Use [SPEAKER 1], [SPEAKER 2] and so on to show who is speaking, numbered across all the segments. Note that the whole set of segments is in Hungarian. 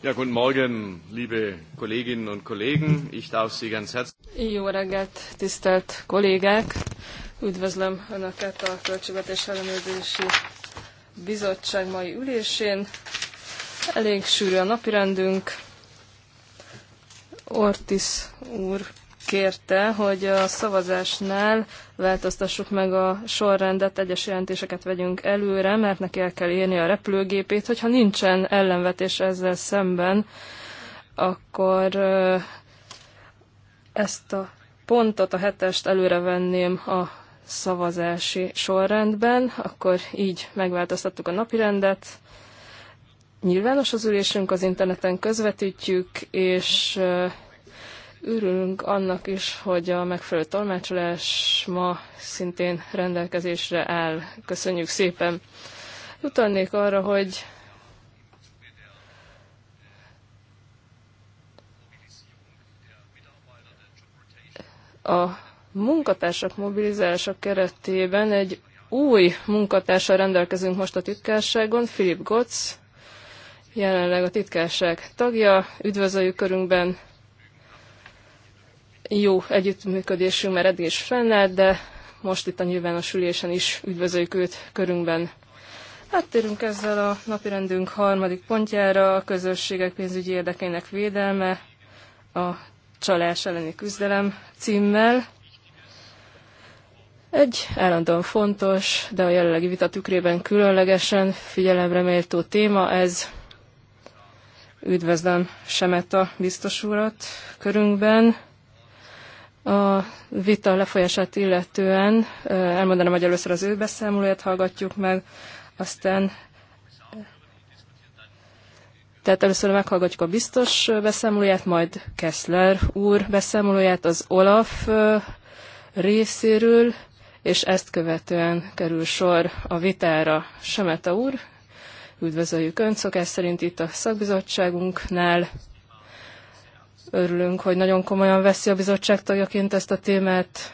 [SPEAKER 1] Ja, guten Morgen, liebe Kolleginnen und Kollegen. Ich darf Sie ganz herzlich...
[SPEAKER 2] Jó reggelt, tisztelt kollégák! Üdvözlöm Önöket a Költségvetés Ellenőrzési Bizottság mai ülésén. Elég sűrű a napirendünk. Ortis úr kérte, hogy a szavazásnál változtassuk meg a sorrendet, egyes jelentéseket vegyünk előre, mert neki el kell írni a repülőgépét, hogyha nincsen ellenvetés ezzel szemben, akkor ezt a pontot, a hetest előre venném a szavazási sorrendben, akkor így megváltoztattuk a napirendet. Nyilvános az ülésünk, az interneten közvetítjük, és Örülünk annak is, hogy a megfelelő tolmácsolás ma szintén rendelkezésre áll. Köszönjük szépen. Utalnék arra, hogy a munkatársak mobilizálása keretében egy új munkatársa rendelkezünk most a titkárságon, Philip Gotz, jelenleg a titkárság tagja. Üdvözöljük körünkben jó együttműködésünk már eddig is fennállt, de most itt a nyilvános ülésen is üdvözöljük őt körünkben. Áttérünk ezzel a napirendünk harmadik pontjára, a közösségek pénzügyi érdekeinek védelme, a csalás elleni küzdelem címmel. Egy állandóan fontos, de a jelenlegi vita tükrében különlegesen figyelemre méltó téma ez. Üdvözlöm Semeta biztos urat körünkben. A vita lefolyását illetően elmondanám, hogy először az ő beszámolóját hallgatjuk meg, aztán tehát először meghallgatjuk a biztos beszámolóját, majd Kessler úr beszámolóját az Olaf részéről, és ezt követően kerül sor a vitára Semeta úr. Üdvözöljük Önt szokás szerint itt a szakbizottságunknál. Örülünk, hogy nagyon komolyan veszi a bizottság tagjaként ezt a témát,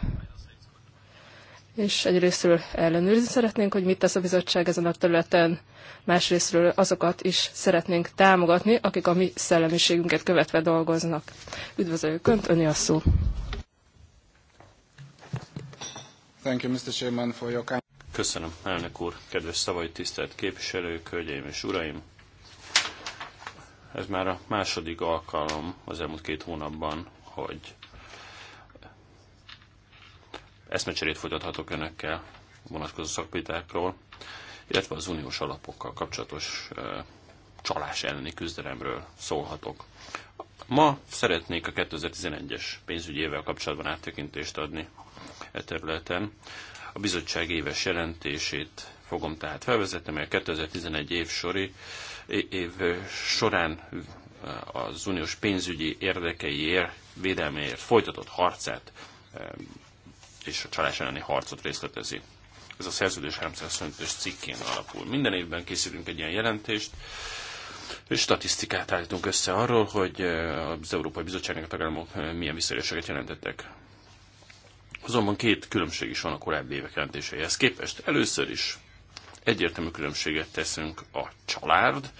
[SPEAKER 2] és egyrésztről ellenőrizni szeretnénk, hogy mit tesz a bizottság ezen a területen, másrésztről azokat is szeretnénk támogatni, akik a mi szellemiségünket követve dolgoznak. Üdvözöljük Önt, Öni a szó. Thank
[SPEAKER 1] you, Mr. Chairman, for your kind...
[SPEAKER 3] Köszönöm, elnök úr, kedves szavai, tisztelt képviselők, hölgyeim és uraim! Ez már a második alkalom az elmúlt két hónapban, hogy eszmecserét folytathatok önökkel vonatkozó szakpitákról, illetve az uniós alapokkal kapcsolatos csalás elleni küzdelemről szólhatok. Ma szeretnék a 2011-es pénzügyi évvel kapcsolatban áttekintést adni e területen. A bizottság éves jelentését fogom tehát felvezetni, mely a 2011 év sori év során az uniós pénzügyi érdekeiért, védelméért folytatott harcát és a csalás elleni harcot részletezi. Ez a szerződés 325-ös cikkén alapul. Minden évben készítünk egy ilyen jelentést, és statisztikát állítunk össze arról, hogy az Európai Bizottságnak a tagállamok milyen visszaéléseket jelentettek. Azonban két különbség is van a korábbi évek jelentéseihez képest. Először is egyértelmű különbséget teszünk a család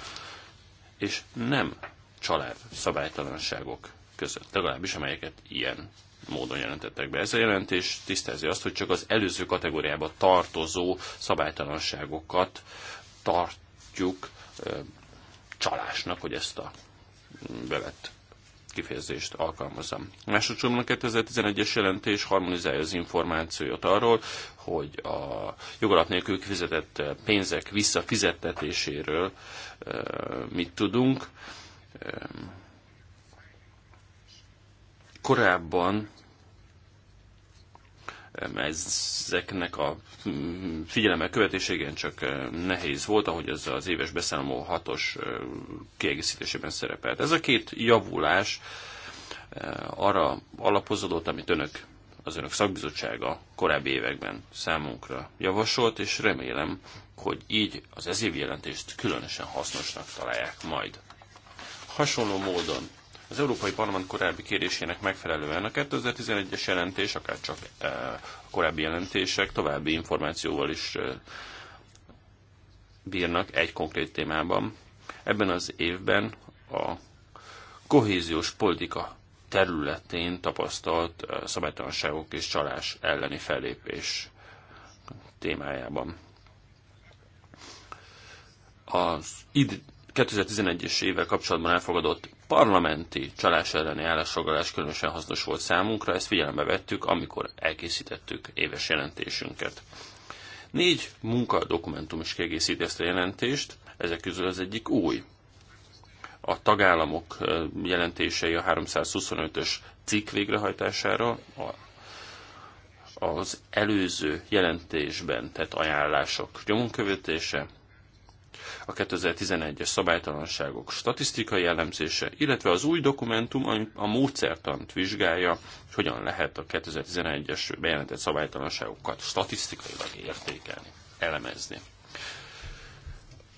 [SPEAKER 3] és nem család szabálytalanságok között, legalábbis amelyeket ilyen módon jelentettek be. Ez a jelentés tisztázi azt, hogy csak az előző kategóriába tartozó szabálytalanságokat tartjuk csalásnak, hogy ezt a bevett kifejezést alkalmazom. Másodszorban a 2011-es jelentés harmonizálja az információt arról, hogy a jogalap nélkül kifizetett pénzek visszafizettetéséről mit tudunk. Korábban ezeknek a figyelemmel követésében csak eh, nehéz volt, ahogy ez az éves beszámoló hatos eh, kiegészítésében szerepelt. Ez a két javulás eh, arra alapozódott, amit önök, az önök szakbizottsága korábbi években számunkra javasolt, és remélem, hogy így az év jelentést különösen hasznosnak találják majd. Hasonló módon az Európai Parlament korábbi kérésének megfelelően a 2011-es jelentés, akár csak eh, a korábbi jelentések további információval is eh, bírnak egy konkrét témában. Ebben az évben a kohéziós politika területén tapasztalt eh, szabálytalanságok és csalás elleni fellépés témájában. Az 2011-es évvel kapcsolatban elfogadott parlamenti csalás elleni állásfoglalás különösen hasznos volt számunkra, ezt figyelembe vettük, amikor elkészítettük éves jelentésünket. Négy munkadokumentum is kiegészíti ezt a jelentést, ezek közül az egyik új. A tagállamok jelentései a 325-ös cikk végrehajtására, a az előző jelentésben tett ajánlások gyomunkövetése, a 2011-es szabálytalanságok statisztikai elemzése, illetve az új dokumentum, ami a módszertant vizsgálja, hogy hogyan lehet a 2011-es bejelentett szabálytalanságokat statisztikailag értékelni, elemezni.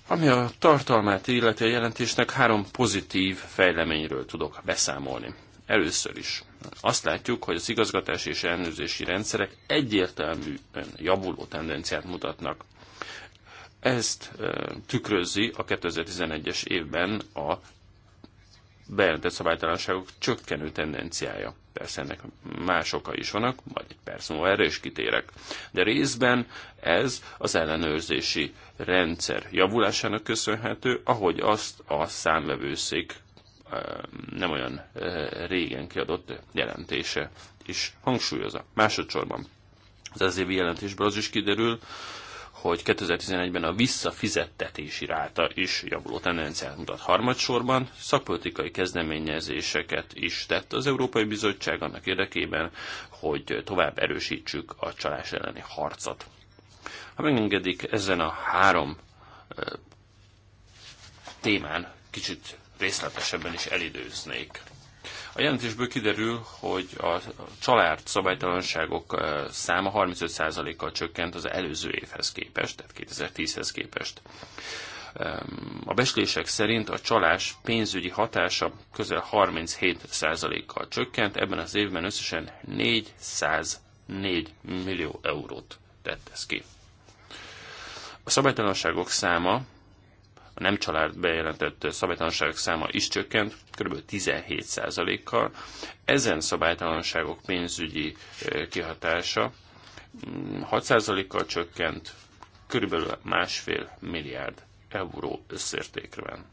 [SPEAKER 3] Ami a tartalmát illeti a jelentésnek, három pozitív fejleményről tudok beszámolni. Először is azt látjuk, hogy az igazgatási és ellenőrzési rendszerek egyértelműen javuló tendenciát mutatnak. Ezt tükrözi a 2011-es évben a bejelentett szabálytalanságok csökkenő tendenciája. Persze ennek más oka is vannak, majd egy perc múlva erre is kitérek. De részben ez az ellenőrzési rendszer javulásának köszönhető, ahogy azt a számvevőszék nem olyan régen kiadott jelentése is hangsúlyozza. Másodszorban az ezévi jelentésből az is kiderül, hogy 2011-ben a visszafizettetési ráta is javuló tendenciát mutat harmadsorban. Szakpolitikai kezdeményezéseket is tett az Európai Bizottság annak érdekében, hogy tovább erősítsük a csalás elleni harcot. Ha megengedik, ezen a három témán kicsit részletesebben is elidőznék. A jelentésből kiderül, hogy a család szabálytalanságok száma 35%-kal csökkent az előző évhez képest, tehát 2010-hez képest. A beslések szerint a csalás pénzügyi hatása közel 37%-kal csökkent, ebben az évben összesen 404 millió eurót tett ez ki. A szabálytalanságok száma a nem család bejelentett szabálytalanságok száma is csökkent, kb. 17%-kal. Ezen szabálytalanságok pénzügyi kihatása 6%-kal mm, csökkent, körülbelül másfél milliárd euró összértékre van.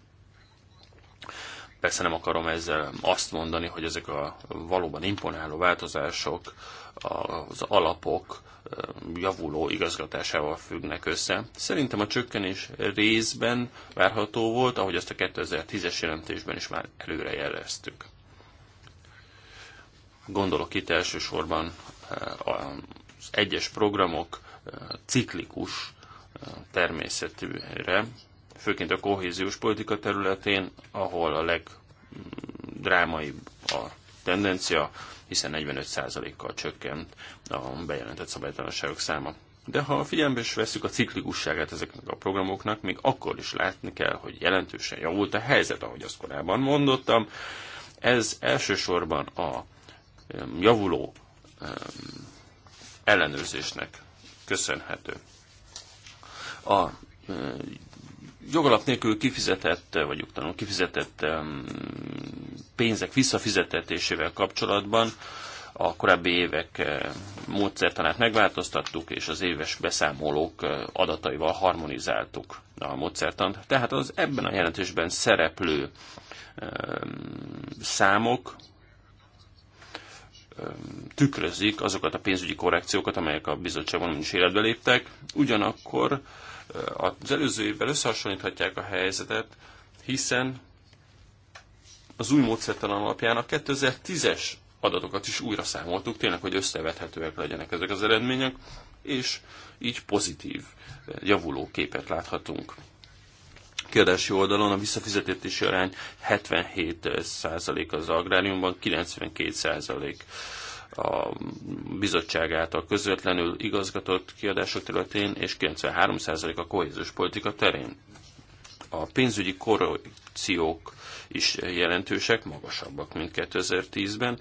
[SPEAKER 3] Persze nem akarom ezzel azt mondani, hogy ezek a valóban imponáló változások az alapok eh, javuló igazgatásával függnek össze. Szerintem a csökkenés részben várható volt, ahogy azt a 2010-es jelentésben is már előre jeleztük. Gondolok itt elsősorban eh, az egyes programok eh, ciklikus természetűre, főként a kohéziós politika területén, ahol a legdrámaibb a tendencia, hiszen 45%-kal csökkent a bejelentett szabálytalanságok száma. De ha figyelembe is veszük a ciklikusságát ezeknek a programoknak, még akkor is látni kell, hogy jelentősen javult a helyzet, ahogy azt korábban mondottam. Ez elsősorban a javuló ellenőrzésnek köszönhető. A jogalap nélkül kifizetett, vagy tanul, kifizetett pénzek visszafizetésével kapcsolatban a korábbi évek módszertanát megváltoztattuk, és az éves beszámolók adataival harmonizáltuk a módszertant. Tehát az ebben a jelentésben szereplő számok tükrözik azokat a pénzügyi korrekciókat, amelyek a bizottságban is életbe léptek. Ugyanakkor az előző évvel összehasonlíthatják a helyzetet, hiszen az új módszertan alapján a 2010-es adatokat is újra számoltuk, tényleg, hogy összevethetőek legyenek ezek az eredmények, és így pozitív, eh, javuló képet láthatunk. Kérdési oldalon a visszafizetési arány 77% az agráriumban, 92% a bizottság által közvetlenül igazgatott kiadások területén és 93% a kohéziós politika terén. A pénzügyi korrupciók is jelentősek, magasabbak, mint 2010-ben,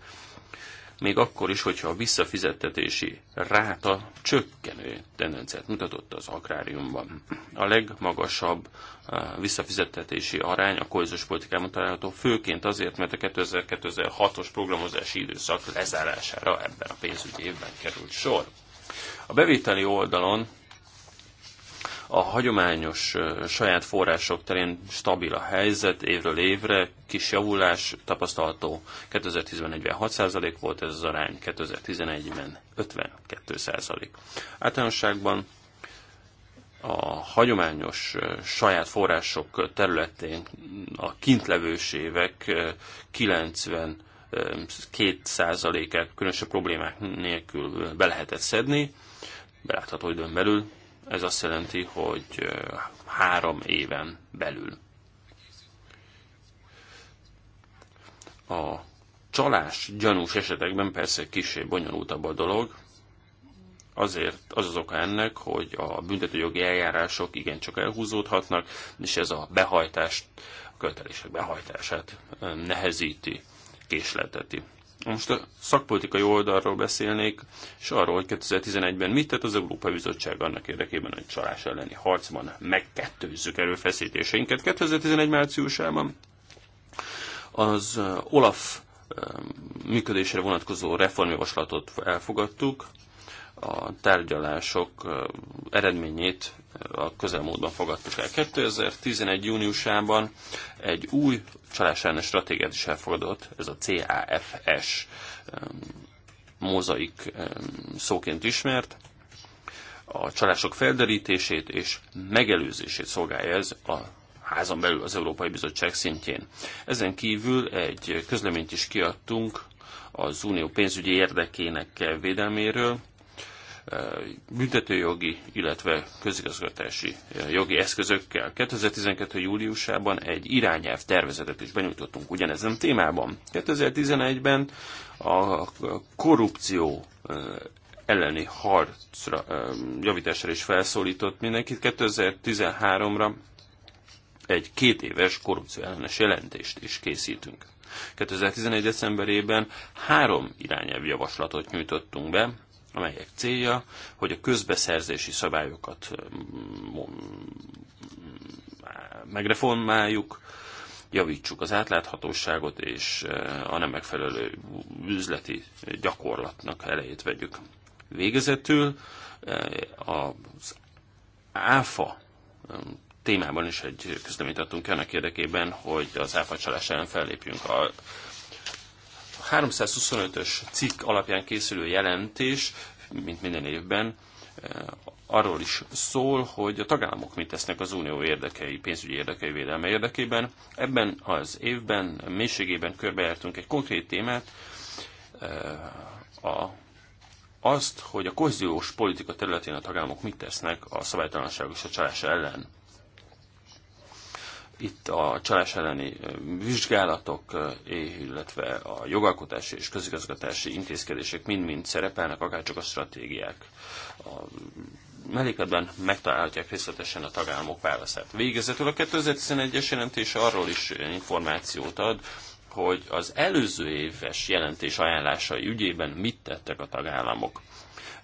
[SPEAKER 3] még akkor is, hogyha a visszafizettetési ráta csökkenő tendenciát mutatott az agráriumban. A legmagasabb eh, visszafizettetési arány a kohéziós politikában található, főként azért, mert a 2006-os programozási időszak lezárására ebben a pénzügyi évben került sor. A bevételi oldalon a hagyományos saját források terén stabil a helyzet, évről évre kis javulás tapasztalható. 2011 ben 6% volt ez az arány, 2011-ben 52%. Általánosságban a hagyományos saját források területén a kintlevős évek 90 két át különösebb problémák nélkül be lehetett szedni, belátható időn belül, ez azt jelenti, hogy három éven belül. A csalás gyanús esetekben persze kisé bonyolultabb a dolog, azért az az oka ennek, hogy a büntetőjogi eljárások igencsak elhúzódhatnak, és ez a behajtást, a követelések behajtását nehezíti, késleteti. Most a szakpolitikai oldalról beszélnék, és arról, hogy 2011-ben mit tett az Európai Bizottság annak érdekében, hogy csalás elleni harcban megkettőzzük erőfeszítéseinket. 2011 márciusában az uh, Olaf um, működésre vonatkozó reformjavaslatot elfogadtuk, a tárgyalások eredményét a közelmúltban fogadtuk el. 2011. júniusában egy új csalásellenes stratégiát is elfogadott, ez a CAFS mozaik szóként ismert. A csalások felderítését és megelőzését szolgálja ez a házon belül az Európai Bizottság szintjén. Ezen kívül egy közleményt is kiadtunk az unió pénzügyi érdekének védelméről, büntetőjogi, illetve közigazgatási jogi eszközökkel. 2012. júliusában egy irányelv tervezetet is benyújtottunk ugyanezen témában. 2011-ben a korrupció elleni harcra, javításra is felszólított mindenkit. 2013-ra egy két éves korrupció ellenes jelentést is készítünk. 2011. decemberében három irányelv javaslatot nyújtottunk be, amelyek célja, hogy a közbeszerzési szabályokat megreformáljuk, javítsuk az átláthatóságot, és a nem megfelelő üzleti gyakorlatnak elejét vegyük. Végezetül az ÁFA témában is egy közleményt adtunk ennek érdekében, hogy az áfa csalás ellen fellépjünk. A 325-ös cikk alapján készülő jelentés, mint minden évben, eh, arról is szól, hogy a tagállamok mit tesznek az unió érdekei, pénzügyi érdekei védelme érdekében. Ebben az évben mélységében körbejártunk egy konkrét témát, eh, a, azt, hogy a kohéziós politika területén a tagállamok mit tesznek a szabálytalanság és a csalás ellen. Itt a csalás elleni vizsgálatok, illetve a jogalkotási és közigazgatási intézkedések mind-mind szerepelnek, akárcsak a stratégiák. A mellékletben megtalálhatják részletesen a tagállamok válaszát. Végezetül a 2011-es jelentés arról is információt ad, hogy az előző éves jelentés ajánlásai ügyében mit tettek a tagállamok.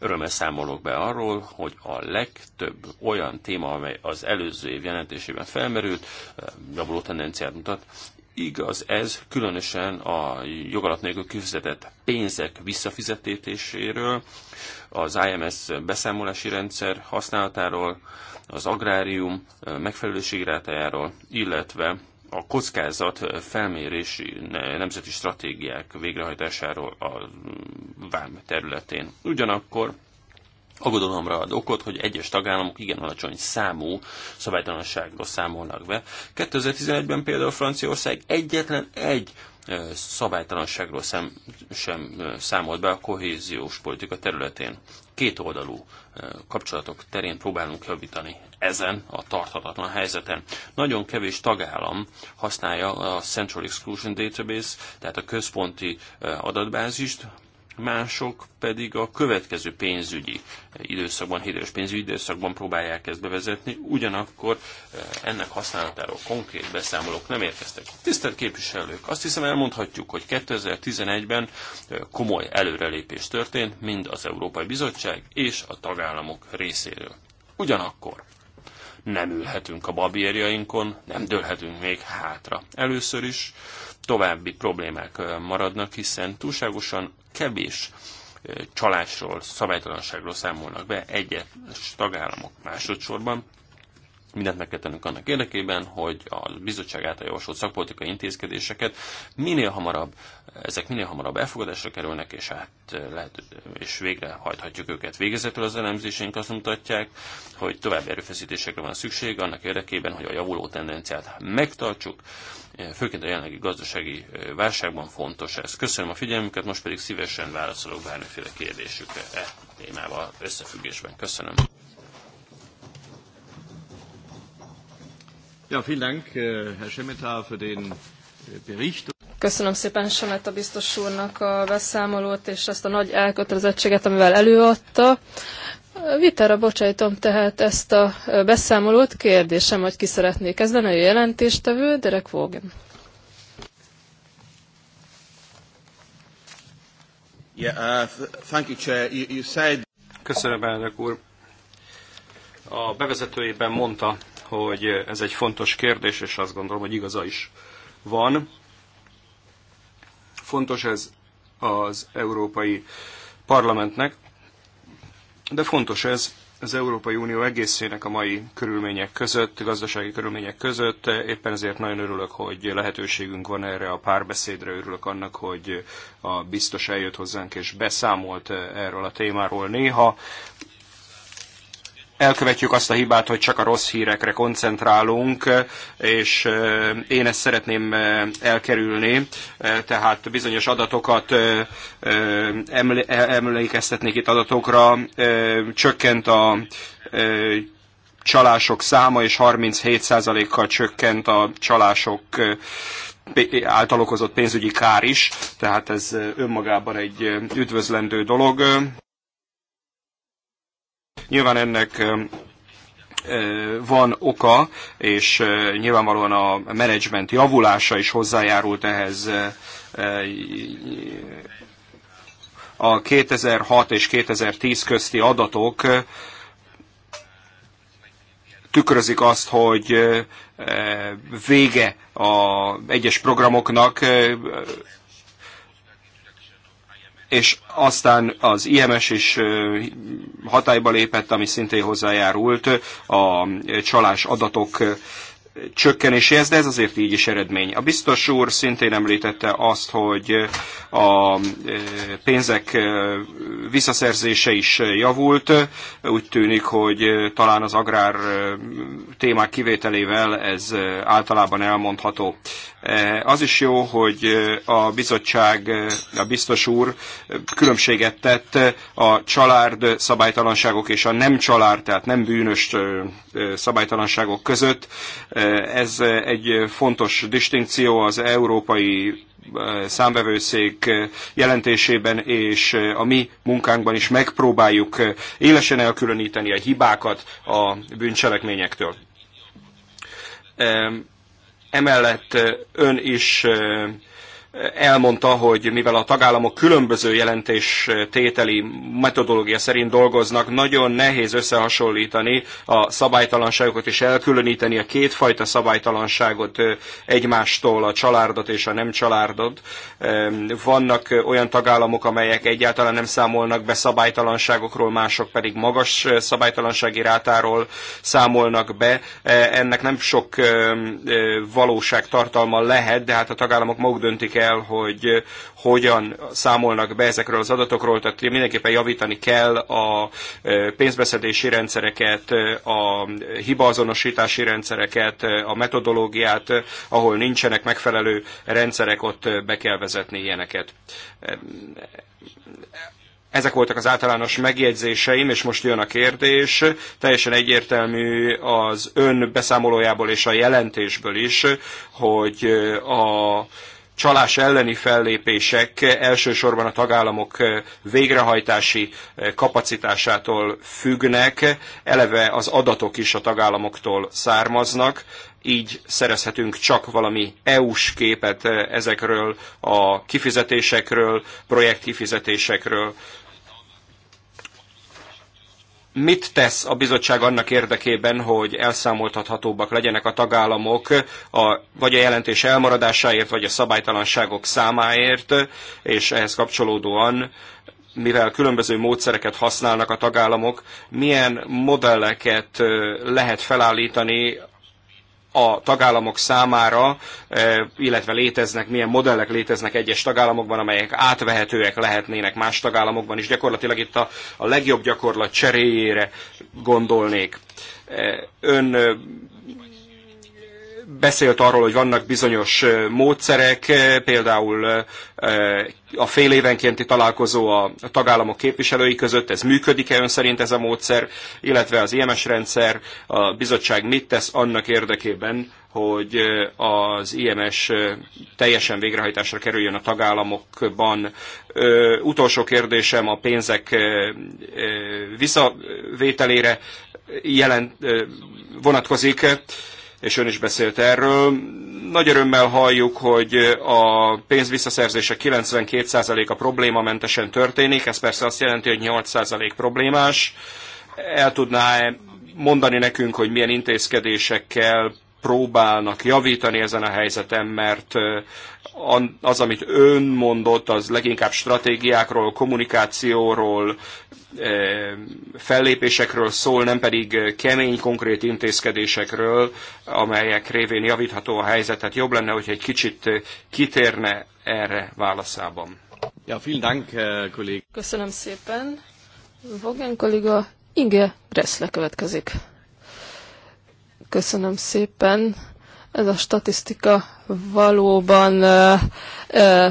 [SPEAKER 3] Örömmel számolok be arról, hogy a legtöbb olyan téma, amely az előző év jelentésében felmerült, javuló tendenciát mutat, Igaz ez különösen a jogalat nélkül kifizetett pénzek visszafizetéséről, az IMS beszámolási rendszer használatáról, az agrárium megfelelőségrátájáról, illetve a kockázat felmérési nemzeti stratégiák végrehajtásáról a vám területén. Ugyanakkor Aggodalomra ad okot, hogy egyes tagállamok igen alacsony számú szabálytalanságról számolnak be. 2011-ben például Franciaország egyetlen egy szabálytalanságról szem, sem számolt be a kohéziós politika területén kétoldalú eh, kapcsolatok terén próbálunk javítani ezen a tarthatatlan helyzeten. Nagyon kevés tagállam használja a Central Exclusion Database, tehát a központi eh, adatbázist, mások pedig a következő pénzügyi időszakban, 7 pénzügyi időszakban próbálják ezt bevezetni, ugyanakkor eh, ennek használatáról konkrét beszámolók nem érkeztek. Tisztelt képviselők, azt hiszem elmondhatjuk, hogy 2011-ben eh, komoly előrelépés történt, mind az Európai Bizottság és a tagállamok részéről. Ugyanakkor nem ülhetünk a babérjainkon, nem dőlhetünk még hátra. Először is további problémák eh, maradnak, hiszen túlságosan kevés csalásról, szabálytalanságról számolnak be egyes tagállamok másodszorban mindent meg kell tennünk annak érdekében, hogy a bizottság által javasolt szakpolitikai intézkedéseket minél hamarabb, ezek minél hamarabb elfogadásra kerülnek, és, hát lehet, és hajthatjuk őket. Végezetül az elemzéseink azt mutatják, hogy további erőfeszítésekre van szükség annak érdekében, hogy a javuló tendenciát megtartsuk, főként a jelenlegi gazdasági válságban fontos ez. Köszönöm a figyelmüket, most pedig szívesen válaszolok bármiféle kérdésükre e témával összefüggésben. Köszönöm.
[SPEAKER 1] Ja, vielen Dank, äh, Herr für den äh, Bericht.
[SPEAKER 2] Köszönöm szépen Semeta biztos úrnak a beszámolót és ezt a nagy elkötelezettséget, amivel előadta. Vitára bocsájtom tehát ezt a beszámolót. Kérdésem, hogy ki szeretné kezdeni a jelentéstevő, Derek Vogan.
[SPEAKER 1] Yeah, uh, thank you, Chair. You, you said... Köszönöm, elnök úr. A bevezetőjében mondta, hogy ez egy fontos kérdés, és azt gondolom, hogy igaza is van. Fontos ez az Európai Parlamentnek, de fontos ez az Európai Unió egészének a mai körülmények között, gazdasági körülmények között. Éppen ezért nagyon örülök, hogy lehetőségünk van erre a párbeszédre, örülök annak, hogy a biztos eljött hozzánk és beszámolt erről a témáról néha elkövetjük azt a hibát, hogy csak a rossz hírekre koncentrálunk, és én ezt szeretném elkerülni, tehát bizonyos adatokat e-, emlékeztetnék itt adatokra, csökkent a csalások száma, és 37%-kal csökkent a csalások által okozott pénzügyi kár is, tehát ez önmagában egy üdvözlendő dolog. Nyilván ennek van oka, és nyilvánvalóan a menedzsment javulása is hozzájárult ehhez a 2006 és 2010 közti adatok tükrözik azt, hogy vége a egyes programoknak, és aztán az IMS is hatályba lépett, ami szintén hozzájárult a csalás adatok csökkenéséhez, de ez azért így is eredmény. A biztos úr szintén említette azt, hogy a pénzek visszaszerzése is javult. Úgy tűnik, hogy talán az agrár témák kivételével ez általában elmondható. Eh, az is jó, hogy eh, a bizottság, eh, a biztos úr különbséget tett a család szabálytalanságok és a nem család, tehát nem bűnös szabálytalanságok között. Ez egy fontos distinkció az európai számvevőszék jelentésében és a mi munkánkban is megpróbáljuk élesen elkülöníteni a hibákat a bűncselekményektől. Emellett ön is elmondta, hogy mivel a tagállamok különböző jelentés tételi metodológia szerint dolgoznak, nagyon nehéz összehasonlítani a szabálytalanságokat és elkülöníteni a kétfajta szabálytalanságot egymástól, a családot és a nem családot. Vannak olyan tagállamok, amelyek egyáltalán nem számolnak be szabálytalanságokról, mások pedig magas szabálytalansági rátáról számolnak be. Ennek nem sok valóság tartalma lehet, de hát a tagállamok maguk döntik kell, hogy eh, hogyan számolnak be ezekről az adatokról, tehát mindenképpen javítani kell a eh, pénzbeszedési rendszereket, eh, a hibaazonosítási rendszereket, a metodológiát, ahol nincsenek megfelelő rendszerek, ott be kell vezetni ilyeneket. Ezek voltak az általános megjegyzéseim, és most jön a kérdés. Teljesen egyértelmű az ön beszámolójából és a jelentésből is, hogy a csalás elleni fellépések elsősorban a tagállamok eh, végrehajtási eh, kapacitásától függnek, eleve az adatok is a tagállamoktól származnak, így szerezhetünk csak valami EU-s képet eh, ezekről a kifizetésekről, projektkifizetésekről mit tesz a bizottság annak érdekében, hogy elszámoltathatóbbak legyenek a tagállamok a, vagy a jelentés elmaradásáért, vagy a szabálytalanságok számáért, és ehhez kapcsolódóan mivel különböző módszereket használnak a tagállamok, milyen modelleket lehet felállítani a tagállamok számára, eh, illetve léteznek, milyen modellek léteznek egyes tagállamokban, amelyek átvehetőek lehetnének más tagállamokban is. Gyakorlatilag itt a, a legjobb gyakorlat cseréjére gondolnék. Eh, ön eh, beszélt arról, hogy vannak bizonyos módszerek, például a fél évenkénti találkozó a tagállamok képviselői között, ez működik-e ön szerint ez a módszer, illetve az IMS rendszer, a bizottság mit tesz annak érdekében, hogy az IMS teljesen végrehajtásra kerüljön a tagállamokban. Utolsó kérdésem a pénzek visszavételére jelent, vonatkozik és ön is beszélt erről. Nagy örömmel halljuk, hogy a pénz visszaszerzése 92%-a problémamentesen történik, ez persze azt jelenti, hogy 8% problémás. El tudná -e mondani nekünk, hogy milyen intézkedésekkel próbálnak javítani ezen a helyzeten, mert az, amit ön mondott, az leginkább stratégiákról, kommunikációról, eh, fellépésekről szól, nem pedig kemény, konkrét intézkedésekről, amelyek révén javítható a helyzet. Tehát jobb lenne, hogy egy kicsit kitérne erre válaszában. Ja, vielen Dank, kollég.
[SPEAKER 2] Köszönöm szépen. Vogen kolléga Inge Breszle következik. Köszönöm szépen ez a statisztika valóban ö, ö,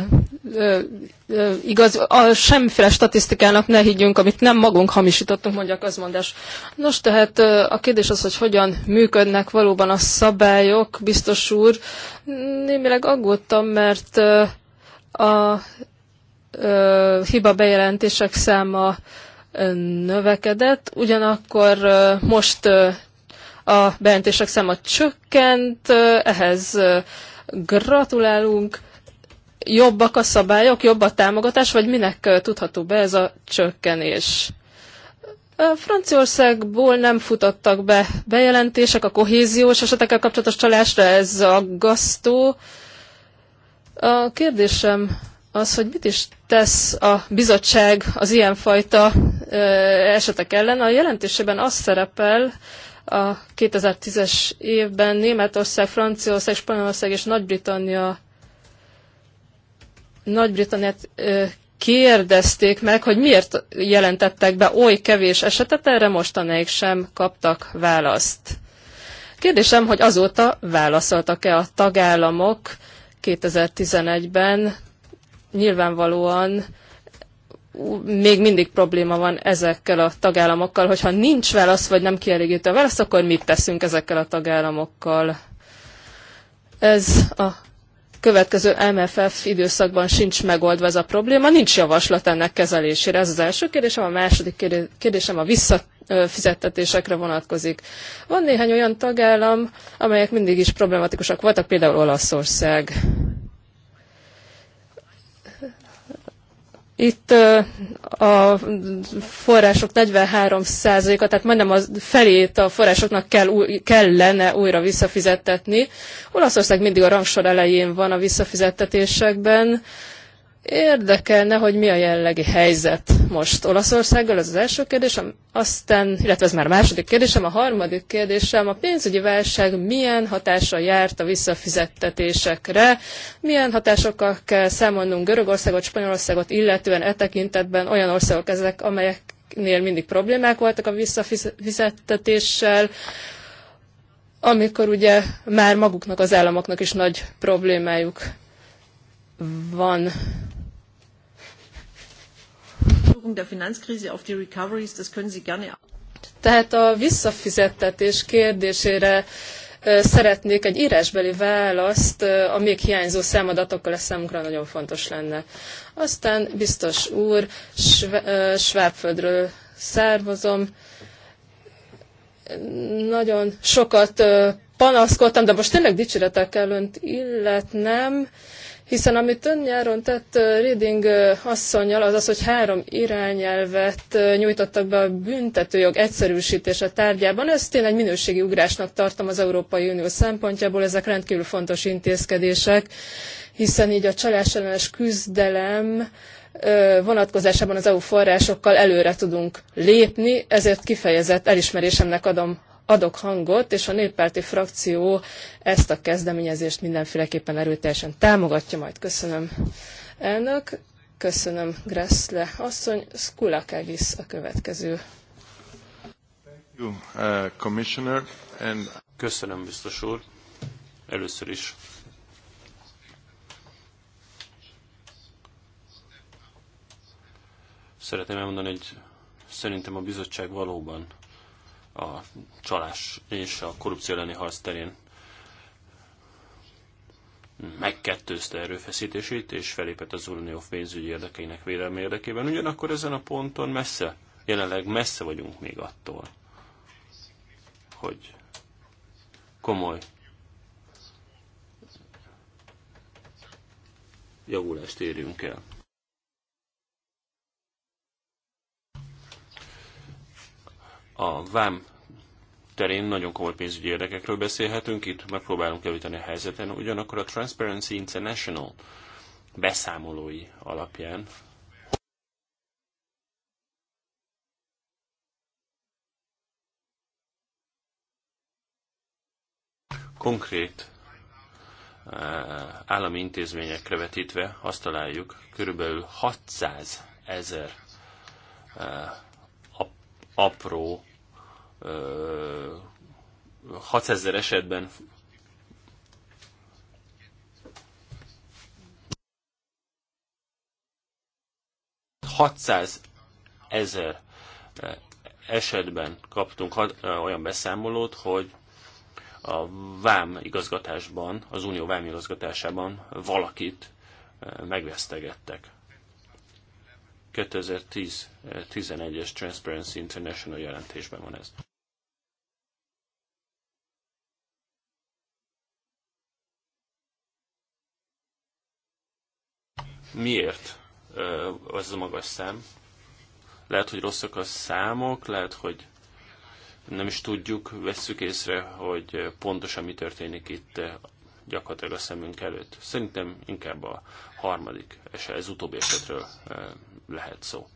[SPEAKER 2] ö, igaz, a semmiféle statisztikának ne higgyünk, amit nem magunk hamisítottunk, mondja a közmondás. Nos, tehát a kérdés az, hogy hogyan működnek valóban a szabályok, biztos úr. Némileg aggódtam, mert a hiba bejelentések száma növekedett, ugyanakkor most a bejelentések száma csökkent, ehhez gratulálunk. Jobbak a szabályok, jobb a támogatás, vagy minek tudható be ez a csökkenés? Franciaországból nem futottak be bejelentések a kohéziós esetekkel kapcsolatos csalásra, ez aggasztó. A kérdésem az, hogy mit is tesz a bizottság az ilyenfajta esetek ellen. A jelentésében az szerepel, a 2010-es évben Németország, Franciaország, Spanyolország és Nagy-Britannia Nagy-Britanniát kérdezték meg, hogy miért jelentettek be oly kevés esetet, erre mostanáig sem kaptak választ. Kérdésem, hogy azóta válaszoltak-e a tagállamok 2011-ben nyilvánvalóan még mindig probléma van ezekkel a tagállamokkal, hogyha nincs válasz, vagy nem kielégítő a válasz, akkor mit teszünk ezekkel a tagállamokkal? Ez a következő MFF időszakban sincs megoldva ez a probléma, nincs javaslat ennek kezelésére. Ez az első kérdésem, a második kérdésem a visszafizettetésekre vonatkozik. Van néhány olyan tagállam, amelyek mindig is problematikusak voltak, például Olaszország. Itt a források 43%-a, tehát majdnem a felét a forrásoknak kell, kellene újra visszafizettetni. Olaszország mindig a rangsor elején van a visszafizettetésekben, Érdekelne, hogy mi a jellegi helyzet most Olaszországgal, ez az első kérdésem, aztán, illetve ez már a második kérdésem, a harmadik kérdésem, a pénzügyi válság milyen hatással járt a visszafizettetésekre, milyen hatásokkal kell számolnunk Görögországot, Spanyolországot, illetően e tekintetben olyan országok ezek, amelyeknél mindig problémák voltak a visszafizettetéssel, amikor ugye már maguknak az államoknak is nagy problémájuk van der Finanzkrise auf die Recoveries, das können Sie gerne. Tehát a visszafizettetés kérdésére szeretnék egy írásbeli választ, a még hiányzó számadatokkal ez számunkra nagyon fontos lenne. Aztán biztos úr, Svábföldről származom, nagyon sokat panaszkodtam, de most tényleg dicséretek kell önt illetnem. Hiszen amit ön nyáron tett Reading asszonynal, az az, hogy három irányelvet nyújtottak be a büntetőjog egyszerűsítése tárgyában. Ez tényleg minőségi ugrásnak tartom az Európai Unió szempontjából. Ezek rendkívül fontos intézkedések, hiszen így a csalás ellenes küzdelem vonatkozásában az EU forrásokkal előre tudunk lépni, ezért kifejezett elismerésemnek adom adok hangot, és a néppárti frakció ezt a kezdeményezést mindenféleképpen erőteljesen támogatja majd. Köszönöm, elnök. Köszönöm, Gressle asszony. Skulakagis a következő.
[SPEAKER 1] Uh,
[SPEAKER 3] Köszönöm, biztos úr. Először is szeretném elmondani, hogy szerintem a bizottság valóban a csalás és a korrupció elleni harc terén megkettőzte erőfeszítését, és felépett az unió pénzügyi érdekeinek védelme érdekében. Ugyanakkor ezen a ponton messze, jelenleg messze vagyunk még attól, hogy komoly javulást érjünk el. a vám terén nagyon komoly pénzügyi érdekekről beszélhetünk, itt megpróbálunk javítani a helyzeten, ugyanakkor a Transparency International beszámolói alapján konkrét eh, állami intézményekre vetítve azt találjuk, körülbelül 600 ezer eh, apró 6000 esetben ezer eh, esetben kaptunk eh, olyan beszámolót, hogy a vám igazgatásban, az unió vám igazgatásában valakit eh, megvesztegettek. 2010-11-es Transparency International jelentésben van ez. Miért az a magas szám? Lehet, hogy rosszak a számok, lehet, hogy nem is tudjuk, vesszük észre, hogy pontosan mi történik itt gyakorlatilag a szemünk előtt. Szerintem inkább a harmadik és ez utóbbi esetről lehet szó.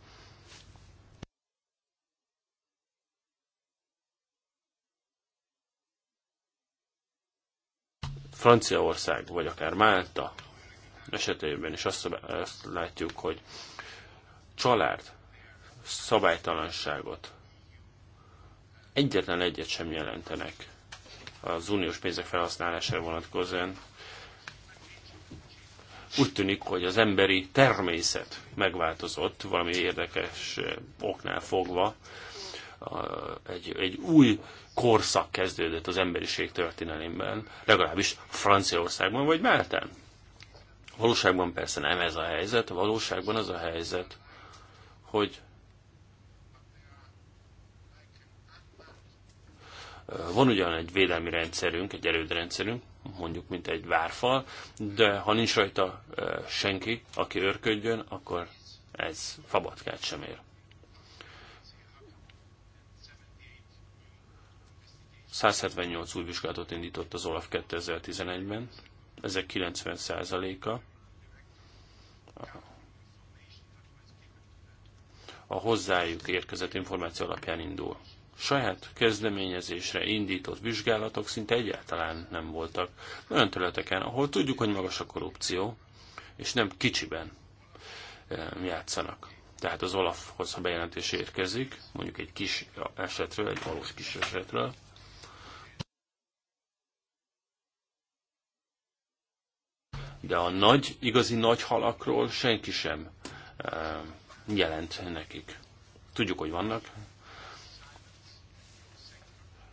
[SPEAKER 3] Franciaország, vagy akár Málta, esetében is azt, azt látjuk, hogy család szabálytalanságot egyetlen egyet sem jelentenek az uniós pénzek felhasználására vonatkozóan. Úgy tűnik, hogy az emberi természet megváltozott valami érdekes oknál fogva. Egy, egy új korszak kezdődött az emberiség történelemben, legalábbis Franciaországban vagy Máltán. Valóságban persze nem ez a helyzet, valóságban az a helyzet, hogy van ugyan egy védelmi rendszerünk, egy erődrendszerünk, mondjuk mint egy várfal, de ha nincs rajta senki, aki örködjön, akkor ez fabatkát sem ér. 178 új vizsgálatot indított az OLAF 2011-ben, ezek 90 százaléka. a hozzájuk érkezett információ alapján indul. Saját kezdeményezésre indított vizsgálatok szinte egyáltalán nem voltak olyan területeken, ahol tudjuk, hogy magas a korrupció, és nem kicsiben eh, játszanak. Tehát az Olafhoz, ha bejelentés érkezik, mondjuk egy kis esetről, egy valós kis esetről, de a nagy, igazi nagy halakról senki sem eh, jelent nekik. Tudjuk, hogy vannak,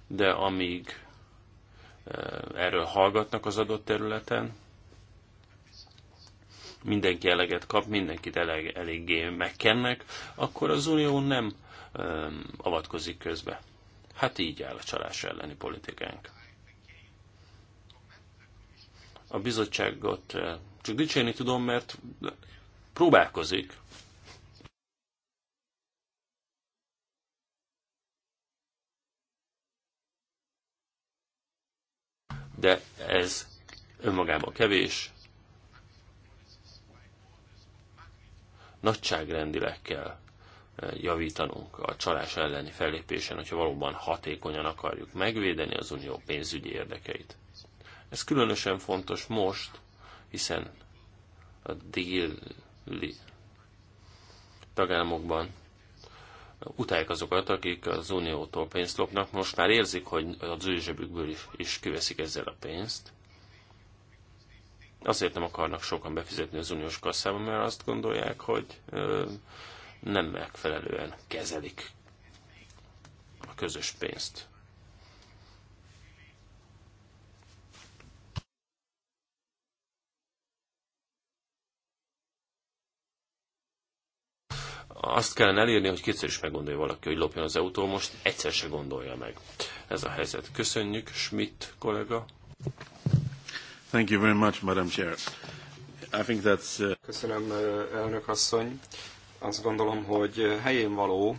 [SPEAKER 3] de amíg eh, erről hallgatnak az adott területen, mindenki eleget kap, mindenkit eleg, eléggé megkennek, akkor az Unió nem eh, avatkozik közbe. Hát így áll a csalás elleni politikánk a bizottságot eh, csak dicsérni tudom, mert próbálkozik. De ez önmagában kevés. Nagyságrendileg kell eh, javítanunk a csalás elleni fellépésen, hogyha valóban hatékonyan akarjuk megvédeni az unió pénzügyi érdekeit. Ez különösen fontos most, hiszen a déli tagállamokban utálják azokat, akik az uniótól pénzt lopnak, most már érzik, hogy az ő zsebükből is, is kiveszik ezzel a pénzt. Azért nem akarnak sokan befizetni az uniós kasszába, mert azt gondolják, hogy ö, nem megfelelően kezelik a közös pénzt. azt kellene elérni, hogy kétszer is meggondolja valaki, hogy lopjon az autó, most egyszer se gondolja meg. Ez a helyzet.
[SPEAKER 1] Köszönjük, Schmidt kollega.
[SPEAKER 3] Thank you very much, Madam Chair. I think that's, uh...
[SPEAKER 1] Köszönöm, uh, elnök asszony. Azt gondolom, hogy helyén való,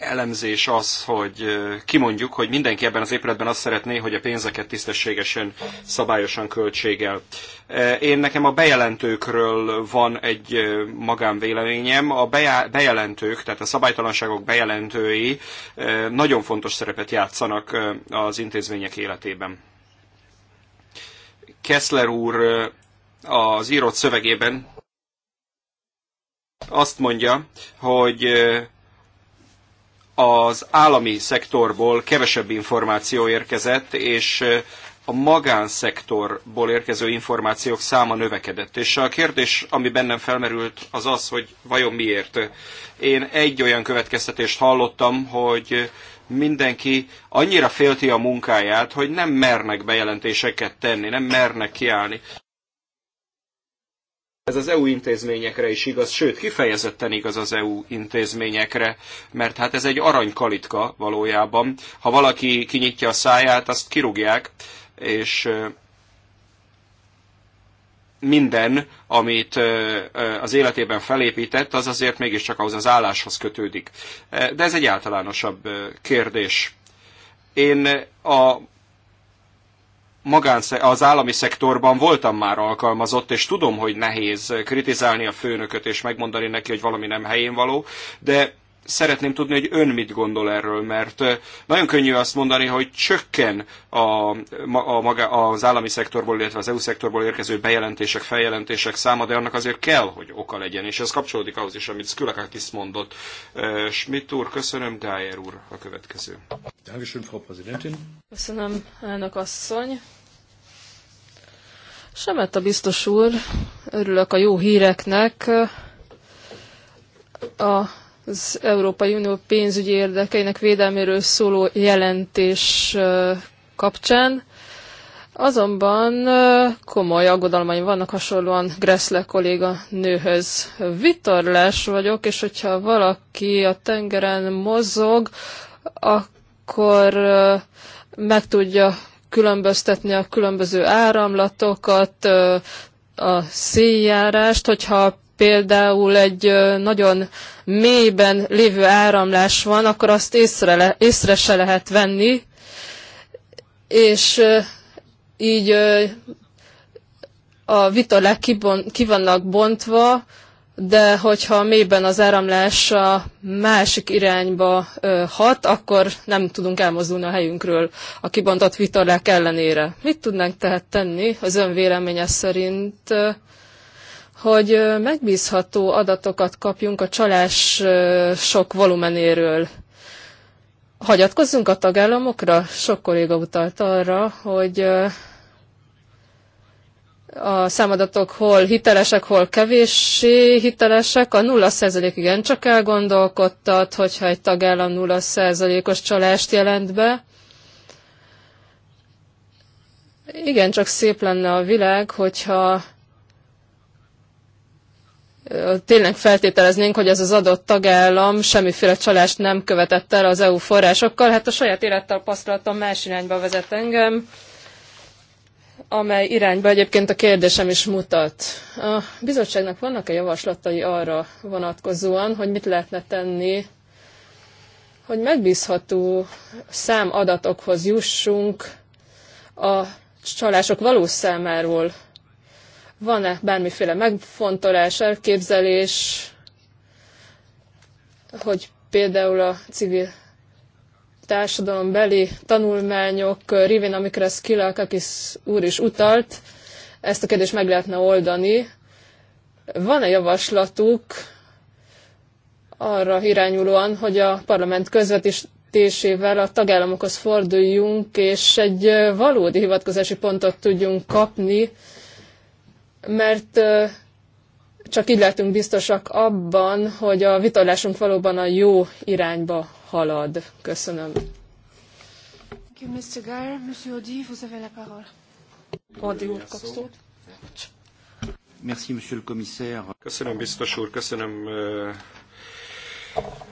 [SPEAKER 1] elemzés az, hogy kimondjuk, hogy mindenki ebben az épületben azt szeretné, hogy a pénzeket tisztességesen, szabályosan költségel. Én nekem a bejelentőkről van egy magánvéleményem. A bejelentők, tehát a szabálytalanságok bejelentői nagyon fontos szerepet játszanak az intézmények életében. Kessler úr az írott szövegében azt mondja, hogy az állami szektorból kevesebb információ érkezett, és a magánszektorból érkező információk száma növekedett. És a kérdés, ami bennem felmerült, az az, hogy vajon miért. Én egy olyan következtetést hallottam, hogy mindenki annyira félti a munkáját, hogy nem mernek bejelentéseket tenni, nem mernek kiállni ez az EU intézményekre is igaz, sőt, kifejezetten igaz az EU intézményekre, mert hát ez egy aranykalitka valójában. Ha valaki kinyitja a száját, azt kirúgják, és minden, amit az életében felépített, az azért mégiscsak ahhoz az álláshoz kötődik. De ez egy általánosabb kérdés. Én a magánsze- az állami szektorban voltam már alkalmazott, és tudom, hogy nehéz kritizálni a főnököt és megmondani neki, hogy valami nem helyén való, de szeretném tudni, hogy ön mit gondol erről, mert nagyon könnyű azt mondani, hogy csökken a, a maga, az állami szektorból, illetve az EU szektorból érkező bejelentések, feljelentések száma, de annak azért kell, hogy oka legyen, és ez kapcsolódik ahhoz is, amit Skülakakis mondott. Schmidt úr, köszönöm, Gájer úr a következő.
[SPEAKER 2] Köszönöm, elnök asszony. Semet a biztos úr, örülök a jó híreknek. Az Európai Unió pénzügyi érdekeinek védelméről szóló jelentés kapcsán. Azonban komoly aggodalmaim vannak hasonlóan Gressle kolléga nőhöz. Vitorlás vagyok, és hogyha valaki a tengeren mozog, akkor meg tudja különböztetni a különböző áramlatokat, a széljárást, hogyha például egy nagyon mélyben lévő áramlás van, akkor azt észre, le, észre se lehet venni, és így a vita kibon, ki vannak bontva, de hogyha mélyben az áramlás a másik irányba hat, akkor nem tudunk elmozdulni a helyünkről a kibontott vitorlák ellenére. Mit tudnánk tehát tenni az ön véleménye szerint, hogy megbízható adatokat kapjunk a csalás sok volumenéről? Hagyatkozzunk a tagállamokra? Sok kolléga utalt arra, hogy a számadatok hol hitelesek, hol kevéssé hitelesek. A 0% igen csak elgondolkodtat, hogyha egy tagállam 0%-os csalást jelent be. Igen, csak szép lenne a világ, hogyha tényleg feltételeznénk, hogy ez az adott tagállam semmiféle csalást nem követett el az EU forrásokkal, hát a saját élettapasztalatom más irányba vezet engem amely irányba egyébként a kérdésem is mutat. A bizottságnak vannak-e javaslatai arra vonatkozóan, hogy mit lehetne tenni, hogy megbízható számadatokhoz jussunk a csalások valós számáról? Van-e bármiféle megfontolás, elképzelés, hogy például a civil társadalombeli tanulmányok révén, amikre Kilakakis úr is utalt, ezt a kérdést meg lehetne oldani. Van-e javaslatuk arra irányulóan, hogy a parlament közvetítésével a tagállamokhoz forduljunk, és egy valódi hivatkozási pontot tudjunk kapni, mert csak így lehetünk biztosak abban, hogy a vitorlásunk valóban a jó irányba halad. Köszönöm. Odi úr
[SPEAKER 1] Köszönöm, biztos úr, köszönöm, eh,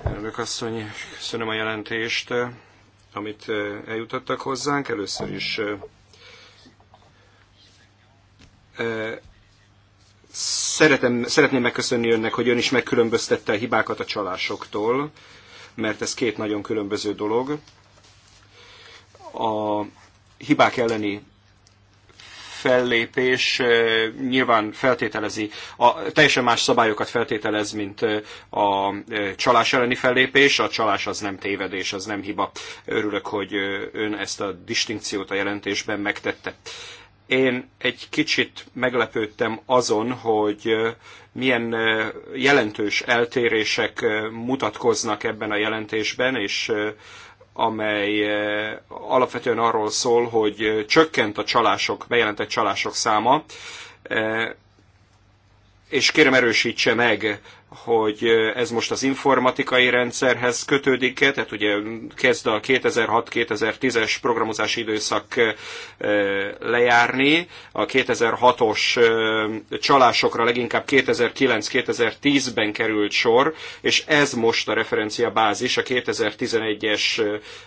[SPEAKER 1] elnök asszony, köszönöm a jelentést, eh, amit eh, eljutottak hozzánk. Először is Szeretem, szeretném megköszönni önnek, hogy ön is megkülönböztette a hibákat a csalásoktól mert ez két nagyon különböző dolog. A hibák elleni fellépés nyilván feltételezi, a, teljesen más szabályokat feltételez, mint a csalás elleni fellépés. A csalás az nem tévedés, az nem hiba. Örülök, hogy ön ezt a distinkciót a jelentésben megtette. Én egy kicsit meglepődtem azon, hogy milyen jelentős eltérések mutatkoznak ebben a jelentésben, és amely alapvetően arról szól, hogy csökkent a csalások, bejelentett csalások száma, és kérem erősítse meg hogy ez most az informatikai rendszerhez kötődik-e, tehát ugye kezd a 2006-2010-es programozási időszak lejárni, a 2006-os csalásokra leginkább 2009-2010-ben került sor, és ez most a referencia bázis a 2011-es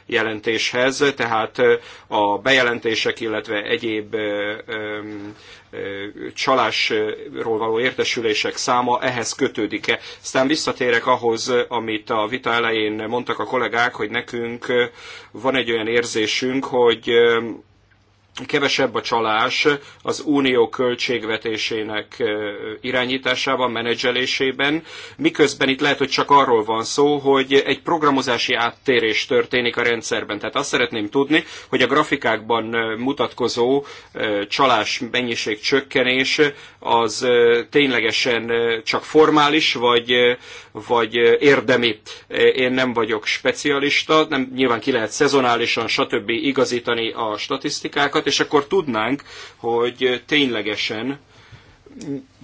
[SPEAKER 1] jelentéshez, tehát a bejelentések, illetve egyéb csalásról való értesülések száma ehhez kötődik-e. Aztán visszatérek ahhoz, amit a vita elején mondtak a kollégák, hogy nekünk eh, van egy olyan érzésünk, hogy eh, kevesebb a csalás az unió költségvetésének irányításában, menedzselésében, miközben itt lehet, hogy csak arról van szó, hogy egy programozási áttérés történik a rendszerben. Tehát azt szeretném tudni, hogy a grafikákban mutatkozó csalás mennyiség csökkenés az ténylegesen csak formális, vagy, vagy érdemi. Én nem vagyok specialista, nem, nyilván ki lehet szezonálisan, stb. igazítani a statisztikákat, és akkor tudnánk, hogy ténylegesen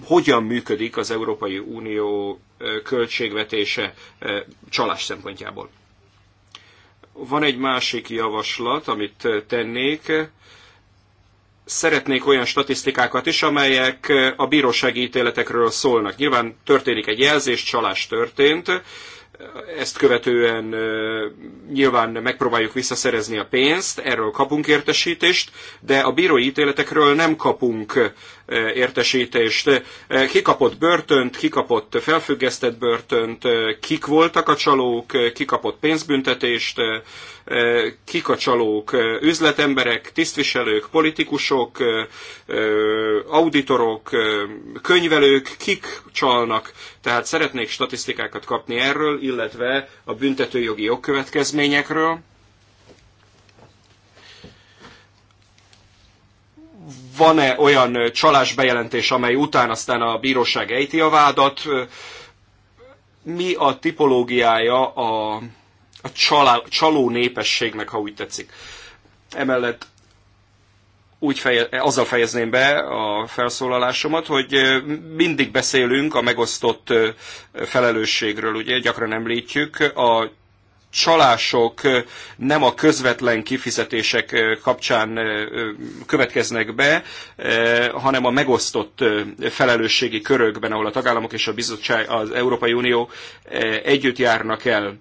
[SPEAKER 1] hogyan működik az Európai Unió költségvetése csalás szempontjából. Van egy másik javaslat, amit tennék. Szeretnék olyan statisztikákat is, amelyek a bírósági ítéletekről szólnak. Nyilván történik egy jelzés, csalás történt, ezt követően nyilván megpróbáljuk visszaszerezni a pénzt, erről kapunk értesítést, de a bírói ítéletekről nem kapunk értesítést. Eh, kikapott börtönt, kikapott felfüggesztett börtönt, eh, kik voltak a csalók, eh, kikapott pénzbüntetést, kik a csalók, üzletemberek, tisztviselők, politikusok, auditorok, könyvelők, kik csalnak. Tehát szeretnék statisztikákat kapni erről, illetve a büntetőjogi jogkövetkezményekről van-e olyan csalásbejelentés, amely után aztán a bíróság ejti a vádat, mi a tipológiája a, a csalá, csaló népességnek, ha úgy tetszik. Emellett úgy feje, azzal fejezném be a felszólalásomat, hogy mindig beszélünk a megosztott felelősségről, ugye gyakran említjük, a csalások nem a közvetlen kifizetések kapcsán következnek be, hanem a megosztott felelősségi körökben, ahol a tagállamok és a bizottság, az Európai Unió együtt járnak el.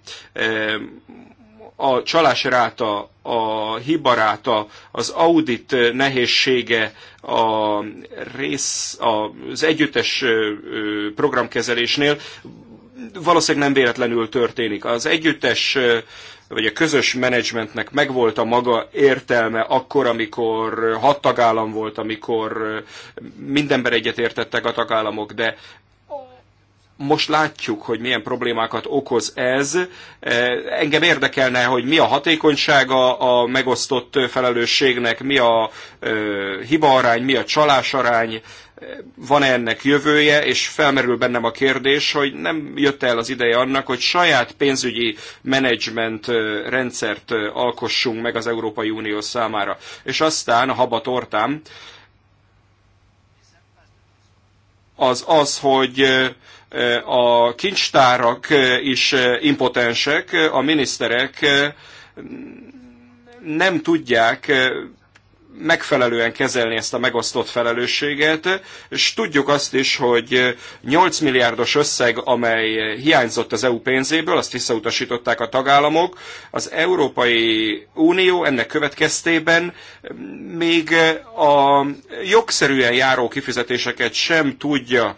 [SPEAKER 1] A csalás ráta, a hibaráta, az audit nehézsége, a rész, az együttes programkezelésnél valószínűleg nem véletlenül történik. Az együttes vagy a közös menedzsmentnek megvolt a maga értelme akkor, amikor hat tagállam volt, amikor mindenben egyetértettek a tagállamok, de most látjuk, hogy milyen problémákat okoz ez. Eh, engem érdekelne, hogy mi a hatékonysága a megosztott felelősségnek, mi a eh, hibaarány, mi a csalásarány, eh, van-e ennek jövője, és felmerül bennem a kérdés, hogy nem jött el az ideje annak, hogy saját pénzügyi menedzsment rendszert alkossunk meg az Európai Unió számára. És aztán a haba tortám az az, hogy a kincstárak is impotensek, a miniszterek nem tudják megfelelően kezelni ezt a megosztott felelősséget, és tudjuk azt is, hogy 8 milliárdos összeg, amely hiányzott az EU pénzéből, azt visszautasították a tagállamok. Az Európai Unió ennek következtében még a jogszerűen járó kifizetéseket sem tudja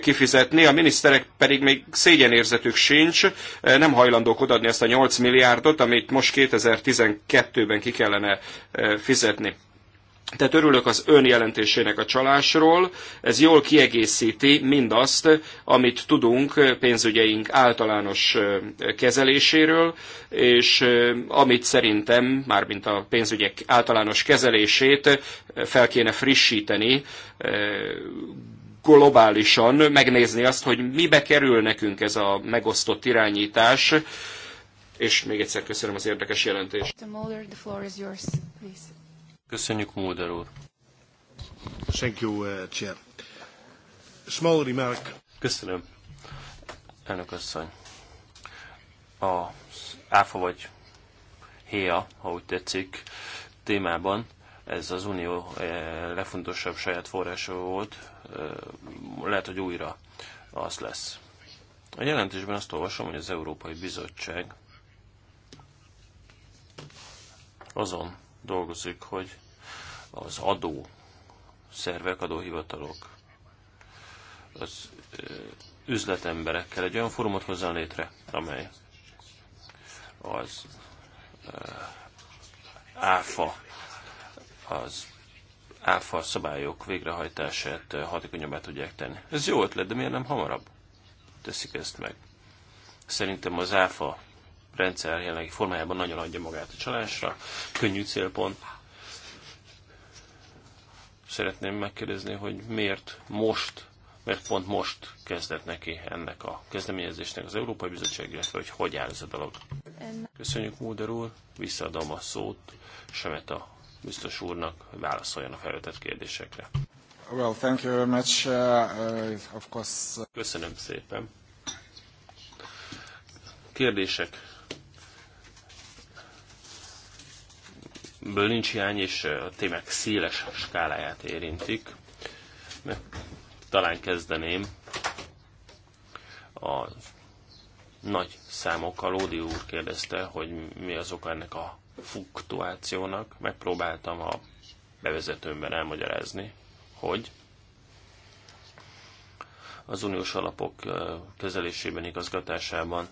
[SPEAKER 1] kifizetni, a miniszterek pedig még szégyenérzetük sincs, nem hajlandók odaadni ezt a 8 milliárdot, amit most 2012-ben ki kellene fizetni. Tehát örülök az ön jelentésének a csalásról, ez jól kiegészíti mindazt, amit tudunk pénzügyeink általános kezeléséről, és amit szerintem, mármint a pénzügyek általános kezelését fel kéne frissíteni globálisan, megnézni azt, hogy mibe kerül nekünk ez a megosztott irányítás, és még egyszer köszönöm az érdekes jelentést.
[SPEAKER 3] Köszönjük, Mulder úr. Thank you, uh, Chair.
[SPEAKER 2] Small remark.
[SPEAKER 3] Köszönöm, elnök asszony. A áfa vagy héja, ha úgy tetszik, témában ez az unió eh, legfontosabb saját forrása volt, eh, lehet, hogy újra az lesz. A jelentésben azt olvasom, hogy az Európai Bizottság azon dolgozik, hogy az adó szervek, adóhivatalok, az üzletemberekkel egy olyan fórumot hozzá létre, amely az áfa, az áfa szabályok végrehajtását hatékonyabbá tudják tenni. Ez jó ötlet, de miért nem hamarabb teszik ezt meg? Szerintem az áfa rendszer jelenlegi formájában nagyon adja magát a csalásra. Könnyű célpont. Szeretném megkérdezni, hogy miért most, miért pont most kezdett neki ennek a kezdeményezésnek az Európai Bizottság, illetve hogy hogy áll ez a dolog. Köszönjük, Múder úr, visszaadom a szót a biztos úrnak, hogy válaszoljon a felvetett kérdésekre.
[SPEAKER 1] Well, thank you very much. Uh, uh of course. Köszönöm szépen.
[SPEAKER 3] Kérdések ből nincs hiány, és a témák széles skáláját érintik. Talán kezdeném a nagy számokkal. Ódi úr kérdezte, hogy mi az oka ennek a fluktuációnak. Megpróbáltam a bevezetőmben elmagyarázni, hogy az uniós alapok kezelésében, igazgatásában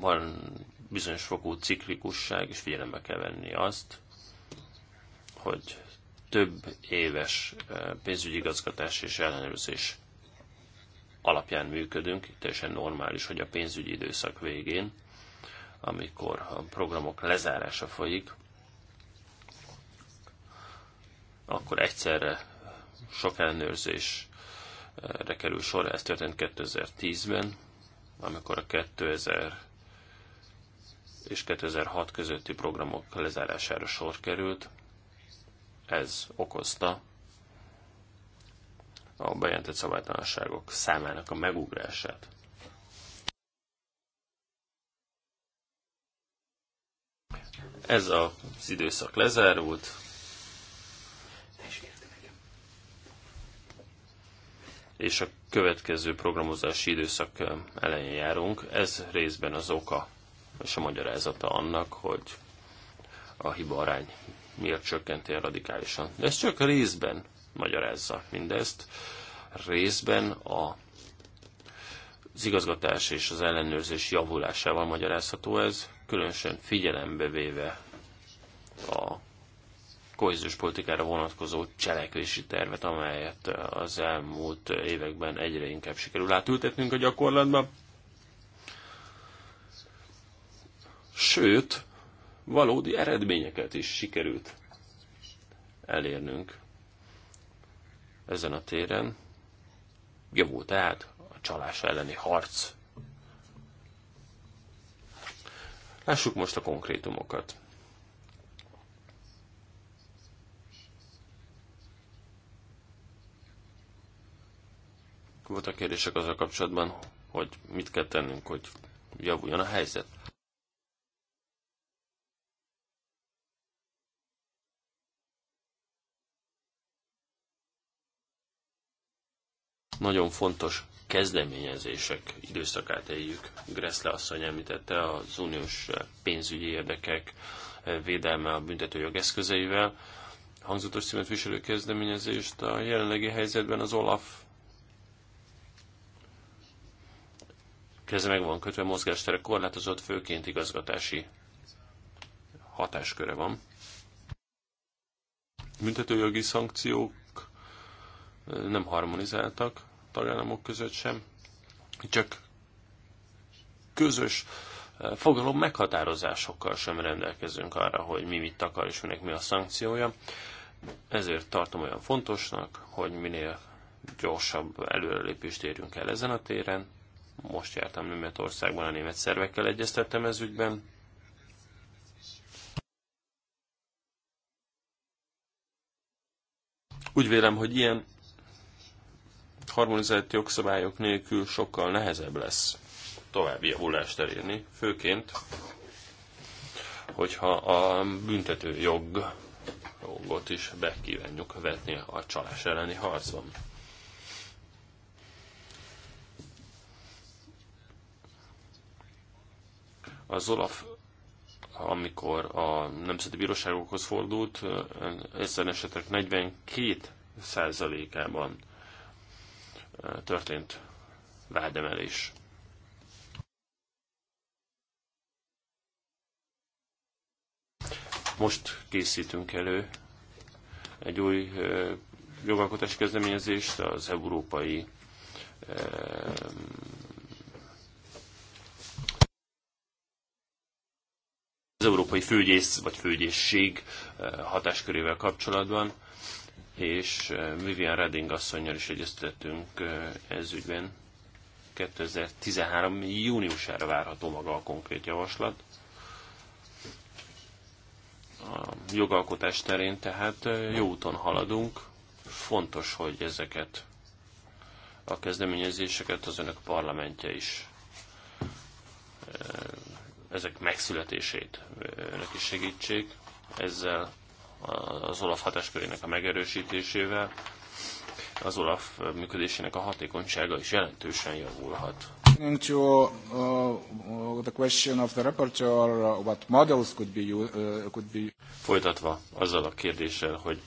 [SPEAKER 3] van bizonyos fokú ciklikusság, és figyelembe kell venni azt, hogy több éves eh, pénzügyi igazgatás és ellenőrzés alapján működünk, teljesen normális, hogy a pénzügyi időszak végén, amikor a programok lezárása folyik, akkor egyszerre sok ellenőrzésre eh, kerül sor. Ez történt 2010-ben, amikor a 2000 és 2006 közötti programok lezárására sor került. Ez okozta a bejelentett szabálytalanságok számának a megugrását. Ez az időszak lezárult. És a következő programozási időszak elején járunk. Ez részben az oka és a magyarázata annak, hogy a hiba arány miért csökkent ilyen radikálisan. De ez csak részben magyarázza mindezt. Részben a, az igazgatás és az ellenőrzés javulásával magyarázható ez, különösen figyelembe véve a kohéziós politikára vonatkozó cselekvési tervet, amelyet az elmúlt években egyre inkább sikerül átültetnünk a gyakorlatban. sőt, valódi eredményeket is sikerült elérnünk ezen a téren. Javult tehát a csalás elleni harc. Lássuk most a konkrétumokat. Voltak kérdések azzal kapcsolatban, hogy mit kell tennünk, hogy javuljon a helyzet. nagyon fontos kezdeményezések időszakát éljük. Greszle asszony említette az uniós pénzügyi érdekek védelme a büntetőjog eszközeivel. Hangzatos szímet viselő kezdeményezést a jelenlegi helyzetben az Olaf keze meg van kötve, mozgástere korlátozott, főként igazgatási hatásköre van. Büntetőjogi szankciók nem harmonizáltak tagállamok között sem, csak közös eh, fogalom meghatározásokkal sem rendelkezünk arra, hogy mi mit akar és minek mi a szankciója. Ezért tartom olyan fontosnak, hogy minél gyorsabb előrelépést érjünk el ezen a téren. Most jártam Németországban, a német szervekkel egyeztettem ez ügyben, úgy vélem, hogy ilyen harmonizált jogszabályok nélkül sokkal nehezebb lesz további javulást elérni, főként, hogyha a büntető jog, jogot is bekívánjuk vetni a csalás elleni harcban. Az Olaf amikor a nemzeti bíróságokhoz fordult, ezen esetek 42 százalékában történt vádemelés. Most készítünk elő egy új jogalkotási kezdeményezést az európai az európai főgyész vagy főgyészség hatáskörével kapcsolatban és eh, Vivian Redding asszonynal is egyeztetünk eh, ez ügyben. 2013. júniusára várható maga a konkrét javaslat. A jogalkotás terén tehát eh, jó úton haladunk. Fontos, hogy ezeket a kezdeményezéseket az önök parlamentje is ezek megszületését önök is segítsék. Ezzel az Olaf hatáskörének a megerősítésével az Olaf működésének a hatékonysága is jelentősen javulhat.
[SPEAKER 1] Uh, uh, the question of the rapporteur, uh, what models could be, uh, could be...
[SPEAKER 3] Folytatva azzal a kérdéssel, hogy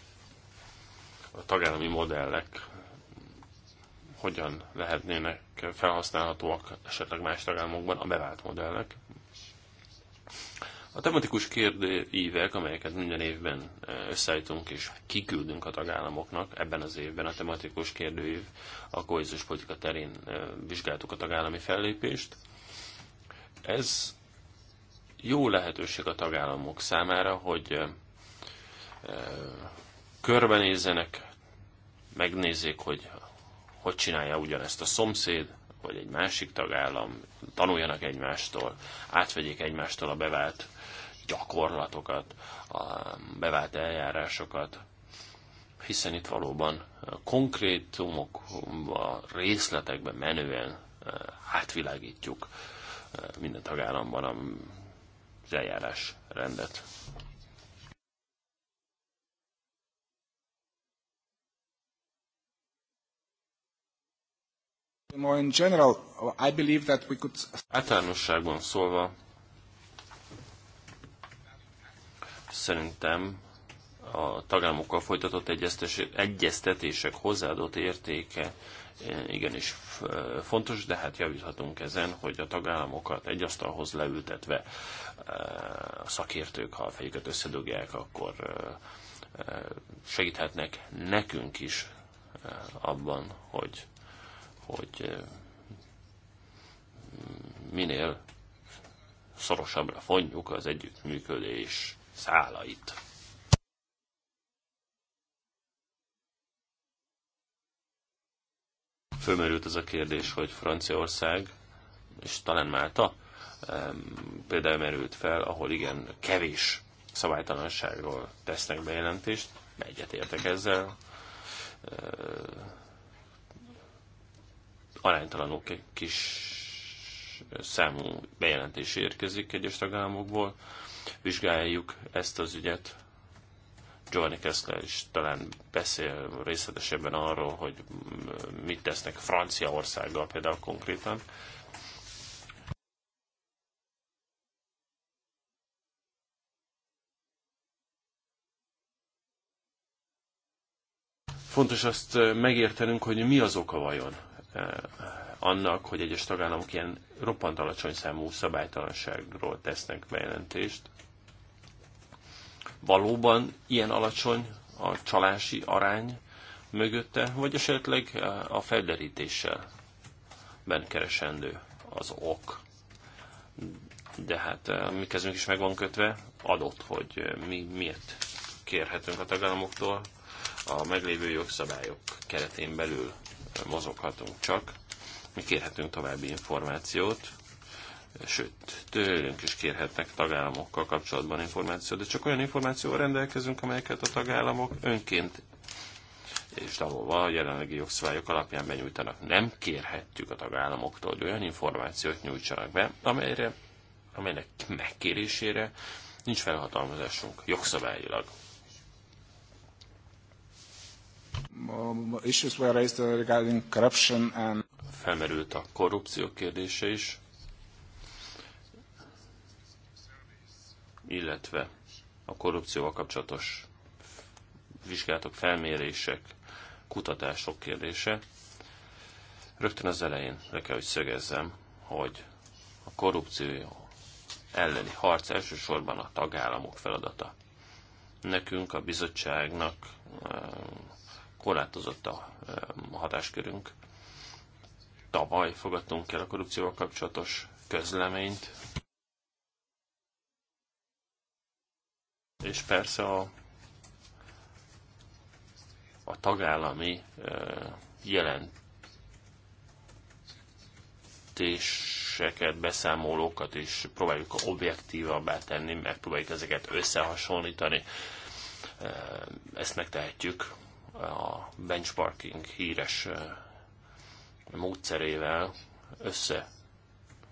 [SPEAKER 3] a tagállami modellek hogyan lehetnének felhasználhatóak esetleg más tagállamokban a bevált modellek. A tematikus kérdőívek, amelyeket minden évben e, összeállítunk és kiküldünk a tagállamoknak, ebben az évben a tematikus kérdőív a kohéziós politika terén e, vizsgáltuk a tagállami fellépést. Ez jó lehetőség a tagállamok számára, hogy e, körbenézzenek, megnézzék, hogy hogy csinálja ugyanezt a szomszéd, vagy egy másik tagállam, tanuljanak egymástól, átvegyék egymástól a bevált gyakorlatokat, a bevált eljárásokat, hiszen itt valóban konkrétumok, a részletekben menően e, átvilágítjuk e, minden tagállamban az eljárás rendet.
[SPEAKER 1] More in general, I believe that we could...
[SPEAKER 3] Általánosságban szólva Szerintem a tagállamokkal folytatott egyeztetések hozzáadott értéke e, igenis e, fontos, de hát javíthatunk ezen, hogy a tagállamokat egy asztalhoz leültetve e, a szakértők, ha a fejüket összedugják, akkor segíthetnek nekünk is abban, hogy, hogy minél szorosabbra fonjuk az együttműködés szálait. Fölmerült az a kérdés, hogy Franciaország, és talán Málta, például merült fel, ahol igen kevés szabálytalanságról tesznek bejelentést, egyet értek ezzel, aránytalanul kis számú bejelentés érkezik egyes tagállamokból, vizsgáljuk ezt az ügyet. Giovanni Kessler is talán beszél részletesebben arról, hogy mit tesznek Franciaországgal például konkrétan. Fontos azt megértenünk, hogy mi az oka vajon Eh, annak, hogy egyes tagállamok ilyen roppant alacsony számú szabálytalanságról tesznek bejelentést. Valóban ilyen alacsony a csalási arány mögötte, vagy esetleg eh, a felderítéssel ben keresendő az ok. De hát eh, mi kezünk is meg van kötve, adott, hogy mi miért kérhetünk a tagállamoktól a meglévő jogszabályok keretén belül mozoghatunk csak, mi kérhetünk további információt, sőt, tőlünk is kérhetnek tagállamokkal kapcsolatban információt, de csak olyan információval rendelkezünk, amelyeket a tagállamok önként és dalolva a jelenlegi jogszabályok alapján benyújtanak. Nem kérhetjük a tagállamoktól, hogy olyan információt nyújtsanak be, amelyre, amelynek megkérésére nincs felhatalmazásunk jogszabályilag. Felmerült a korrupció kérdése is, illetve a korrupcióval kapcsolatos vizsgálatok, felmérések, kutatások kérdése. Rögtön az elején le kell, hogy szögezzem, hogy a korrupció elleni harc elsősorban a tagállamok feladata. Nekünk, a bizottságnak korlátozott a hatáskörünk. Tavaly fogadtunk el a korrupcióval kapcsolatos közleményt, és persze a, a tagállami jelentéseket, beszámolókat is próbáljuk objektívabbá tenni, megpróbáljuk ezeket összehasonlítani. Ezt megtehetjük a benchmarking híres módszerével össze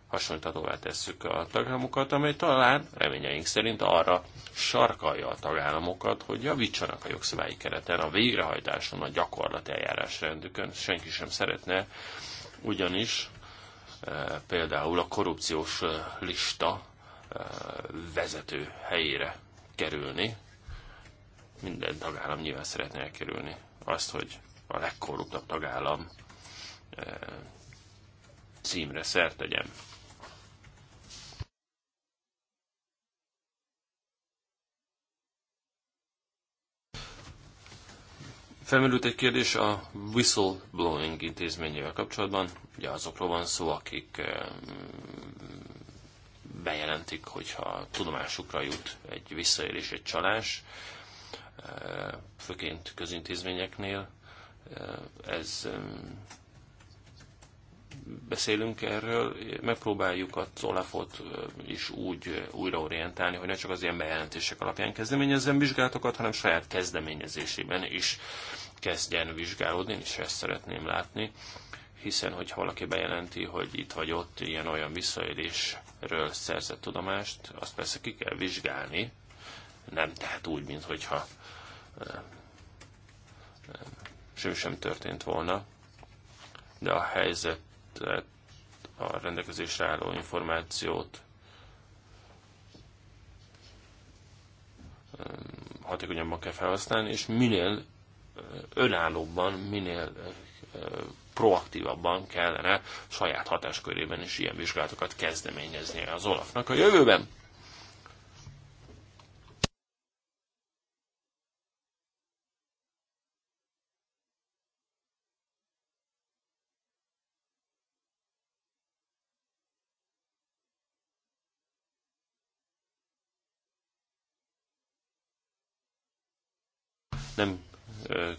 [SPEAKER 3] hasonlítatóvá tesszük a tagállamokat, amely talán reményeink szerint arra sarkalja a tagállamokat, hogy javítsanak a jogszabályi kereten, a végrehajtáson, a gyakorlati eljárás rendükön. Senki sem szeretne, ugyanis e, például a korrupciós lista e, vezető helyére kerülni, minden tagállam nyilván szeretne elkerülni azt, hogy a legkorruptabb tagállam eh, címre szert tegyen. Felmerült egy kérdés a whistleblowing intézményével kapcsolatban. Ugye azokról van szó, akik eh, bejelentik, hogyha tudomásukra jut egy visszaélés, egy csalás. Eh, főként közintézményeknél. Eh, ez eh, beszélünk erről, megpróbáljuk a Olafot is úgy újraorientálni, hogy ne csak az ilyen bejelentések alapján kezdeményezzen vizsgálatokat, hanem saját kezdeményezésében is kezdjen vizsgálódni, és ezt szeretném látni, hiszen hogyha valaki bejelenti, hogy itt vagy ott ilyen-olyan visszaélésről szerzett tudomást, azt persze ki kell vizsgálni, nem tehát úgy, mintha semmi sem történt volna, de a helyzetet, a rendelkezésre álló információt hatékonyabban kell felhasználni, és minél önállóbban, minél proaktívabban kellene saját hatáskörében is ilyen vizsgálatokat kezdeményeznie az Olafnak a jövőben.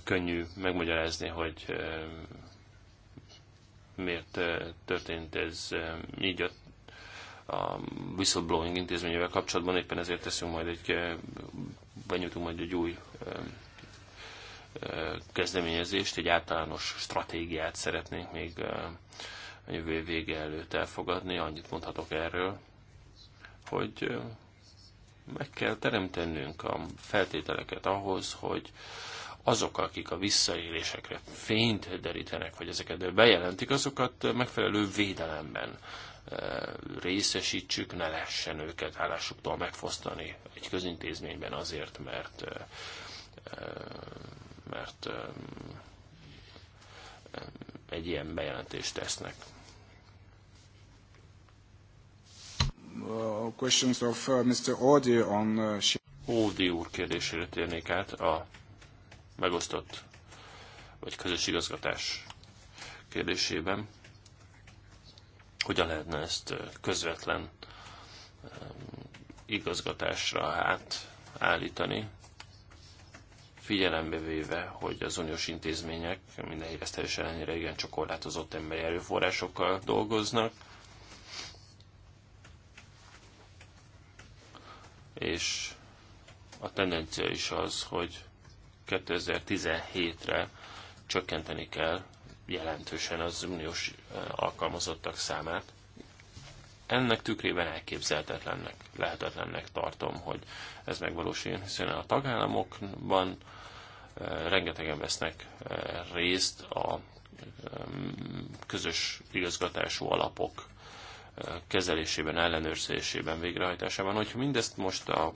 [SPEAKER 3] könnyű megmagyarázni, hogy miért történt ez így a, a whistleblowing intézményével kapcsolatban, éppen ezért teszünk majd egy, benyújtunk majd egy új kezdeményezést, egy általános stratégiát szeretnénk még a jövő vége előtt elfogadni. Annyit mondhatok erről, hogy meg kell teremtenünk a feltételeket ahhoz, hogy azok, akik a visszaélésekre fényt derítenek, vagy ezeket bejelentik, azokat megfelelő védelemben eh, részesítsük, ne lehessen őket állásuktól megfosztani egy közintézményben azért, mert eh, eh, mert egy ilyen bejelentést tesznek.
[SPEAKER 1] Uh, questions of uh, Mr. Audi on... Uh,
[SPEAKER 3] Audi úr kérdésére térnék át a megosztott vagy közös igazgatás kérdésében. Hogyan lehetne ezt közvetlen igazgatásra hát állítani, figyelembe véve, hogy az uniós intézmények minden híresztelés ellenére igen csak korlátozott emberi erőforrásokkal dolgoznak, és a tendencia is az, hogy 2017-re csökkenteni kell jelentősen az uniós alkalmazottak számát. Ennek tükrében elképzelhetetlennek, lehetetlennek tartom, hogy ez megvalósuljon, hiszen a tagállamokban rengetegen vesznek részt a közös igazgatású alapok kezelésében, ellenőrzésében, végrehajtásában. Hogyha mindezt most a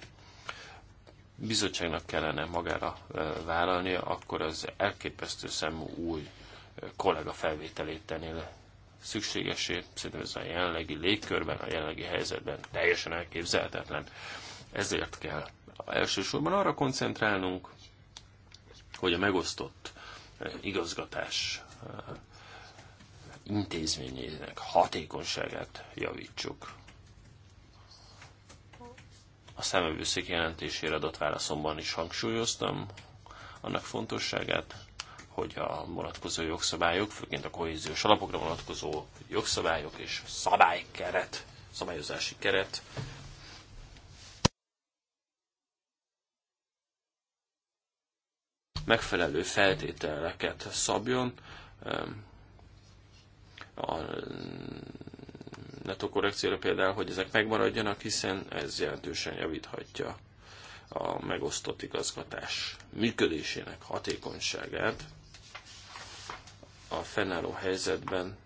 [SPEAKER 3] bizottságnak kellene magára vállalnia, akkor az elképesztő számú új kollega felvételét tennél szükségesé. Szerintem ez a jelenlegi légkörben, a jelenlegi helyzetben teljesen elképzelhetetlen. Ezért kell elsősorban arra koncentrálnunk, hogy a megosztott igazgatás intézményének hatékonyságát javítsuk. A szemövőszék jelentésére adott válaszomban is hangsúlyoztam annak fontosságát, hogy a vonatkozó jogszabályok, főként a kohéziós alapokra vonatkozó jogszabályok és szabálykeret, szabályozási keret megfelelő feltételeket szabjon ehm, a netto korrekcióra például, hogy ezek megmaradjanak, hiszen ez jelentősen javíthatja a megosztott igazgatás működésének hatékonyságát. A fennálló helyzetben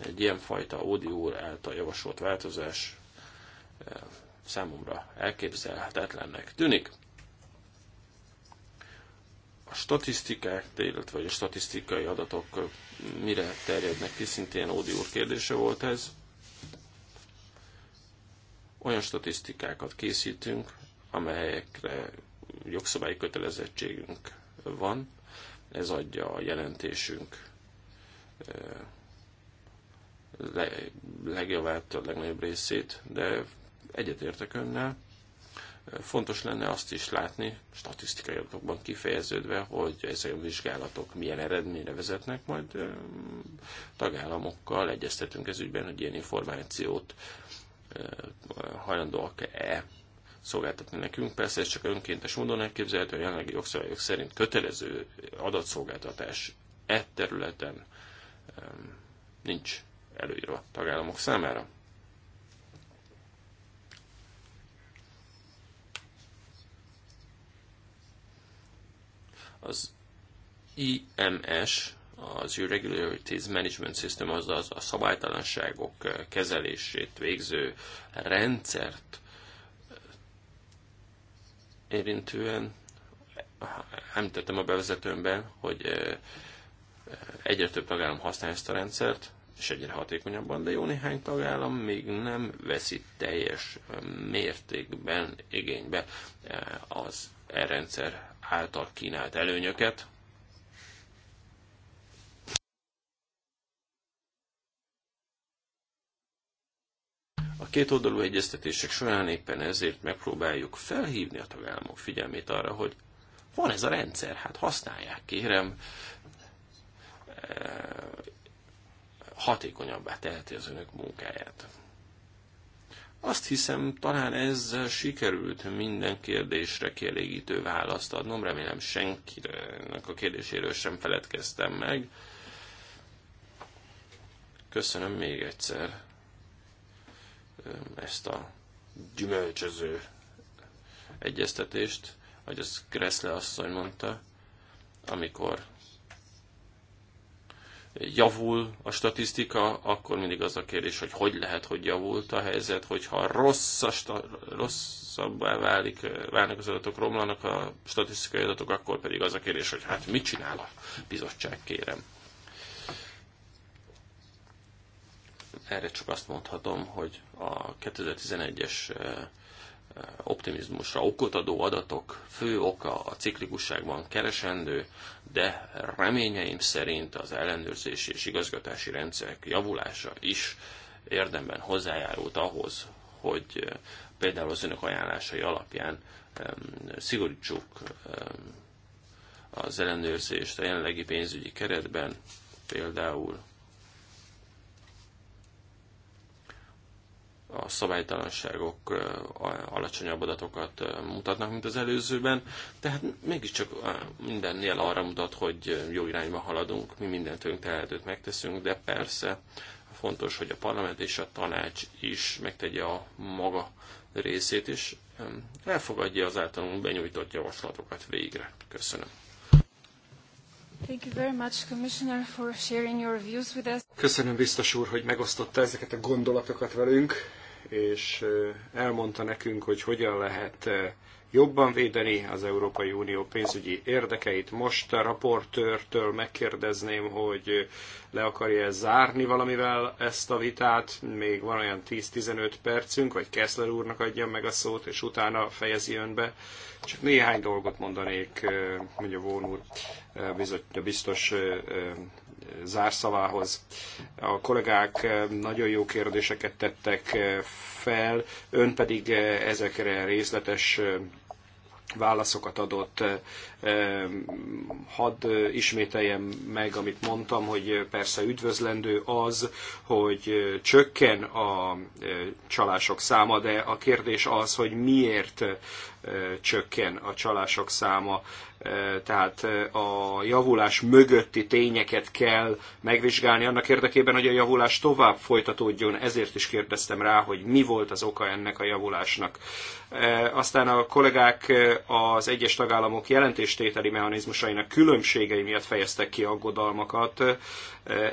[SPEAKER 3] egy ilyenfajta audio által javasolt változás eh, számomra elképzelhetetlennek tűnik. A statisztikák, illetve a statisztikai adatok eh, mire terjednek ki, szintén Ódi úr kérdése volt ez. Olyan statisztikákat készítünk, amelyekre jogszabályi kötelezettségünk van, ez adja a jelentésünk legjobbát, a legnagyobb részét, de egyetértek önnel. Fontos lenne azt is látni, statisztikai adatokban kifejeződve, hogy ezek a vizsgálatok milyen eredményre vezetnek, majd tagállamokkal egyeztetünk ez ügyben, hogy ilyen információt hajlandóak-e szolgáltatni nekünk. Persze ez csak önkéntes módon elképzelhető, a jelenlegi jogszabályok szerint kötelező adatszolgáltatás e területen nincs előírva a tagállamok számára. Az IMS az Irregularities Management System, azaz a szabálytalanságok kezelését végző rendszert érintően említettem a bevezetőmben, hogy egyre több tagállam használja ezt a rendszert, és egyre hatékonyabban, de jó néhány tagállam még nem veszi teljes mértékben igénybe az e-rendszer által kínált előnyöket. A kétoldalú egyeztetések során éppen ezért megpróbáljuk felhívni a tagállamok figyelmét arra, hogy van ez a rendszer, hát használják, kérem, eh, hatékonyabbá teheti az önök munkáját. Azt hiszem, talán ezzel sikerült minden kérdésre kielégítő választ adnom. Remélem senkinek a kérdéséről sem feledkeztem meg. Köszönöm még egyszer ezt a gyümölcsöző egyeztetést, vagy az Kreszle asszony mondta, amikor javul a statisztika, akkor mindig az a kérdés, hogy hogy lehet, hogy javult a helyzet, hogyha rossz a sta- rosszabbá válik, válnak az adatok, romlanak a statisztikai adatok, akkor pedig az a kérdés, hogy hát mit csinál a bizottság, kérem. erre csak azt mondhatom, hogy a 2011-es optimizmusra okot adó adatok fő oka a ciklikusságban keresendő, de reményeim szerint az ellenőrzési és igazgatási rendszerek javulása is érdemben hozzájárult ahhoz, hogy például az önök ajánlásai alapján szigorítsuk az ellenőrzést a jelenlegi pénzügyi keretben, például a szabálytalanságok alacsonyabb adatokat mutatnak, mint az előzőben, tehát mégiscsak mindennél arra mutat, hogy jó irányba haladunk, mi mindent tőlünk tehetőt megteszünk, de persze fontos, hogy a parlament és a tanács is megtegye a maga részét, és elfogadja az általunk benyújtott javaslatokat végre. Köszönöm.
[SPEAKER 1] Köszönöm biztos úr, hogy megosztotta ezeket a gondolatokat velünk, és elmondta nekünk, hogy hogyan lehet jobban védeni az Európai Unió pénzügyi érdekeit. Most a raportőrtől megkérdezném, hogy le akarja -e zárni valamivel ezt a vitát. Még van olyan 10-15 percünk, vagy Kessler úrnak adja meg a szót, és utána fejezi önbe. Csak néhány dolgot mondanék, mondja Vón úr a biztos zárszavához. A kollégák nagyon jó kérdéseket tettek fel, ön pedig ezekre részletes válaszokat adott. Hadd ismételjem meg, amit mondtam, hogy persze üdvözlendő az, hogy csökken a csalások száma, de a kérdés az, hogy miért csökken a csalások száma. Tehát a javulás mögötti tényeket kell megvizsgálni annak érdekében, hogy a javulás tovább folytatódjon. Ezért is kérdeztem rá, hogy mi volt az oka ennek a javulásnak. Aztán a kollégák az egyes tagállamok jelentéstételi mechanizmusainak különbségei miatt fejeztek ki aggodalmakat.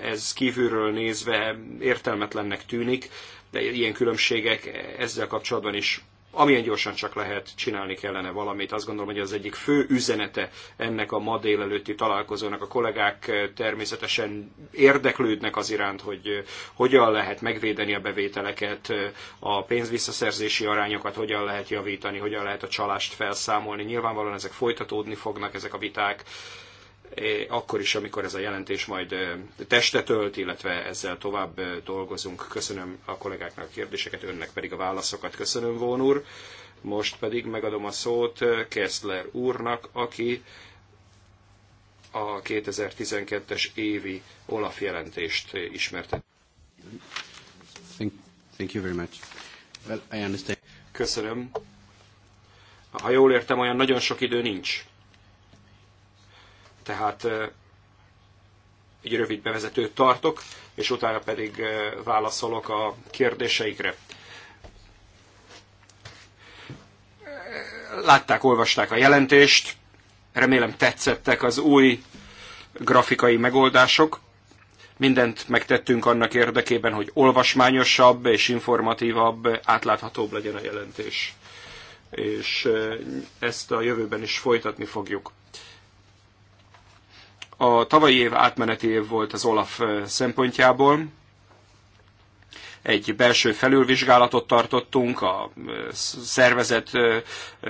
[SPEAKER 1] Ez kívülről nézve értelmetlennek tűnik, de ilyen különbségek ezzel kapcsolatban is amilyen gyorsan csak lehet, csinálni kellene valamit. Azt gondolom, hogy az egyik fő üzenete ennek a ma délelőtti találkozónak a kollégák eh, természetesen érdeklődnek az iránt, hogy eh, hogyan lehet megvédeni a bevételeket, eh, a pénzvisszaszerzési arányokat, hogyan lehet javítani, hogyan lehet a csalást felszámolni. Nyilvánvalóan ezek folytatódni fognak, ezek a viták akkor is, amikor ez a jelentés majd testet ölt, illetve ezzel tovább dolgozunk. Köszönöm a kollégáknak a kérdéseket, önnek pedig a válaszokat. Köszönöm, Vón úr. Most pedig megadom a szót Kessler úrnak, aki a 2012-es évi Olaf jelentést ismerte. Thank, thank you very much. Well, I understand. Köszönöm. Ha jól értem, olyan nagyon sok idő nincs. Tehát egy rövid bevezetőt tartok, és utána pedig válaszolok a kérdéseikre. Látták, olvasták a jelentést, remélem tetszettek az új grafikai megoldások. Mindent megtettünk annak érdekében, hogy olvasmányosabb és informatívabb, átláthatóbb legyen a jelentés. És ezt a jövőben is folytatni fogjuk. A tavalyi év átmeneti év volt az Olaf szempontjából. Egy belső felülvizsgálatot tartottunk a szervezet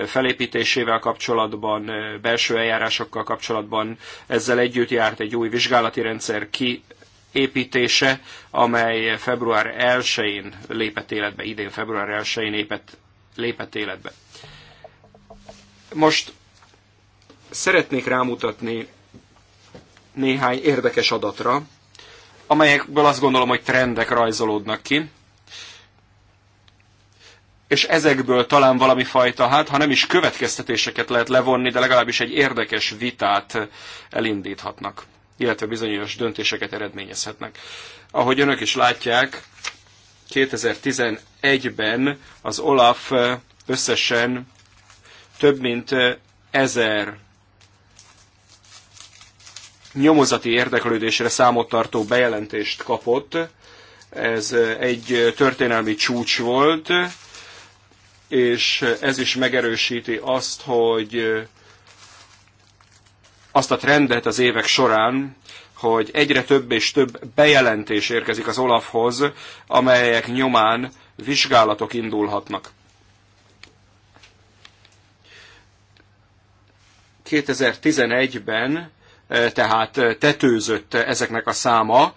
[SPEAKER 1] felépítésével kapcsolatban, belső eljárásokkal kapcsolatban. Ezzel együtt járt egy új vizsgálati rendszer ki építése, amely február 1-én lépett életbe, idén február 1-én lépett, lépett életbe. Most szeretnék rámutatni néhány érdekes adatra, amelyekből azt gondolom, hogy trendek rajzolódnak ki, és ezekből talán valami fajta, hát ha nem is következtetéseket lehet levonni, de legalábbis egy érdekes vitát elindíthatnak, illetve bizonyos döntéseket eredményezhetnek. Ahogy önök is látják, 2011-ben az OLAF összesen több mint ezer nyomozati érdeklődésre számot tartó bejelentést kapott. Ez egy történelmi csúcs volt, és ez is megerősíti azt, hogy azt a trendet az évek során, hogy egyre több és több bejelentés érkezik az Olafhoz, amelyek nyomán vizsgálatok indulhatnak. 2011-ben tehát tetőzött ezeknek a száma.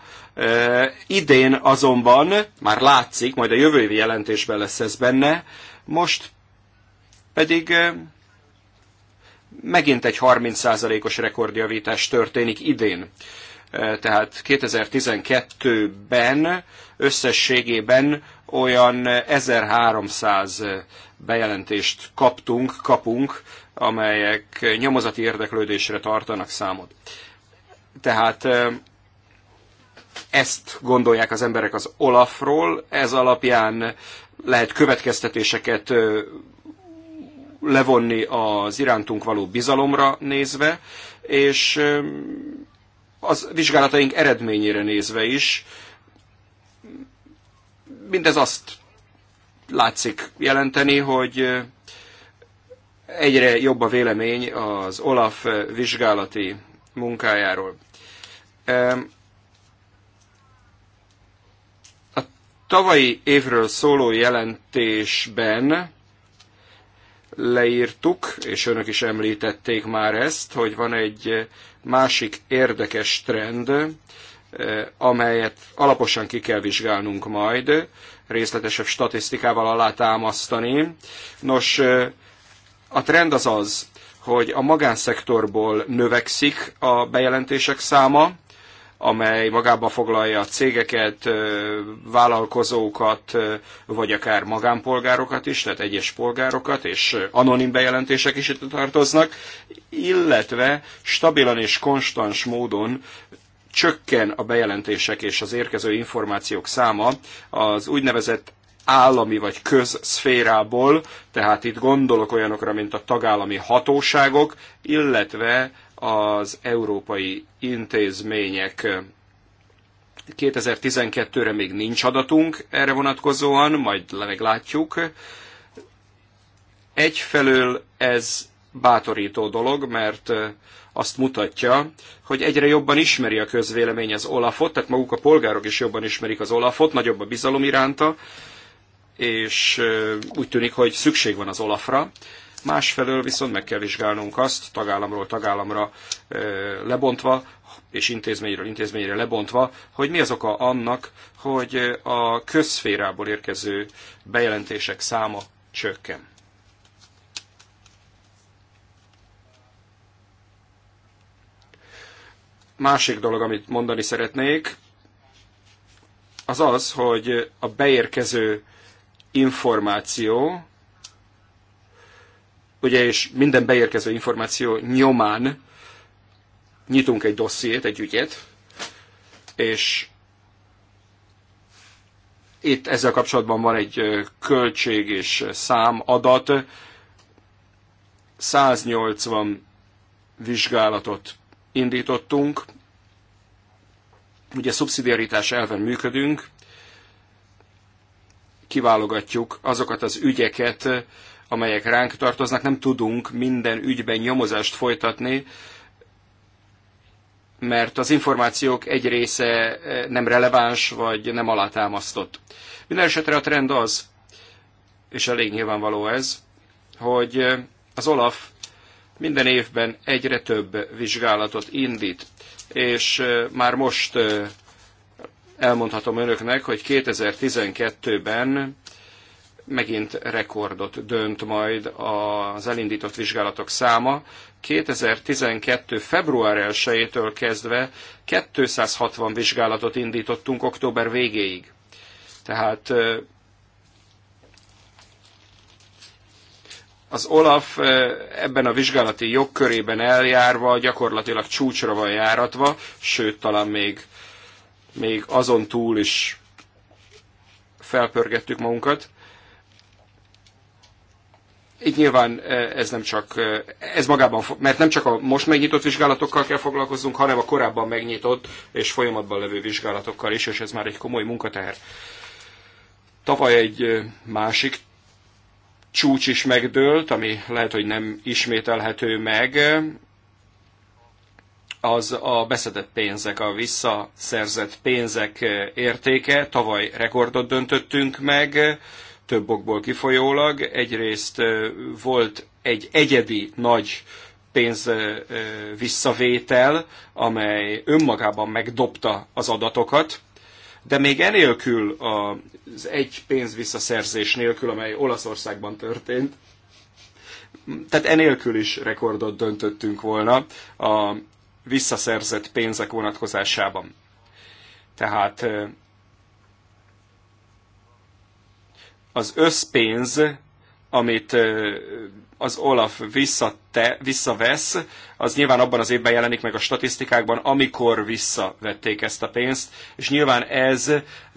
[SPEAKER 1] Idén azonban, már látszik, majd a jövő évi jelentésben lesz ez benne, most pedig megint egy 30%-os rekordjavítás történik idén. Tehát 2012-ben összességében olyan 1300 bejelentést kaptunk, kapunk amelyek nyomozati érdeklődésre tartanak számot. Tehát ezt gondolják az emberek az Olafról, ez alapján lehet következtetéseket levonni az irántunk való bizalomra nézve, és az vizsgálataink eredményére nézve is. Mindez azt látszik jelenteni, hogy egyre jobb a vélemény az Olaf vizsgálati munkájáról. A tavalyi évről szóló jelentésben leírtuk, és önök is említették már ezt, hogy van egy másik érdekes trend, eh, amelyet alaposan ki kell vizsgálnunk majd, részletesebb statisztikával alátámasztani. Nos, eh, a trend az az, hogy a magánszektorból növekszik a bejelentések száma, amely magába foglalja cégeket, vállalkozókat, vagy akár magánpolgárokat is, tehát egyes polgárokat, és anonim bejelentések is itt tartoznak, illetve stabilan és konstans módon csökken a bejelentések és az érkező információk száma az úgynevezett állami vagy közszférából, tehát itt gondolok olyanokra, mint a tagállami hatóságok, illetve az európai intézmények. 2012-re még nincs adatunk erre vonatkozóan, majd meglátjuk. Egyfelől ez bátorító dolog, mert azt mutatja, hogy egyre jobban ismeri a közvélemény az Olafot, tehát maguk a polgárok is jobban ismerik az Olafot, nagyobb a bizalom iránta, és úgy tűnik, hogy szükség van az Olafra. Másfelől viszont meg kell vizsgálnunk azt, tagállamról tagállamra lebontva, és intézményről intézményre lebontva, hogy mi az oka annak, hogy a közszférából érkező bejelentések száma csökken. Másik dolog, amit mondani szeretnék, az az, hogy a beérkező információ, ugye és minden beérkező információ nyomán nyitunk egy dossziét, egy ügyet, és itt ezzel kapcsolatban van egy költség és szám adat, 180 vizsgálatot indítottunk, ugye szubszidiaritás elven működünk, kiválogatjuk azokat az ügyeket, amelyek ránk tartoznak, nem tudunk minden ügyben nyomozást folytatni, mert az információk egy része eh, nem releváns, vagy nem alátámasztott. Mindenesetre a trend az, és elég nyilvánvaló ez, hogy eh, az Olaf minden évben egyre több vizsgálatot indít, és eh, már most elmondhatom önöknek, hogy 2012-ben megint rekordot dönt majd az elindított vizsgálatok száma. 2012. február 1-től kezdve 260 vizsgálatot indítottunk október végéig. Tehát az Olaf ebben a vizsgálati jogkörében eljárva gyakorlatilag csúcsra van járatva, sőt talán még még azon túl is felpörgettük magunkat. Itt nyilván e, ez nem csak, e, ez magában, mert nem csak a most megnyitott vizsgálatokkal kell foglalkoznunk, hanem a korábban megnyitott és folyamatban levő vizsgálatokkal is, és ez már egy komoly munkateher. Tavaly egy e, másik csúcs is megdőlt, ami lehet, hogy nem ismételhető meg, az a beszedett pénzek, a visszaszerzett pénzek eh, értéke. Tavaly rekordot döntöttünk meg, több okból kifolyólag. Egyrészt eh, volt egy egyedi nagy pénz eh, visszavétel, amely önmagában megdobta az adatokat, de még enélkül az egy pénz visszaszerzés nélkül, amely Olaszországban történt, tehát enélkül is rekordot döntöttünk volna a visszaszerzett pénzek vonatkozásában. Tehát az összpénz, amit az Olaf visszate, visszavesz, az nyilván abban az évben jelenik meg a statisztikákban, amikor visszavették ezt a pénzt, és nyilván ez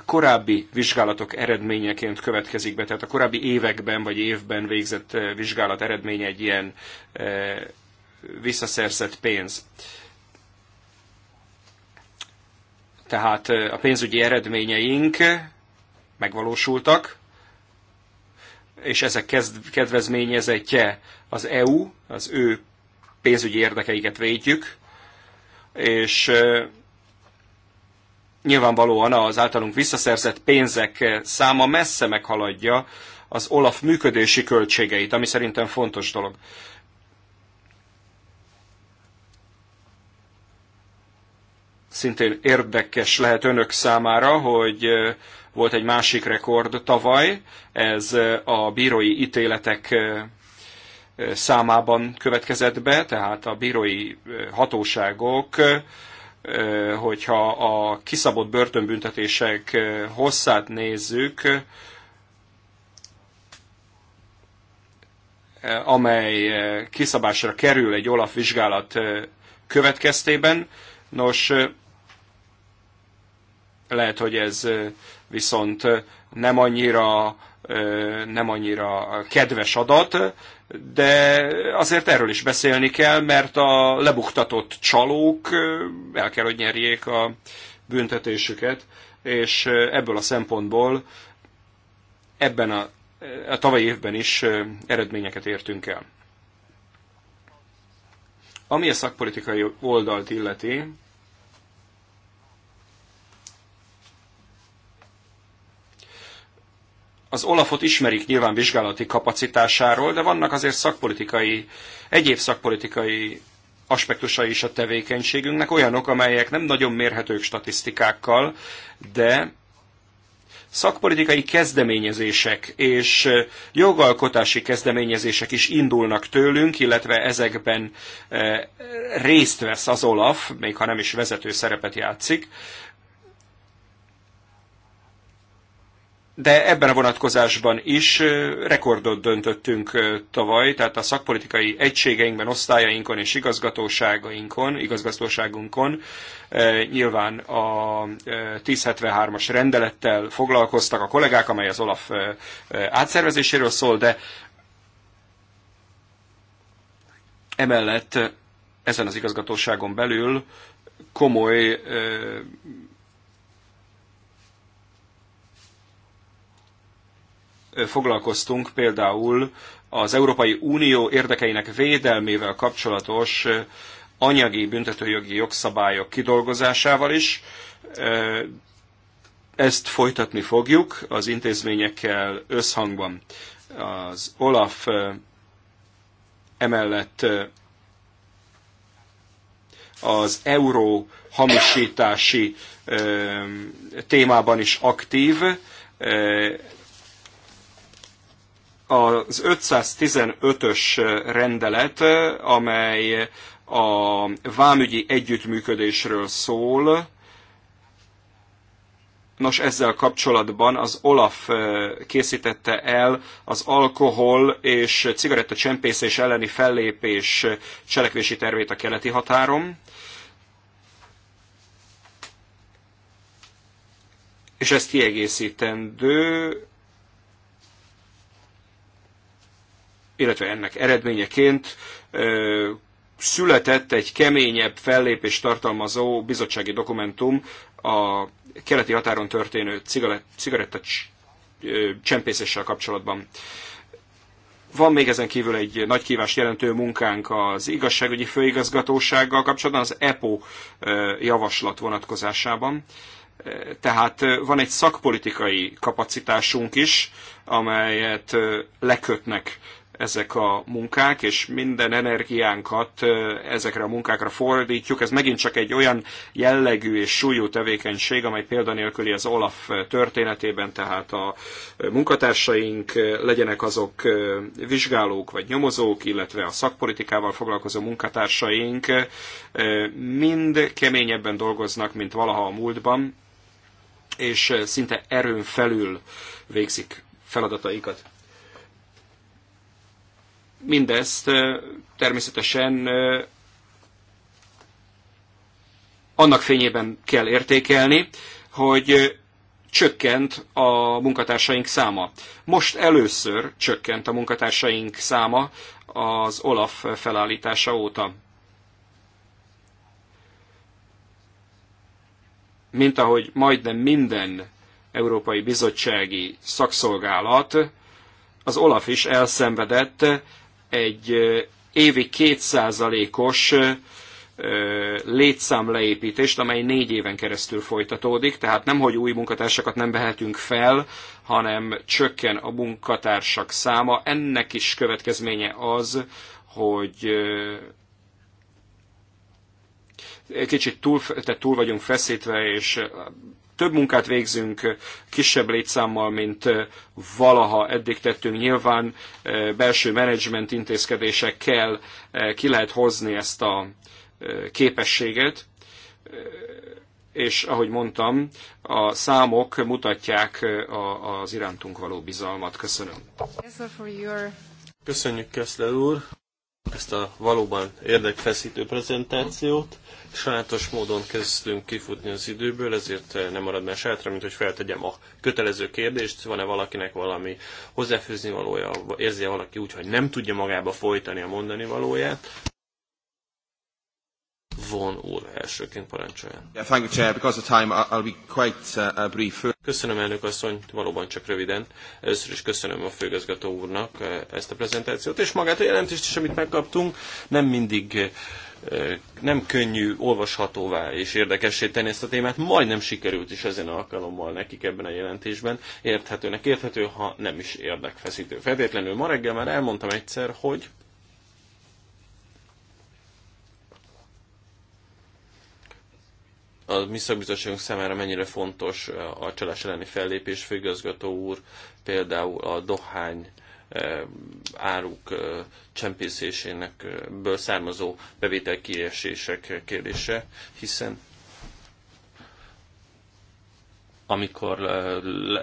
[SPEAKER 1] korábbi vizsgálatok eredményeként következik be, tehát a korábbi években vagy évben végzett vizsgálat eredménye egy ilyen visszaszerzett pénz. Tehát a pénzügyi eredményeink megvalósultak, és ezek kedvezményezetje az EU, az ő pénzügyi érdekeiket védjük, és nyilvánvalóan az általunk visszaszerzett pénzek száma messze meghaladja az Olaf működési költségeit, ami szerintem fontos dolog. szintén érdekes lehet önök számára, hogy volt egy másik rekord tavaly, ez a bírói ítéletek számában következett be, tehát a bírói hatóságok, hogyha a kiszabott börtönbüntetések hosszát nézzük, amely kiszabásra kerül egy olaf vizsgálat következtében, Nos, lehet, hogy ez viszont nem annyira, nem annyira kedves adat, de azért erről is beszélni kell, mert a lebuktatott csalók el kell, hogy nyerjék a büntetésüket, és ebből a szempontból ebben a, a tavalyi évben is eredményeket értünk el. Ami a szakpolitikai oldalt illeti, az Olafot ismerik nyilván vizsgálati kapacitásáról, de vannak azért szakpolitikai, egyéb szakpolitikai aspektusai is a tevékenységünknek, olyanok, amelyek nem nagyon mérhetők statisztikákkal, de szakpolitikai kezdeményezések és jogalkotási kezdeményezések is indulnak tőlünk, illetve ezekben részt vesz az Olaf, még ha nem is vezető szerepet játszik. de ebben a vonatkozásban is rekordot döntöttünk tavaly, tehát a szakpolitikai egységeinkben, osztályainkon és igazgatóságainkon, igazgatóságunkon nyilván a 1073-as rendelettel foglalkoztak a kollégák, amely az Olaf átszervezéséről szól, de emellett ezen az igazgatóságon belül komoly foglalkoztunk például az Európai Unió érdekeinek védelmével kapcsolatos anyagi büntetőjogi jogszabályok kidolgozásával is. Ezt folytatni fogjuk az intézményekkel összhangban. Az OLAF emellett az euró hamisítási témában is aktív, az 515-ös rendelet, amely a vámügyi együttműködésről szól, Nos, ezzel kapcsolatban az Olaf eh, készítette el az alkohol és cigarettacsempészés elleni fellépés cselekvési tervét a keleti határon. És ezt kiegészítendő illetve ennek eredményeként született egy keményebb fellépés tartalmazó bizottsági dokumentum a keleti határon történő cigaretta csempészéssel kapcsolatban. Van még ezen kívül egy nagy kívást jelentő munkánk az igazságügyi főigazgatósággal kapcsolatban, az EPO javaslat vonatkozásában. Tehát van egy szakpolitikai kapacitásunk is, amelyet lekötnek ezek a munkák, és minden energiánkat ezekre a munkákra fordítjuk. Ez megint csak egy olyan jellegű és súlyú tevékenység, amely példanélküli az Olaf történetében, tehát a munkatársaink legyenek azok vizsgálók vagy nyomozók, illetve a szakpolitikával foglalkozó munkatársaink mind keményebben dolgoznak, mint valaha a múltban, és szinte erőn felül végzik feladataikat. Mindezt természetesen annak fényében kell értékelni, hogy csökkent a munkatársaink száma. Most először csökkent a munkatársaink száma az Olaf felállítása óta. Mint ahogy majdnem minden Európai Bizottsági Szakszolgálat, az Olaf is elszenvedett egy évi kétszázalékos létszámleépítést, amely négy éven keresztül folytatódik, tehát nem, hogy új munkatársakat nem vehetünk fel, hanem csökken a munkatársak száma. Ennek is következménye az, hogy kicsit túl, tehát túl vagyunk feszítve, és több munkát végzünk kisebb létszámmal, mint valaha eddig tettünk. Nyilván belső menedzsment intézkedésekkel ki lehet hozni ezt a képességet, és ahogy mondtam, a számok mutatják az irántunk való bizalmat. Köszönöm. Köszönjük, Keszler úr! ezt a valóban érdekfeszítő prezentációt.
[SPEAKER 3] Sajátos módon kezdtünk kifutni az időből, ezért nem marad más hátra, mint hogy feltegyem a kötelező kérdést, van-e valakinek valami hozzáfűzni valója, érzi -e valaki úgy, hogy nem tudja magába folytani a mondani valóját. Von úr elsőként parancsoljon. Köszönöm, elnök asszony, valóban csak röviden. Először is köszönöm a főgazgató úrnak uh, ezt a prezentációt, és magát a jelentést is, amit megkaptunk. Nem mindig uh, nem könnyű olvashatóvá és érdekessé tenni ezt a témát. Majdnem sikerült is ezen alkalommal nekik ebben a jelentésben. Érthetőnek érthető, ha nem is érdekfeszítő. Feltétlenül ma reggel már elmondtam egyszer, hogy a mi szakbizottságunk számára mennyire fontos eh, a csalás elleni fellépés. főgazgató úr például a dohány eh, áruk eh, csempészésének ből származó bevételkiesések kérdése, hiszen amikor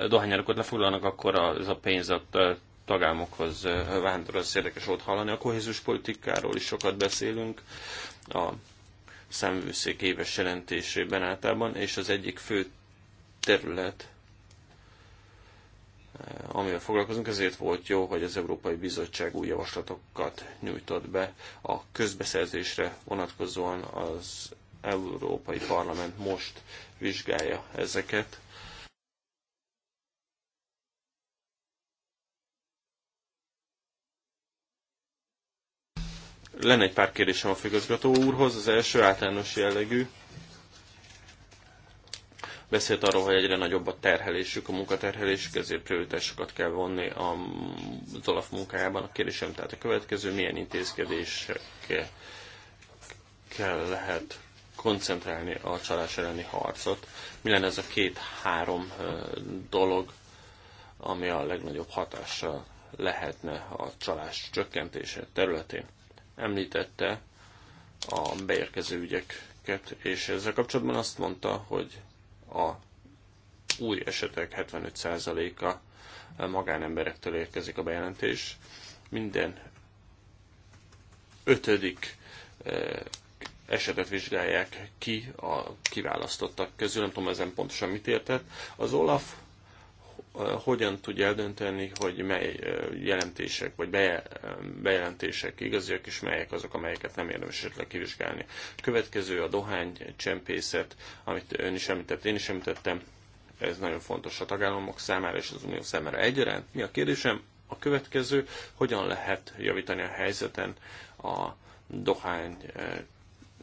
[SPEAKER 3] dohányárakat lefoglalnak, akkor az a pénz a tagállamokhoz vándor, az érdekes volt hallani. A kohézus politikáról is sokat beszélünk, a számvőszék éves jelentésében általában, és az egyik fő terület, eh, amivel foglalkozunk, ezért volt jó, hogy az Európai Bizottság új javaslatokat nyújtott be a közbeszerzésre vonatkozóan az Európai Parlament most vizsgálja ezeket. Lenne egy pár kérdésem a főgazgató úrhoz. Az első általános jellegű. Beszélt arról, hogy egyre nagyobb a terhelésük, a munkaterhelésük, ezért prioritásokat kell vonni a, Zolaf munkájában. A kérdésem tehát a következő, milyen intézkedésekkel lehet koncentrálni a csalás elleni harcot? Mi lenne ez a két-három dolog, ami a legnagyobb hatással lehetne a csalás csökkentése területén? említette a beérkező ügyeket, és ezzel kapcsolatban azt mondta, hogy a új esetek 75%-a magánemberektől érkezik a bejelentés. Minden ötödik e, esetet vizsgálják ki a kiválasztottak közül, nem tudom ezen pontosan mit értett. Az Olaf hogyan tudja eldönteni, hogy mely jelentések vagy bejelentések igaziak, és melyek azok, amelyeket nem érdemes esetleg kivizsgálni. Következő a dohány csempészet, amit ön is említett, én is említettem, ez nagyon fontos a tagállamok számára és az unió számára egyaránt. Mi a kérdésem? A következő, hogyan lehet javítani a helyzeten a dohány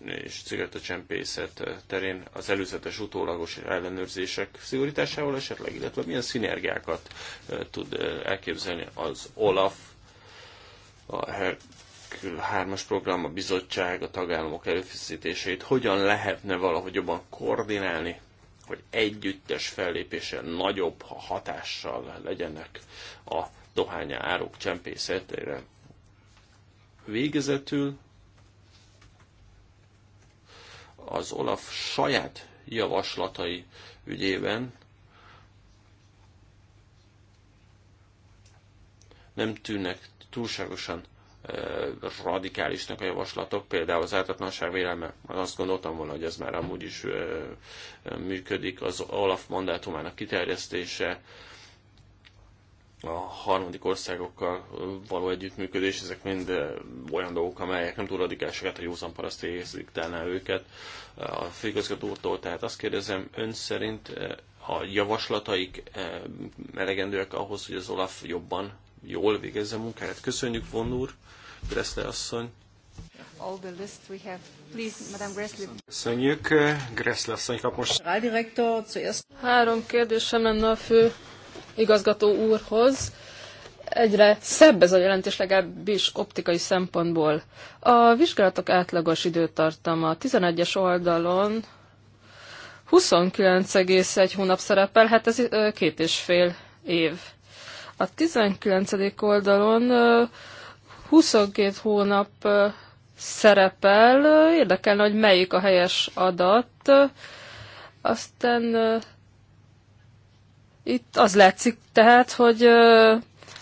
[SPEAKER 3] és cigarettacsempészet terén az előzetes utólagos ellenőrzések szigorításával esetleg, illetve milyen szinergiákat tud elképzelni az OLAF, a Herkül 3-as program, a bizottság, a tagállamok előfizetéseit, hogyan lehetne valahogy jobban koordinálni, hogy együttes fellépése nagyobb hatással legyenek a Dohányárok csempészetére. Végezetül az Olaf saját javaslatai ügyében nem tűnnek túlságosan e, radikálisnak a javaslatok, például az ártatlanság vélelme, azt gondoltam volna, hogy ez már amúgy is e, működik, az Olaf mandátumának kiterjesztése, a harmadik országokkal való együttműködés, ezek mind olyan dolgok, amelyek nem túl radikálisak, hát a józan paraszt érzéktelne őket a főigazgatótól. Tehát azt kérdezem, ön szerint a javaslataik elegendőek ahhoz, hogy az Olaf jobban, jól végezze munkáját? Köszönjük,
[SPEAKER 1] von úr, Gressle asszony.
[SPEAKER 2] All the list we have. Please, Madame Gressle.
[SPEAKER 1] Köszönjük, Gressle asszony kap most.
[SPEAKER 2] Három kérdésem lenne a fő igazgató úrhoz. Egyre szebb ez a jelentés, legalábbis optikai szempontból. A vizsgálatok átlagos időtartama 11-es oldalon 29,1 hónap szerepel, hát ez két és fél év. A 19. oldalon 22 hónap szerepel, érdekelne, hogy melyik a helyes adat. Aztán itt az látszik tehát, hogy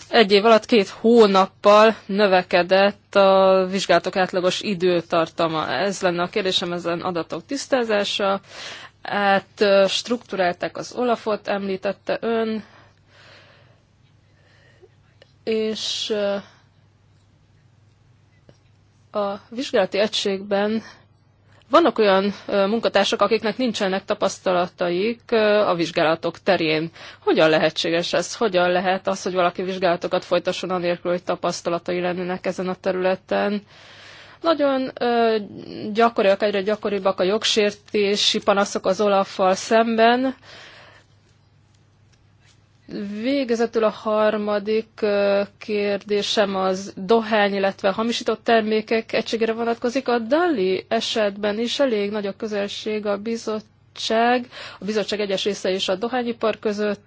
[SPEAKER 2] egy év alatt két hónappal növekedett a vizsgálatok átlagos időtartama. Ez lenne a kérdésem ezen adatok tisztázása. Hát struktúrálták az Olafot, említette ön, és a vizsgálati egységben vannak olyan munkatársak, akiknek nincsenek tapasztalataik a vizsgálatok terén. Hogyan lehetséges ez? Hogyan lehet az, hogy valaki vizsgálatokat folytasson anélkül, hogy tapasztalatai lennének ezen a területen? Nagyon ö, gyakoriak, egyre gyakoribbak a jogsértési panaszok az olaf szemben, Végezetül a harmadik kérdésem az dohány, illetve hamisított termékek egységére vonatkozik. A Dali esetben is elég nagy a közelség a bizottság, a bizottság egyes része és a dohányipar között.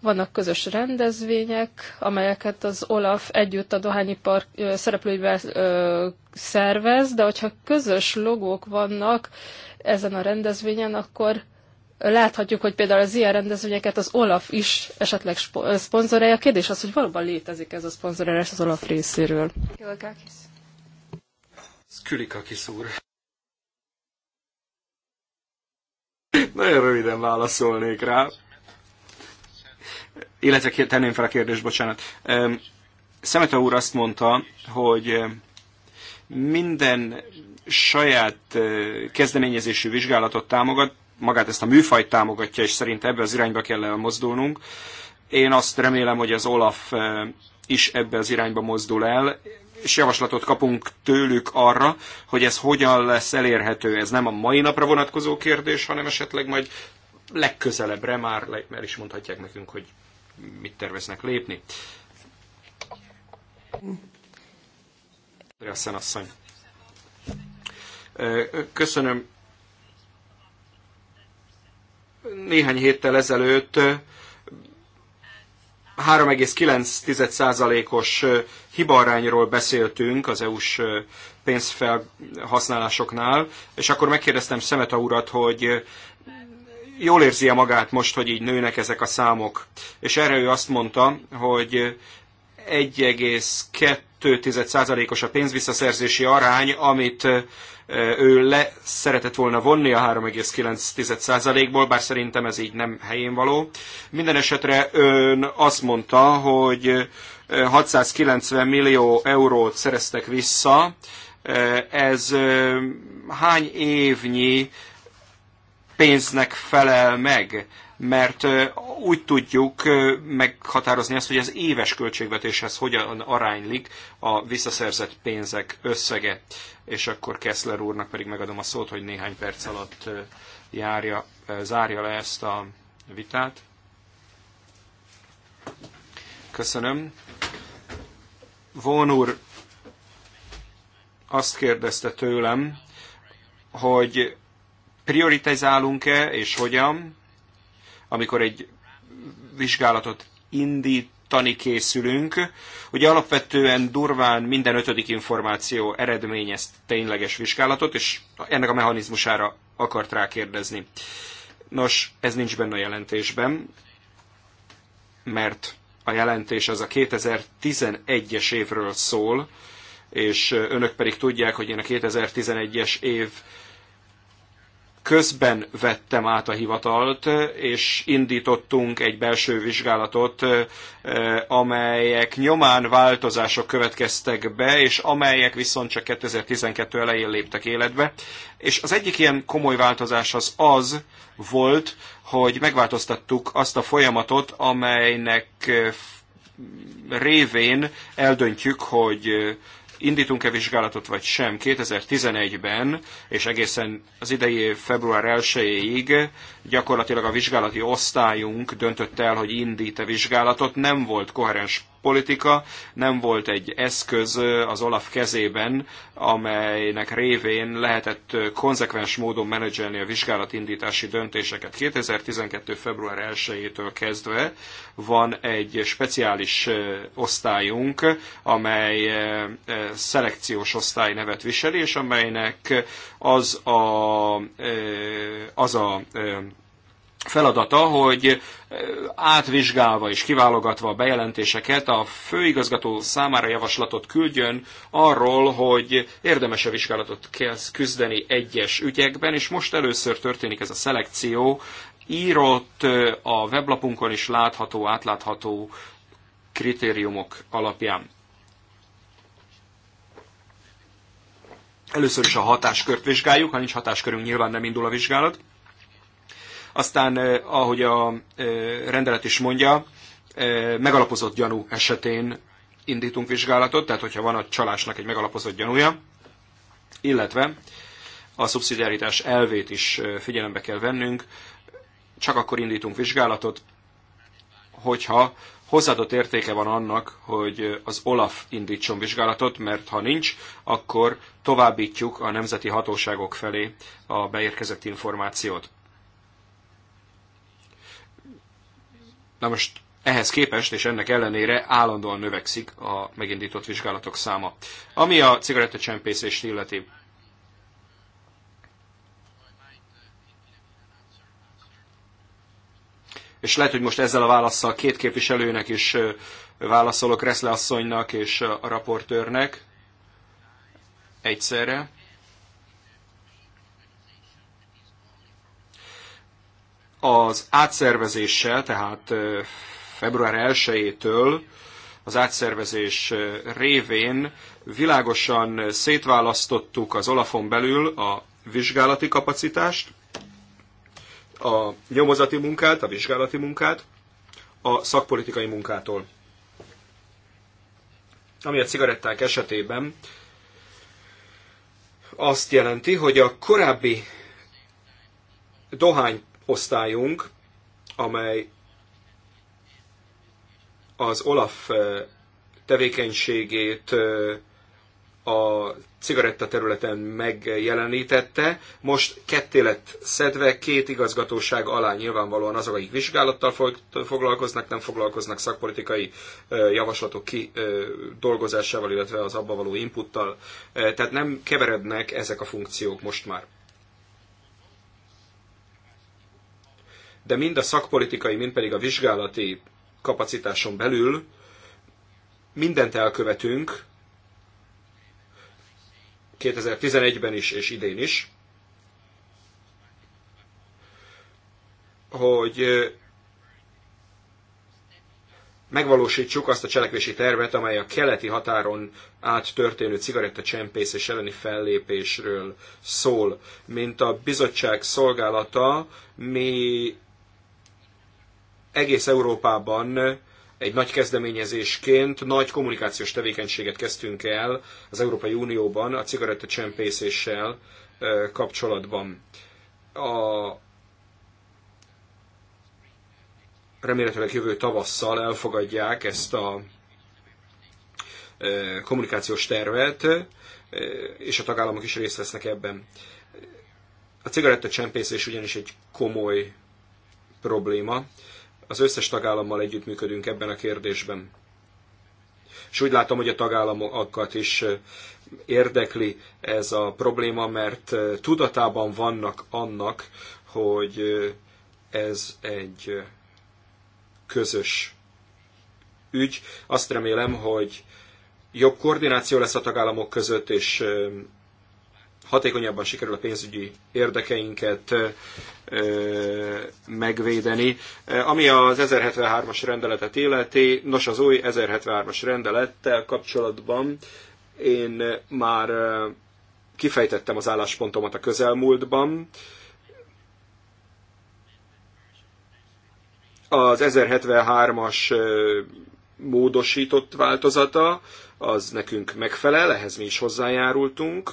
[SPEAKER 2] Vannak közös rendezvények, amelyeket az OLAF együtt a dohányipar szereplőivel szervez, de hogyha közös logók vannak ezen a rendezvényen, akkor Láthatjuk, hogy például az ilyen rendezvényeket az Olaf is esetleg szponzorálja. A kérdés az, hogy valóban létezik ez a szponzorálás az Olaf részéről.
[SPEAKER 1] Kilikakis. úr. Nagyon röviden válaszolnék rá. Illetve tenném fel a kérdést, bocsánat. Szemeta úr azt mondta, hogy minden saját kezdeményezésű vizsgálatot támogat, magát ezt a műfajt támogatja, és szerint ebbe az irányba kell elmozdulnunk. Én azt remélem, hogy az Olaf eh, is ebbe az irányba mozdul el, és javaslatot kapunk tőlük arra, hogy ez hogyan lesz elérhető. Ez nem a mai napra vonatkozó kérdés, hanem esetleg majd legközelebbre már, mert is mondhatják nekünk, hogy mit terveznek lépni. Eh, köszönöm néhány héttel ezelőtt 3,9%-os hibarányról beszéltünk az EU-s pénzfelhasználásoknál, és akkor megkérdeztem Szemeta urat, hogy jól érzi -e magát most, hogy így nőnek ezek a számok. És erre ő azt mondta, hogy 1,2 2,2%-os a pénzvisszaszerzési arány, amit ő le szeretett volna vonni a 3,9%-ból, bár szerintem ez így nem helyén való. Minden esetre ön azt mondta, hogy 690 millió eurót szereztek vissza. Ez hány évnyi pénznek felel meg? mert úgy tudjuk meghatározni azt, hogy az éves költségvetéshez hogyan aránylik a visszaszerzett pénzek összege. És akkor Kessler úrnak pedig megadom a szót, hogy néhány perc alatt járja, zárja le ezt a vitát. Köszönöm. Von úr azt kérdezte tőlem, hogy prioritizálunk-e és hogyan, amikor egy vizsgálatot indítani készülünk. Ugye alapvetően durván minden ötödik információ eredményez tényleges vizsgálatot, és ennek a mechanizmusára akart rákérdezni. Nos, ez nincs benne a jelentésben, mert a jelentés az a 2011-es évről szól, és önök pedig tudják, hogy én a 2011-es év közben vettem át a hivatalt, és indítottunk egy belső vizsgálatot, amelyek nyomán változások következtek be, és amelyek viszont csak 2012 elején léptek életbe. És az egyik ilyen komoly változás az az volt, hogy megváltoztattuk azt a folyamatot, amelynek révén eldöntjük, hogy indítunk-e vizsgálatot, vagy sem. 2011-ben, és egészen az idei év február 1-ig gyakorlatilag a vizsgálati osztályunk döntött el, hogy indít-e vizsgálatot. Nem volt koherens politika, nem volt egy eszköz az Olaf kezében, amelynek révén lehetett konzekvens módon menedzselni a vizsgálatindítási döntéseket. 2012. február 1-től kezdve van egy speciális osztályunk, amely szelekciós osztály nevet viseli, és amelynek az a, az a feladata, hogy eh, átvizsgálva és kiválogatva a bejelentéseket a főigazgató számára javaslatot küldjön arról, hogy érdemes-e vizsgálatot kell küzdeni egyes ügyekben, és most először történik ez a szelekció, írott eh, a weblapunkon is látható, átlátható kritériumok alapján. Először is a hatáskört vizsgáljuk, ha nincs hatáskörünk, nyilván nem indul a vizsgálat. Aztán, ahogy a rendelet is mondja, megalapozott gyanú esetén indítunk vizsgálatot, tehát hogyha van a csalásnak egy megalapozott gyanúja, illetve a szubszidiaritás elvét is figyelembe kell vennünk, csak akkor indítunk vizsgálatot, hogyha hozzáadott értéke van annak, hogy az OLAF indítson vizsgálatot, mert ha nincs, akkor továbbítjuk a nemzeti hatóságok felé a beérkezett információt. Na most ehhez képest és ennek ellenére állandóan növekszik a megindított vizsgálatok száma. Ami a cigarettacsempészést illeti, és lehet, hogy most ezzel a válaszsal két képviselőnek is válaszolok, Reszle asszonynak és a raportőrnek egyszerre. Az átszervezéssel, tehát február 1-től az átszervezés révén világosan szétválasztottuk az Olafon belül a vizsgálati kapacitást, a nyomozati munkát, a vizsgálati munkát, a szakpolitikai munkától. Ami a cigaretták esetében azt jelenti, hogy a korábbi dohány osztályunk, amely az Olaf tevékenységét a cigaretta területen megjelenítette. Most ketté lett szedve, két igazgatóság alá nyilvánvalóan azok, akik vizsgálattal foglalkoznak, nem foglalkoznak szakpolitikai javaslatok ki dolgozásával, illetve az abba való inputtal. Tehát nem keverednek ezek a funkciók most már. de mind a szakpolitikai, mind pedig a vizsgálati kapacitáson belül mindent elkövetünk, 2011-ben is és idén is, hogy megvalósítsuk azt a cselekvési tervet, amely a keleti határon át történő cigarettacsempészés elleni fellépésről szól. Mint a bizottság szolgálata, mi egész Európában egy nagy kezdeményezésként nagy kommunikációs tevékenységet kezdtünk el az Európai Unióban a csempészéssel kapcsolatban. A remélhetőleg jövő tavasszal elfogadják ezt a kommunikációs tervet, és a tagállamok is részt vesznek ebben. A cigarettacsempészés ugyanis egy komoly probléma, az összes tagállammal együttműködünk ebben a kérdésben. És úgy látom, hogy a tagállamokat is érdekli ez a probléma, mert tudatában vannak annak, hogy ez egy közös ügy. Azt remélem, hogy jobb koordináció lesz a tagállamok között, és hatékonyabban sikerül a pénzügyi érdekeinket megvédeni. Ami az 1073-as rendeletet illeti, nos az új 1073-as rendelettel kapcsolatban én már kifejtettem az álláspontomat a közelmúltban. Az 1073-as módosított változata, az nekünk megfelel, ehhez mi is hozzájárultunk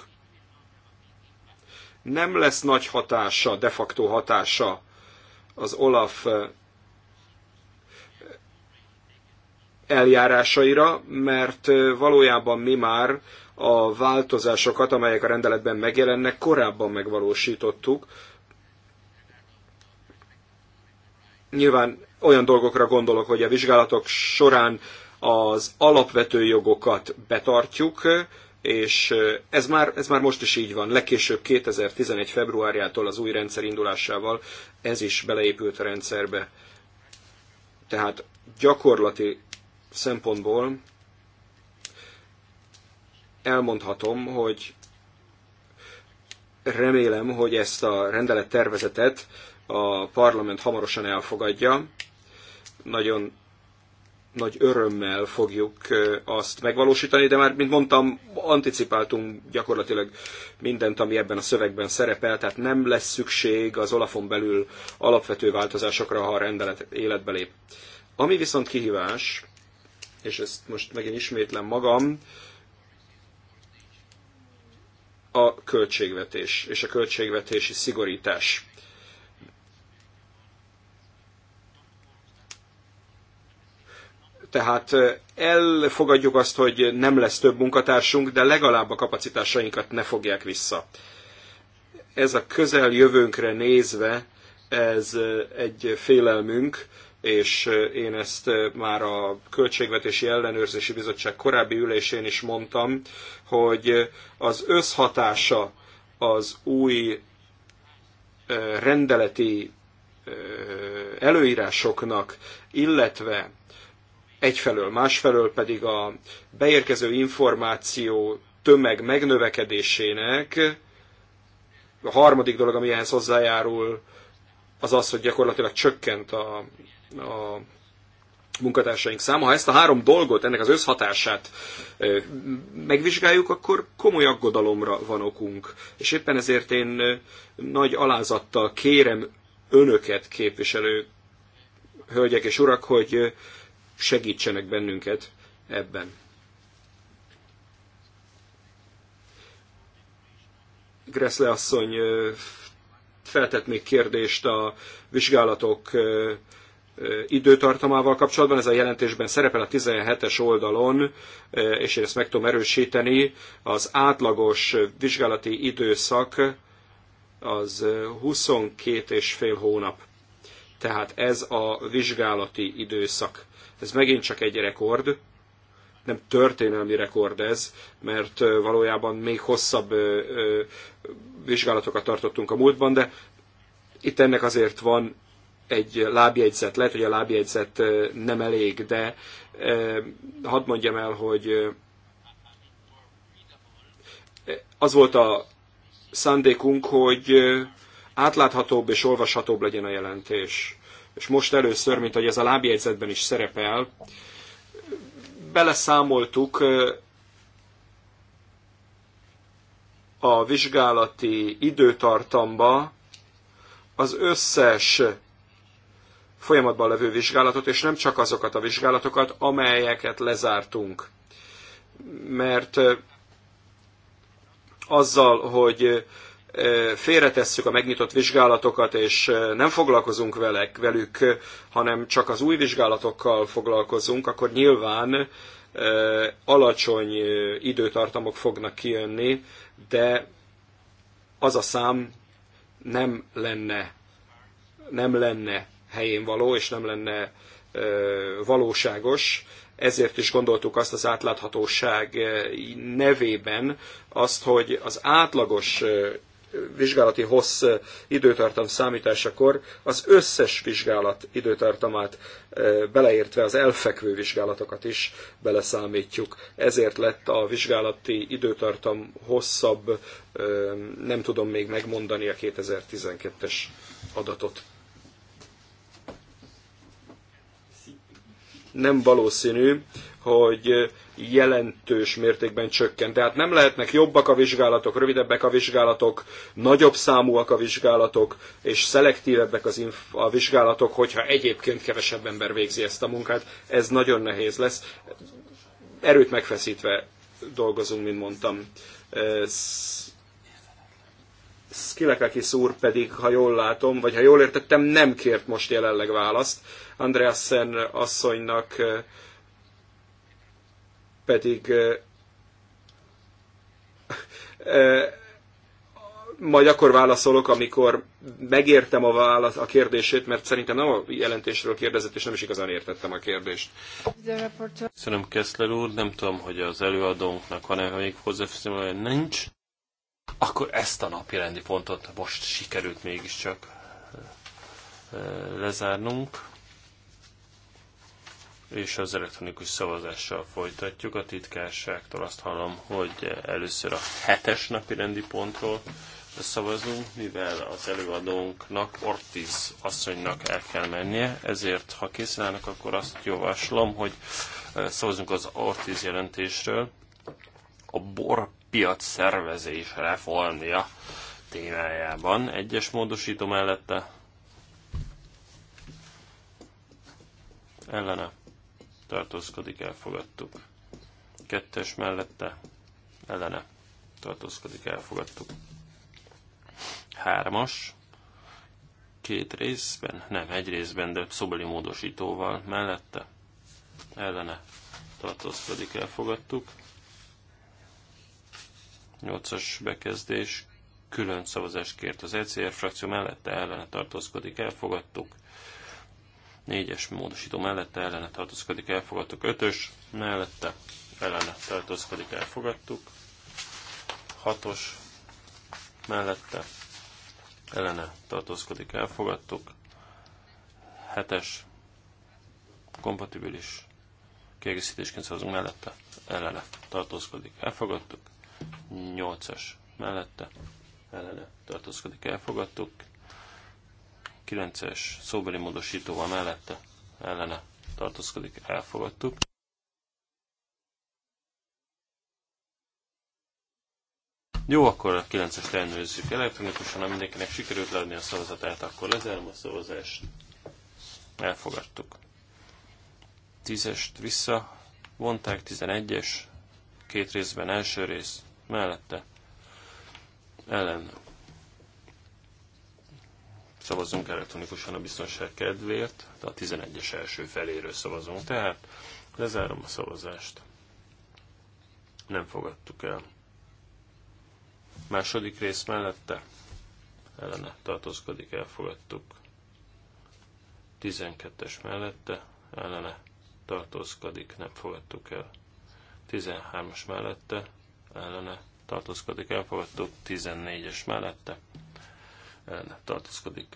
[SPEAKER 1] nem lesz nagy hatása, de facto hatása az Olaf eh, eljárásaira, mert eh, valójában mi már a változásokat, amelyek a rendeletben megjelennek, korábban megvalósítottuk. Nyilván olyan dolgokra gondolok, hogy a vizsgálatok során az alapvető jogokat betartjuk, és ez már, ez már most is így van. Legkésőbb 2011. februárjától az új rendszer indulásával ez is beleépült a rendszerbe. Tehát gyakorlati szempontból elmondhatom, hogy remélem, hogy ezt a rendelet tervezetet a parlament hamarosan elfogadja. Nagyon nagy örömmel fogjuk azt megvalósítani, de már, mint mondtam, anticipáltunk gyakorlatilag mindent, ami ebben a szövegben szerepel, tehát nem lesz szükség az Olafon belül alapvető változásokra, ha a rendelet életbe lép. Ami viszont kihívás, és ezt most megint ismétlem magam, a költségvetés és a költségvetési szigorítás. Tehát elfogadjuk azt, hogy nem lesz több munkatársunk, de legalább a kapacitásainkat ne fogják vissza. Ez a közel jövőnkre nézve, ez egy félelmünk, és én ezt már a Költségvetési Ellenőrzési Bizottság korábbi ülésén is mondtam, hogy az összhatása az új rendeleti előírásoknak, illetve egyfelől, másfelől pedig a beérkező információ tömeg megnövekedésének a harmadik dolog, ami ehhez hozzájárul, az az, hogy gyakorlatilag csökkent a, a munkatársaink száma. Ha ezt a három dolgot, ennek az összhatását megvizsgáljuk, akkor komoly aggodalomra van okunk. És éppen ezért én nagy alázattal kérem önöket, képviselő hölgyek és urak, hogy segítsenek bennünket ebben. Gressle asszony feltett még kérdést a vizsgálatok időtartamával kapcsolatban. Ez a jelentésben szerepel a 17-es oldalon, és én ezt meg tudom erősíteni. Az átlagos vizsgálati időszak az 22 és fél hónap. Tehát ez a vizsgálati időszak. Ez megint csak egy rekord, nem történelmi rekord ez, mert valójában még hosszabb vizsgálatokat tartottunk a múltban, de itt ennek azért van egy lábjegyzet. Lehet, hogy a lábjegyzet nem elég, de hadd mondjam el, hogy az volt a szándékunk, hogy átláthatóbb és olvashatóbb legyen a jelentés és most először, mint hogy ez a lábjegyzetben is szerepel, beleszámoltuk a vizsgálati időtartamba az összes folyamatban levő vizsgálatot, és nem csak azokat a vizsgálatokat, amelyeket lezártunk. Mert azzal, hogy félretesszük a megnyitott vizsgálatokat, és nem foglalkozunk velek, velük, hanem csak az új vizsgálatokkal foglalkozunk, akkor nyilván alacsony időtartamok fognak kijönni, de az a szám nem lenne, nem lenne helyén való, és nem lenne valóságos, ezért is gondoltuk azt az átláthatóság nevében azt, hogy az átlagos vizsgálati hossz időtartam számításakor az összes vizsgálat időtartamát beleértve az elfekvő vizsgálatokat is beleszámítjuk. Ezért lett a vizsgálati időtartam hosszabb, nem tudom még megmondani a 2012-es adatot. nem valószínű, hogy jelentős mértékben csökkent. Tehát nem lehetnek jobbak a vizsgálatok, rövidebbek a vizsgálatok, nagyobb számúak a vizsgálatok, és szelektívebbek az a vizsgálatok, hogyha egyébként kevesebb ember végzi ezt a munkát. Ez nagyon nehéz lesz. Erőt megfeszítve dolgozunk, mint mondtam. Skilekakis úr pedig, ha jól látom, vagy ha jól értettem, nem kért most jelenleg választ. Andreasen asszonynak pedig majd akkor válaszolok, amikor megértem a, válasz, a kérdését, mert szerintem nem a jelentésről kérdezett, és nem is igazán értettem a kérdést.
[SPEAKER 3] Köszönöm Kessler úr, nem tudom, hogy az előadónknak van-e még hozzáfűzni, nincs. Akkor ezt a napi rendi pontot most sikerült mégiscsak lezárnunk. És az elektronikus szavazással folytatjuk. A titkárságtól azt hallom, hogy először a hetes napi rendi pontról szavazunk, mivel az előadónknak, Ortiz asszonynak el kell mennie, ezért ha készen állnak, akkor azt javaslom, hogy szavazunk az Ortiz jelentésről. A bor piac szervezés reformja témájában. Egyes módosító mellette ellene tartózkodik, elfogadtuk. Kettes mellette ellene tartózkodik, elfogadtuk. Hármas, két részben, nem egy részben, de szobeli módosítóval mellette ellene tartózkodik, elfogadtuk nyolcas bekezdés külön szavazást kért az ECR frakció mellette ellene tartózkodik, elfogadtuk. Négyes módosító mellette ellene tartózkodik, elfogadtuk. Ötös mellette ellene tartózkodik, elfogadtuk. Hatos mellette ellene tartózkodik, elfogadtuk. Hetes kompatibilis kiegészítésként szavazunk mellette ellene tartózkodik, elfogadtuk. 8-as mellette ellene tartózkodik, elfogadtuk. 9-es szóbeli módosítóval mellette ellene tartózkodik, elfogadtuk. Jó, akkor a 9 es ellenőrizzük elektronikusan, ha mindenkinek sikerült leadni a szavazatát, akkor lezárom a szavazást. Elfogadtuk. 10-est visszavonták, 11-es, két részben első rész, mellette ellen szavazzunk elektronikusan a biztonság kedvéért, de a 11-es első feléről szavazunk, tehát lezárom a szavazást. Nem fogadtuk el. Második rész mellette ellene tartózkodik, elfogadtuk. 12-es mellette ellene tartózkodik, nem fogadtuk el. 13-as mellette ellene tartózkodik, elfogadtuk, 14-es mellette ellene tartózkodik,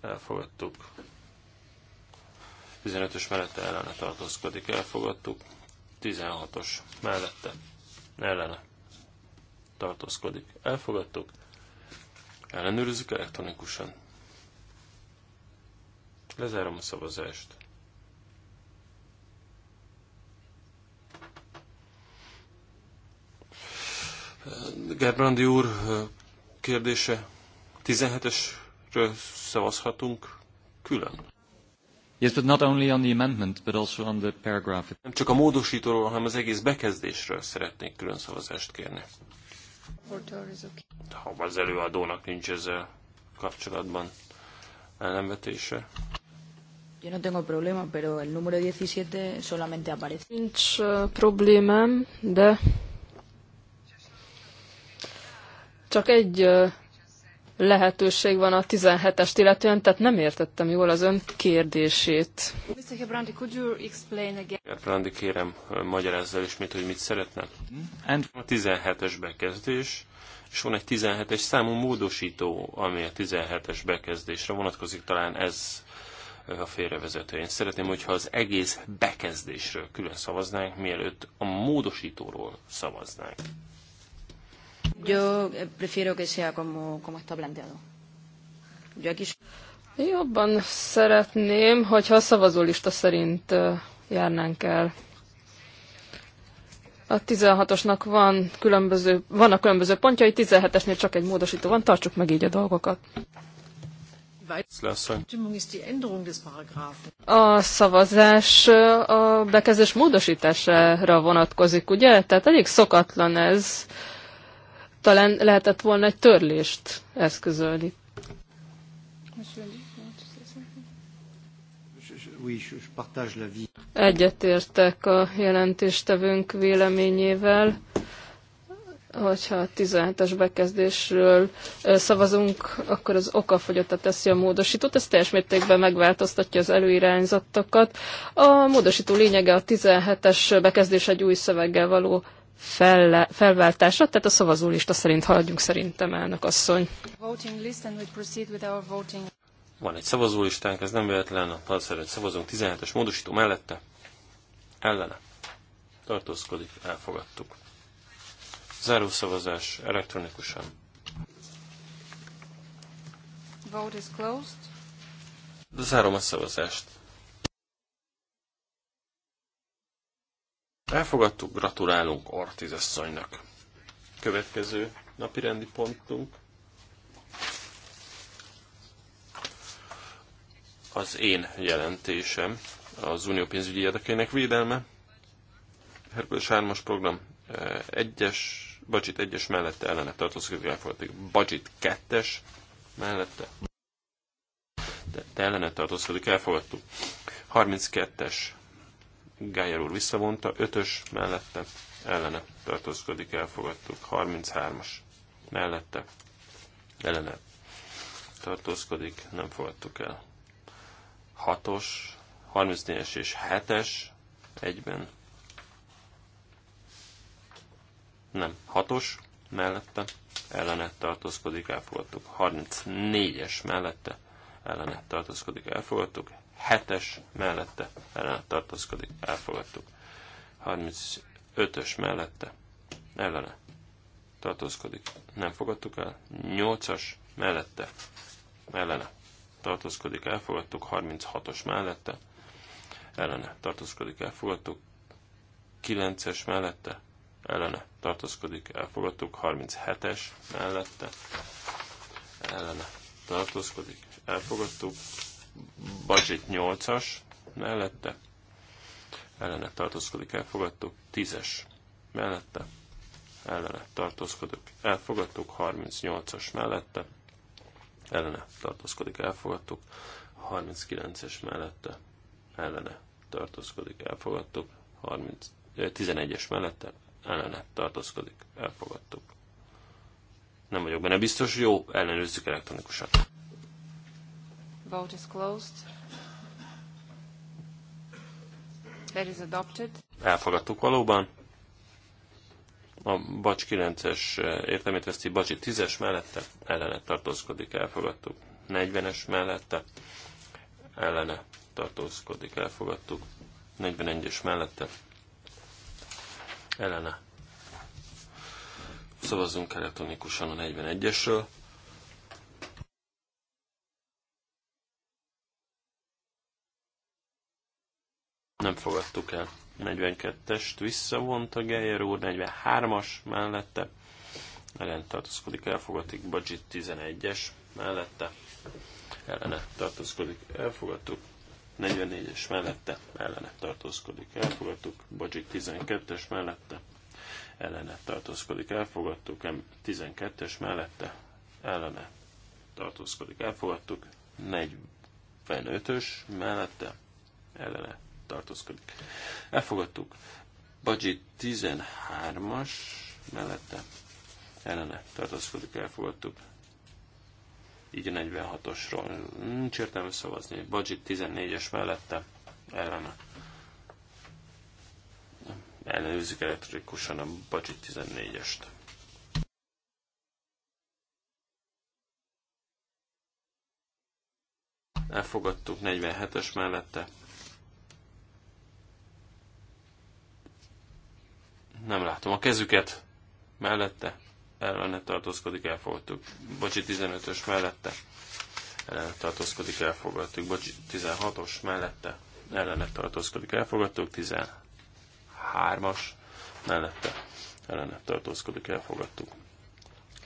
[SPEAKER 3] elfogadtuk, 15-ös mellette ellene tartózkodik, elfogadtuk, 16-os mellette ellene tartózkodik, elfogadtuk, ellenőrizzük elektronikusan. Lezárom a szavazást. Gerbrandi úr kérdése 17-esről szavazhatunk külön. Yes, but not only on the amendment, but also on the paragraph. Nem csak a módosítóról, hanem az egész bekezdésről szeretnék külön szavazást kérni. Ha az előadónak nincs ezzel kapcsolatban ellenvetése.
[SPEAKER 2] Yo no tengo problema, pero el número 17 solamente aparece. Nincs problémám, de csak egy lehetőség van a 17-est illetően, tehát nem értettem jól az ön kérdését. Mr. Hebrandi, could you explain again?
[SPEAKER 3] Hebrandi, kérem, magyarázza el ismét, hogy mit szeretne. Mm-hmm. And a 17-es bekezdés, és van egy 17-es számú módosító, ami a 17-es bekezdésre vonatkozik, talán ez a félrevezető. Én szeretném, hogyha az egész bekezdésről külön szavaznánk, mielőtt a módosítóról szavaznánk.
[SPEAKER 2] Yo eh, prefiero que sea como, como está planteado. Yo aquí... Jobban szeretném, hogyha a szavazólista szerint eh, járnánk el. A 16-osnak van különböző, vannak különböző pontjai, 17-esnél csak egy módosító van, tartsuk meg így a dolgokat. A szavazás eh, a bekezdés módosítására vonatkozik, ugye? Tehát elég szokatlan ez talán lehetett volna egy törlést eszközölni. Egyetértek a jelentéstevőnk véleményével, hogyha a 17-es bekezdésről szavazunk, akkor az fogyata teszi a módosítót, ez teljes mértékben megváltoztatja az előirányzatokat. A módosító lényege a 17-es bekezdés egy új szöveggel való fel, felváltásra, tehát a szavazólista szerint haladjunk szerintem, elnök asszony.
[SPEAKER 3] Van egy szavazólistánk, ez nem véletlen, a szerint szavazunk 17-es módosító mellette, ellene. Tartózkodik, elfogadtuk. Zárószavazás elektronikusan.
[SPEAKER 2] Vote is closed.
[SPEAKER 3] Zárom a szavazást. Elfogadtuk, gratulálunk Ortiz asszonynak. Következő napi rendi pontunk. Az én jelentésem az unió pénzügyi érdekének védelme. Herkules 3-as program 1-es, eh, budget 1-es mellette ellene tartózkodik, elfogadtuk. Budget 2-es mellette de, de ellene tartózkodik, elfogadtuk. 32-es Gájer úr visszavonta, ötös mellette ellene tartózkodik, elfogadtuk. 33-as mellette ellene tartózkodik, nem fogadtuk el. 6-os, 34-es és 7-es egyben. Nem, 6-os mellette ellene tartózkodik, elfogadtuk. 34-es mellette ellene tartózkodik, elfogadtuk. 7-es mellette ellenet tartózkodik, elfogadtuk. 35-ös mellette ellene tartózkodik, nem fogadtuk el. 8-as mellette ellene tartózkodik, elfogadtuk. 36-os mellette ellene tartózkodik, elfogadtuk. 9-es mellette ellene tartózkodik, elfogadtuk. 37-es mellette ellene tartózkodik, elfogadtuk budget 8-as mellette, ellene tartózkodik, elfogadtuk, 10-es mellette, ellene tartózkodik, elfogadtuk, 38-as mellette, ellene tartózkodik, elfogadtuk, 39-es mellette, ellene tartózkodik, elfogadtuk, 11-es eh, mellette, ellene tartózkodik, elfogadtuk. Nem vagyok benne biztos, jó, ellenőrzzük elektronikusan.
[SPEAKER 2] Vote is closed. That is adopted.
[SPEAKER 3] Elfogadtuk valóban. A Bacs 9-es eh, értelmét veszti Bacsi 10-es mellette, ellene tartózkodik, elfogadtuk. 40-es mellette, ellene tartózkodik, elfogadtuk. 41-es mellette, ellene. Szavazzunk elektronikusan a 41-esről. nem fogadtuk el. 42-est visszavont a Geyer úr, 43-as mellette, ellen tartózkodik, elfogadtuk. Budget 11-es mellette, ellene tartózkodik, elfogadtuk, 44-es mellette, ellene tartózkodik, elfogadtuk, Budget 12-es mellette, ellene tartózkodik, elfogadtuk, 12-es mellette, ellene tartózkodik, elfogadtuk, 45-ös mellette, ellene tartózkodik. Elfogadtuk. Bajit 13-as mellette ellene tartózkodik, elfogadtuk. Így a 46-osról nincs értelme szavazni. Budget 14-es mellette ellene. Ellenőrzik elektronikusan a budget 14-est. elfogadtuk 47-es mellette Nem látom a kezüket. Mellette ellene tartózkodik, elfogadtuk. Bocsi, 15-ös mellette ellene tartózkodik, elfogadtuk. Bocsi, 16-os mellette ellene tartózkodik, elfogadtuk. 13-as mellette ellene tartózkodik, elfogadtuk.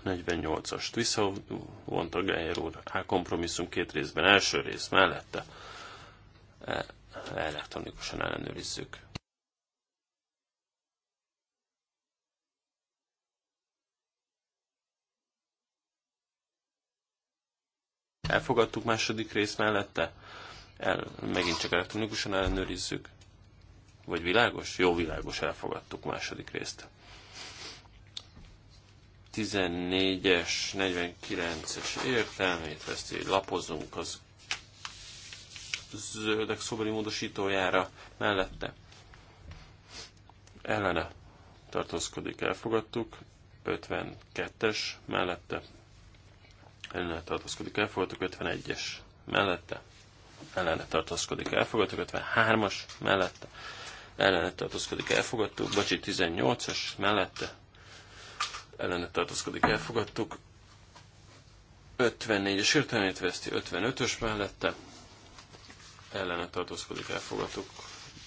[SPEAKER 3] 48-ast visszavonta Geyer úr, A kompromisszum két részben, első rész mellette e,
[SPEAKER 2] elektronikusan ellenőrizzük.
[SPEAKER 3] Elfogadtuk második rész mellette. El, megint csak elektronikusan ellenőrizzük. Vagy világos? Jó, világos, elfogadtuk második részt. 14-es, 49-es értelmét veszi, lapozunk az zöldek szobori módosítójára mellette. Ellene tartózkodik, elfogadtuk. 52-es mellette ellene tartózkodik, elfogadtuk 51-es mellette, ellene tartózkodik, elfogadtuk 53-as mellette, ellene tartózkodik, elfogadtuk, bacsi 18-as mellette, ellene tartózkodik, elfogadtuk, 54-es értelmét veszti, 55-ös mellette, ellene tartózkodik, elfogadtuk,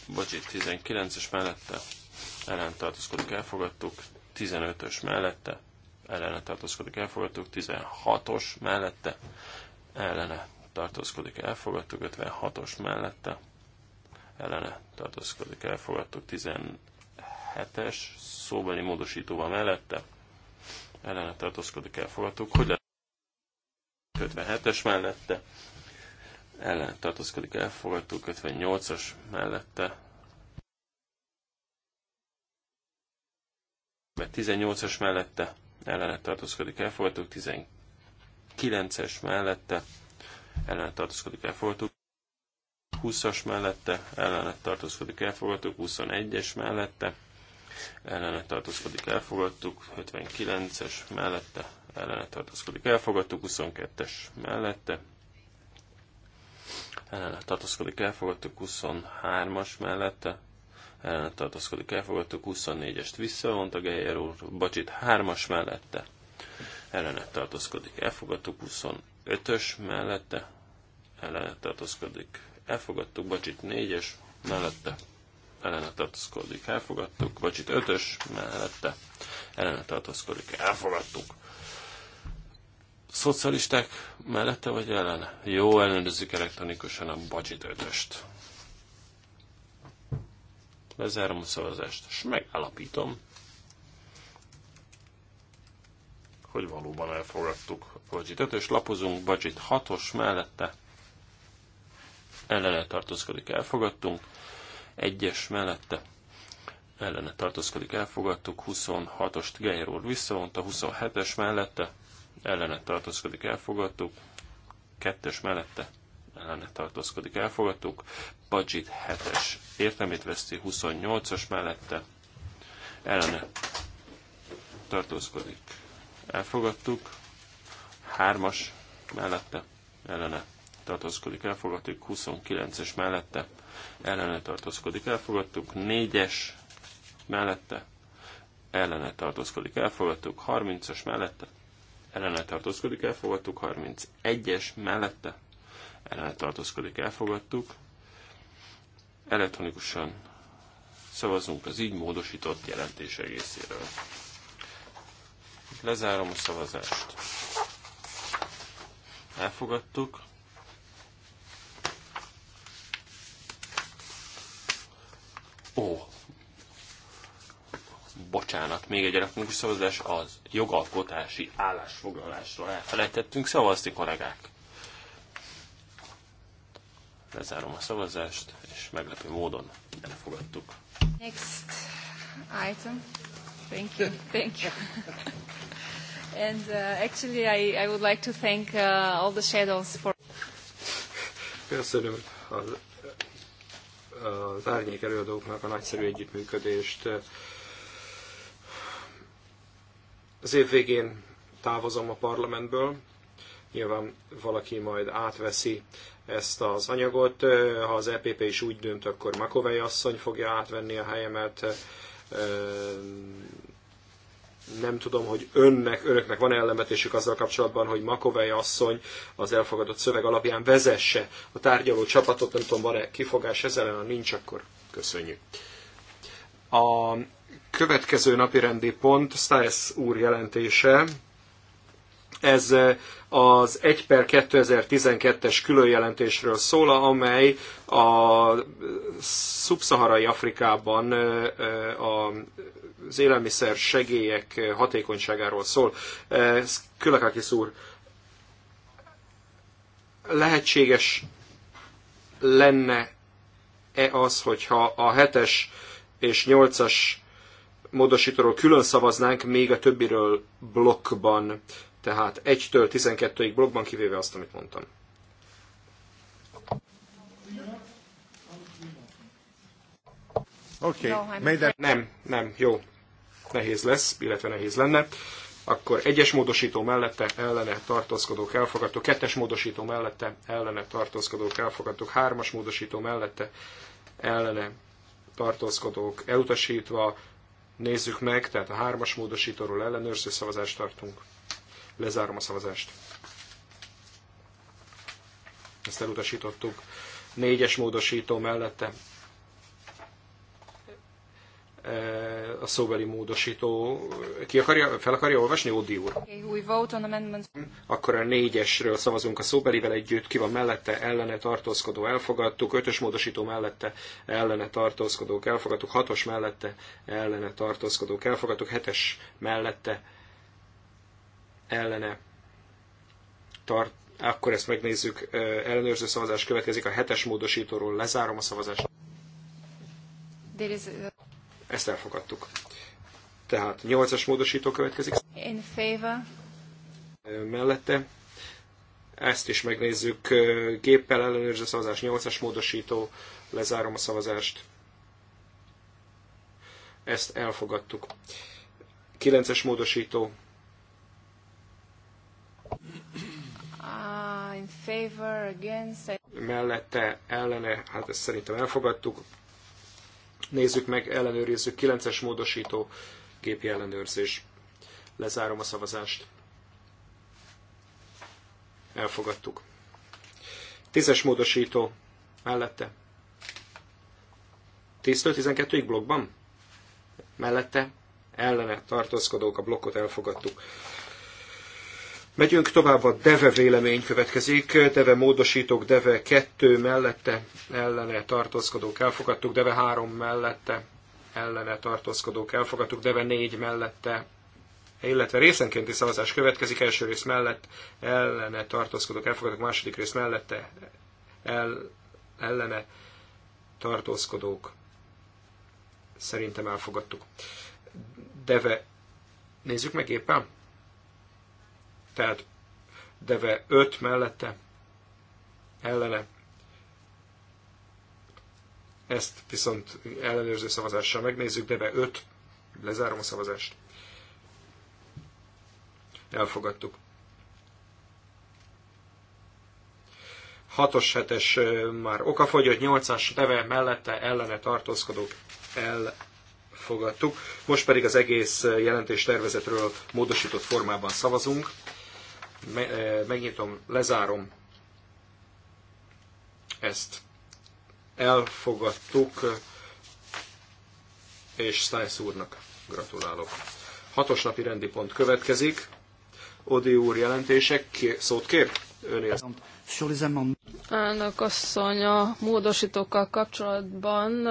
[SPEAKER 3] bocsi 19-es mellette, ellen tartózkodik, elfogadtuk, 15-ös mellette, ellene tartózkodik, elfogadtuk, 16-os mellette ellene tartózkodik, elfogadtuk, 56-os mellette ellene tartózkodik, elfogadtuk, 17-es szóbeli módosítóval mellette ellene tartózkodik, elfogadtuk, hogy lehet 57-es mellette ellene tartózkodik, elfogadtuk, 58-as mellette 18-as mellette ellenet tartózkodik, elfogadtuk. 19-es mellette ellenet tartózkodik, elfogadtuk. 20-as mellette ellenet tartózkodik, elfogadtuk. 21-es mellette ellenet tartózkodik, elfogadtuk. 59-es mellette ellenet tartózkodik, elfogadtuk. 22-es mellette ellenet tartózkodik, elfogadtuk. 23-as mellette ellen tartózkodik, elfogadtuk, 24-est visszavonta Geyer úr, Bacsit 3-as mellette, ellenet tartózkodik, elfogadtuk, 25-ös mellette, ellenet tartózkodik, elfogadtuk, Bacsit 4-es mellette, ellenet tartózkodik, elfogadtuk, Bacsit 5-ös mellette, ellenet tartózkodik, elfogadtuk. Szocialisták mellette vagy ellene? Jó, ellenőrizzük elektronikusan a Bacsit 5-öst lezárom a szavazást, és megállapítom, hogy valóban elfogadtuk a budget és lapozunk budget 6-os mellette, ellene tartózkodik, elfogadtunk, 1-es mellette, ellene tartózkodik, elfogadtuk, 26-ost Geir úr visszavonta, 27-es mellette, ellene tartózkodik, elfogadtuk, 2-es mellette, ellene tartózkodik, elfogadtuk, budget 7-es értelmét veszti, 28-as mellette ellene tartózkodik. Elfogadtuk. 3-as mellette ellene tartózkodik, elfogadtuk. 29-es mellette ellene tartózkodik, elfogadtuk. 4-es mellette ellene tartózkodik, elfogadtuk. 30-as mellette ellene tartózkodik, elfogadtuk. 31-es mellette ellene tartózkodik, elfogadtuk elektronikusan szavazunk az így módosított jelentés egészéről. Lezárom a szavazást. Elfogadtuk. Ó, bocsánat, még egy elektronikus szavazás az jogalkotási állásfoglalásról elfelejtettünk szavazni, kollégák. Lezárom a szavazást, és meglepő módon elfogadtuk.
[SPEAKER 2] Next item. Thank you. Thank you. And uh, actually, I, I would like to thank uh, all the shadows for.
[SPEAKER 1] Köszönöm az, az árnyék előadóknak a nagyszerű együttműködést. Az év végén távozom a parlamentből, Nyilván valaki majd átveszi ezt az anyagot. Ha az EPP is úgy dönt, akkor Makovei asszony fogja átvenni a helyemet. Nem tudom, hogy önnek, önöknek van ellenvetésük azzal kapcsolatban, hogy Makovei asszony az elfogadott szöveg alapján vezesse a tárgyaló csapatot. Nem tudom, van-e kifogás ezzel, ha nincs, akkor köszönjük. A következő napi rendi pont Stiles úr jelentése, ez eh, az 1 per 2012-es különjelentésről szól, amely a szubszaharai Afrikában eh, eh, az élelmiszer segélyek hatékonyságáról szól. Külekakis úr, lehetséges lenne-e az, hogyha a 7-es és 8-as módosítóról külön szavaznánk, még a többiről blokkban. Tehát 1-től 12-ig blogban kivéve azt, amit mondtam. Oké, okay. nem, nem, jó. Nehéz lesz, illetve nehéz lenne. Akkor egyes módosító mellette ellene tartózkodók elfogadtuk, kettes módosító mellette ellene tartózkodók elfogadtuk, hármas módosító mellette ellene tartózkodók elutasítva, nézzük meg, tehát a hármas módosítóról ellenőrző szavazást tartunk. Lezárom a szavazást. Ezt elutasítottuk. Négyes módosító mellette e, a szóbeli módosító. Ki akarja, fel akarja olvasni? Ódi úr. Akkor a négyesről szavazunk a szóbelivel együtt. Ki van mellette? Ellene tartózkodó elfogadtuk. Ötös módosító mellette ellene tartózkodók elfogadtuk. Hatos mellette ellene tartózkodók elfogadtuk. Hetes mellette ellene tart, akkor ezt megnézzük, ellenőrző szavazás következik, a hetes módosítóról lezárom a szavazást. Ezt elfogadtuk. Tehát 8-as módosító következik.
[SPEAKER 2] In favor.
[SPEAKER 1] Mellette. Ezt is megnézzük. Géppel ellenőrző szavazás 8-as módosító. Lezárom a szavazást. Ezt elfogadtuk. 9-es módosító
[SPEAKER 2] favor, against...
[SPEAKER 1] Mellette, ellene, hát ezt szerintem elfogadtuk. Nézzük meg, ellenőrizzük. 9-es módosító, gépi ellenőrzés. Lezárom a szavazást. Elfogadtuk. 10-es módosító, mellette. 10-től 12-ig blokkban? Mellette, ellene tartózkodók, a blokkot elfogadtuk. Megyünk tovább, a DEVE vélemény következik. DEVE módosítók, DEVE 2 mellette, ellene tartózkodók elfogadtuk, DEVE 3 mellette, ellene tartózkodók elfogadtuk, DEVE 4 mellette, illetve részenkénti szavazás következik, első rész mellett, ellene tartózkodók elfogadtuk, második rész mellette, el, ellene tartózkodók szerintem elfogadtuk. DEVE, nézzük meg éppen, tehát deve 5 mellette ellene. Ezt viszont ellenőrző szavazással megnézzük, deve 5, lezárom a szavazást. Elfogadtuk. 6-os, 7-es már okafogyott, 8-as deve mellette ellene tartózkodók elfogadtuk. Most pedig az egész jelentés tervezetről módosított formában szavazunk megnyitom, lezárom ezt. Elfogadtuk, és Stiles úrnak gratulálok. Hatos napi rendi pont következik. Odi úr jelentések, szót kér? Önél.
[SPEAKER 2] Elnök asszony, a módosítókkal kapcsolatban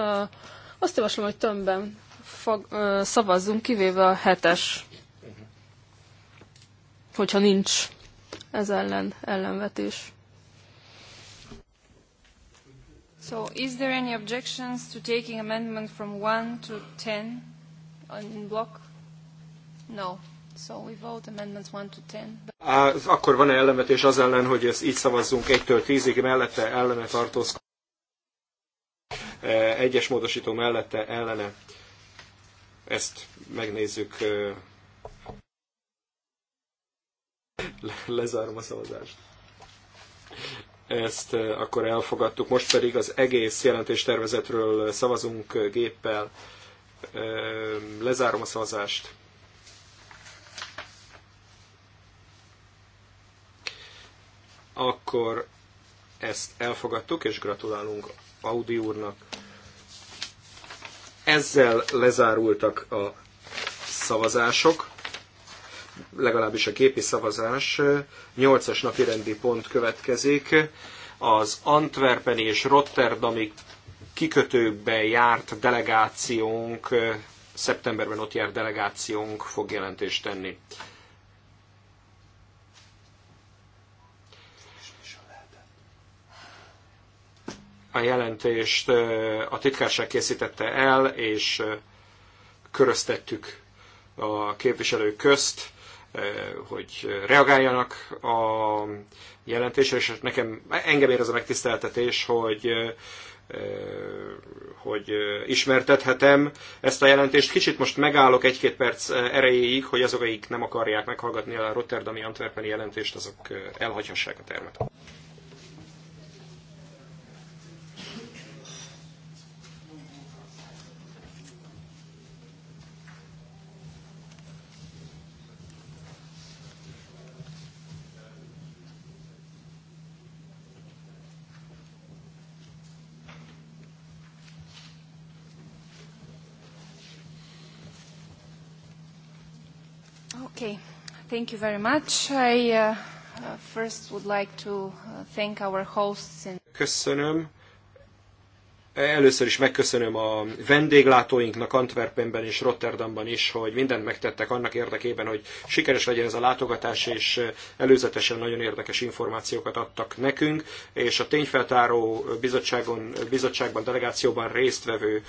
[SPEAKER 2] azt javaslom, hogy tömbben fog, szavazzunk, kivéve a hetes. Mhm. Hogyha nincs ez ellen ellenvetés. So is there any objections to taking amendment from 1 to 10 in block? No. So we vote amendments 1 to 10.
[SPEAKER 1] But... Akkor van-e ellenvetés az ellen, hogy ezt így szavazzunk 1-től 10-ig, mellette ellene tartózkodik? Eh, egyes módosító mellette ellene. Ezt megnézzük eh, Lezárom a szavazást. Ezt eh, akkor elfogadtuk. Most pedig az egész jelentéstervezetről szavazunk eh, géppel. Eh, lezárom a szavazást. Akkor ezt elfogadtuk, és gratulálunk Audi úrnak. Ezzel lezárultak a szavazások legalábbis a képi szavazás. 8-as napi rendi pont következik. Az Antwerpeni és Rotterdami kikötőkbe járt delegációnk, szeptemberben ott járt delegációnk fog jelentést tenni. a jelentést a titkárság készítette el, és köröztettük a képviselők közt. Eh, hogy reagáljanak a jelentésre, és hát nekem, engem ér az a megtiszteltetés, hogy eh, eh, hogy ismertethetem ezt a jelentést. Kicsit most megállok egy-két perc erejéig, hogy azok, akik nem akarják meghallgatni a Rotterdami Antwerpeni jelentést, azok elhagyhassák a termet.
[SPEAKER 2] Thank you very much. I uh, uh first would like to uh, thank our hosts. In
[SPEAKER 1] Köszönöm. Először is megköszönöm a vendéglátóinknak Antwerpenben és Rotterdamban is, hogy mindent megtettek annak érdekében, hogy sikeres legyen ez a látogatás, és előzetesen nagyon érdekes információkat adtak nekünk, és a tényfeltáró bizottságon, bizottságban, delegációban résztvevő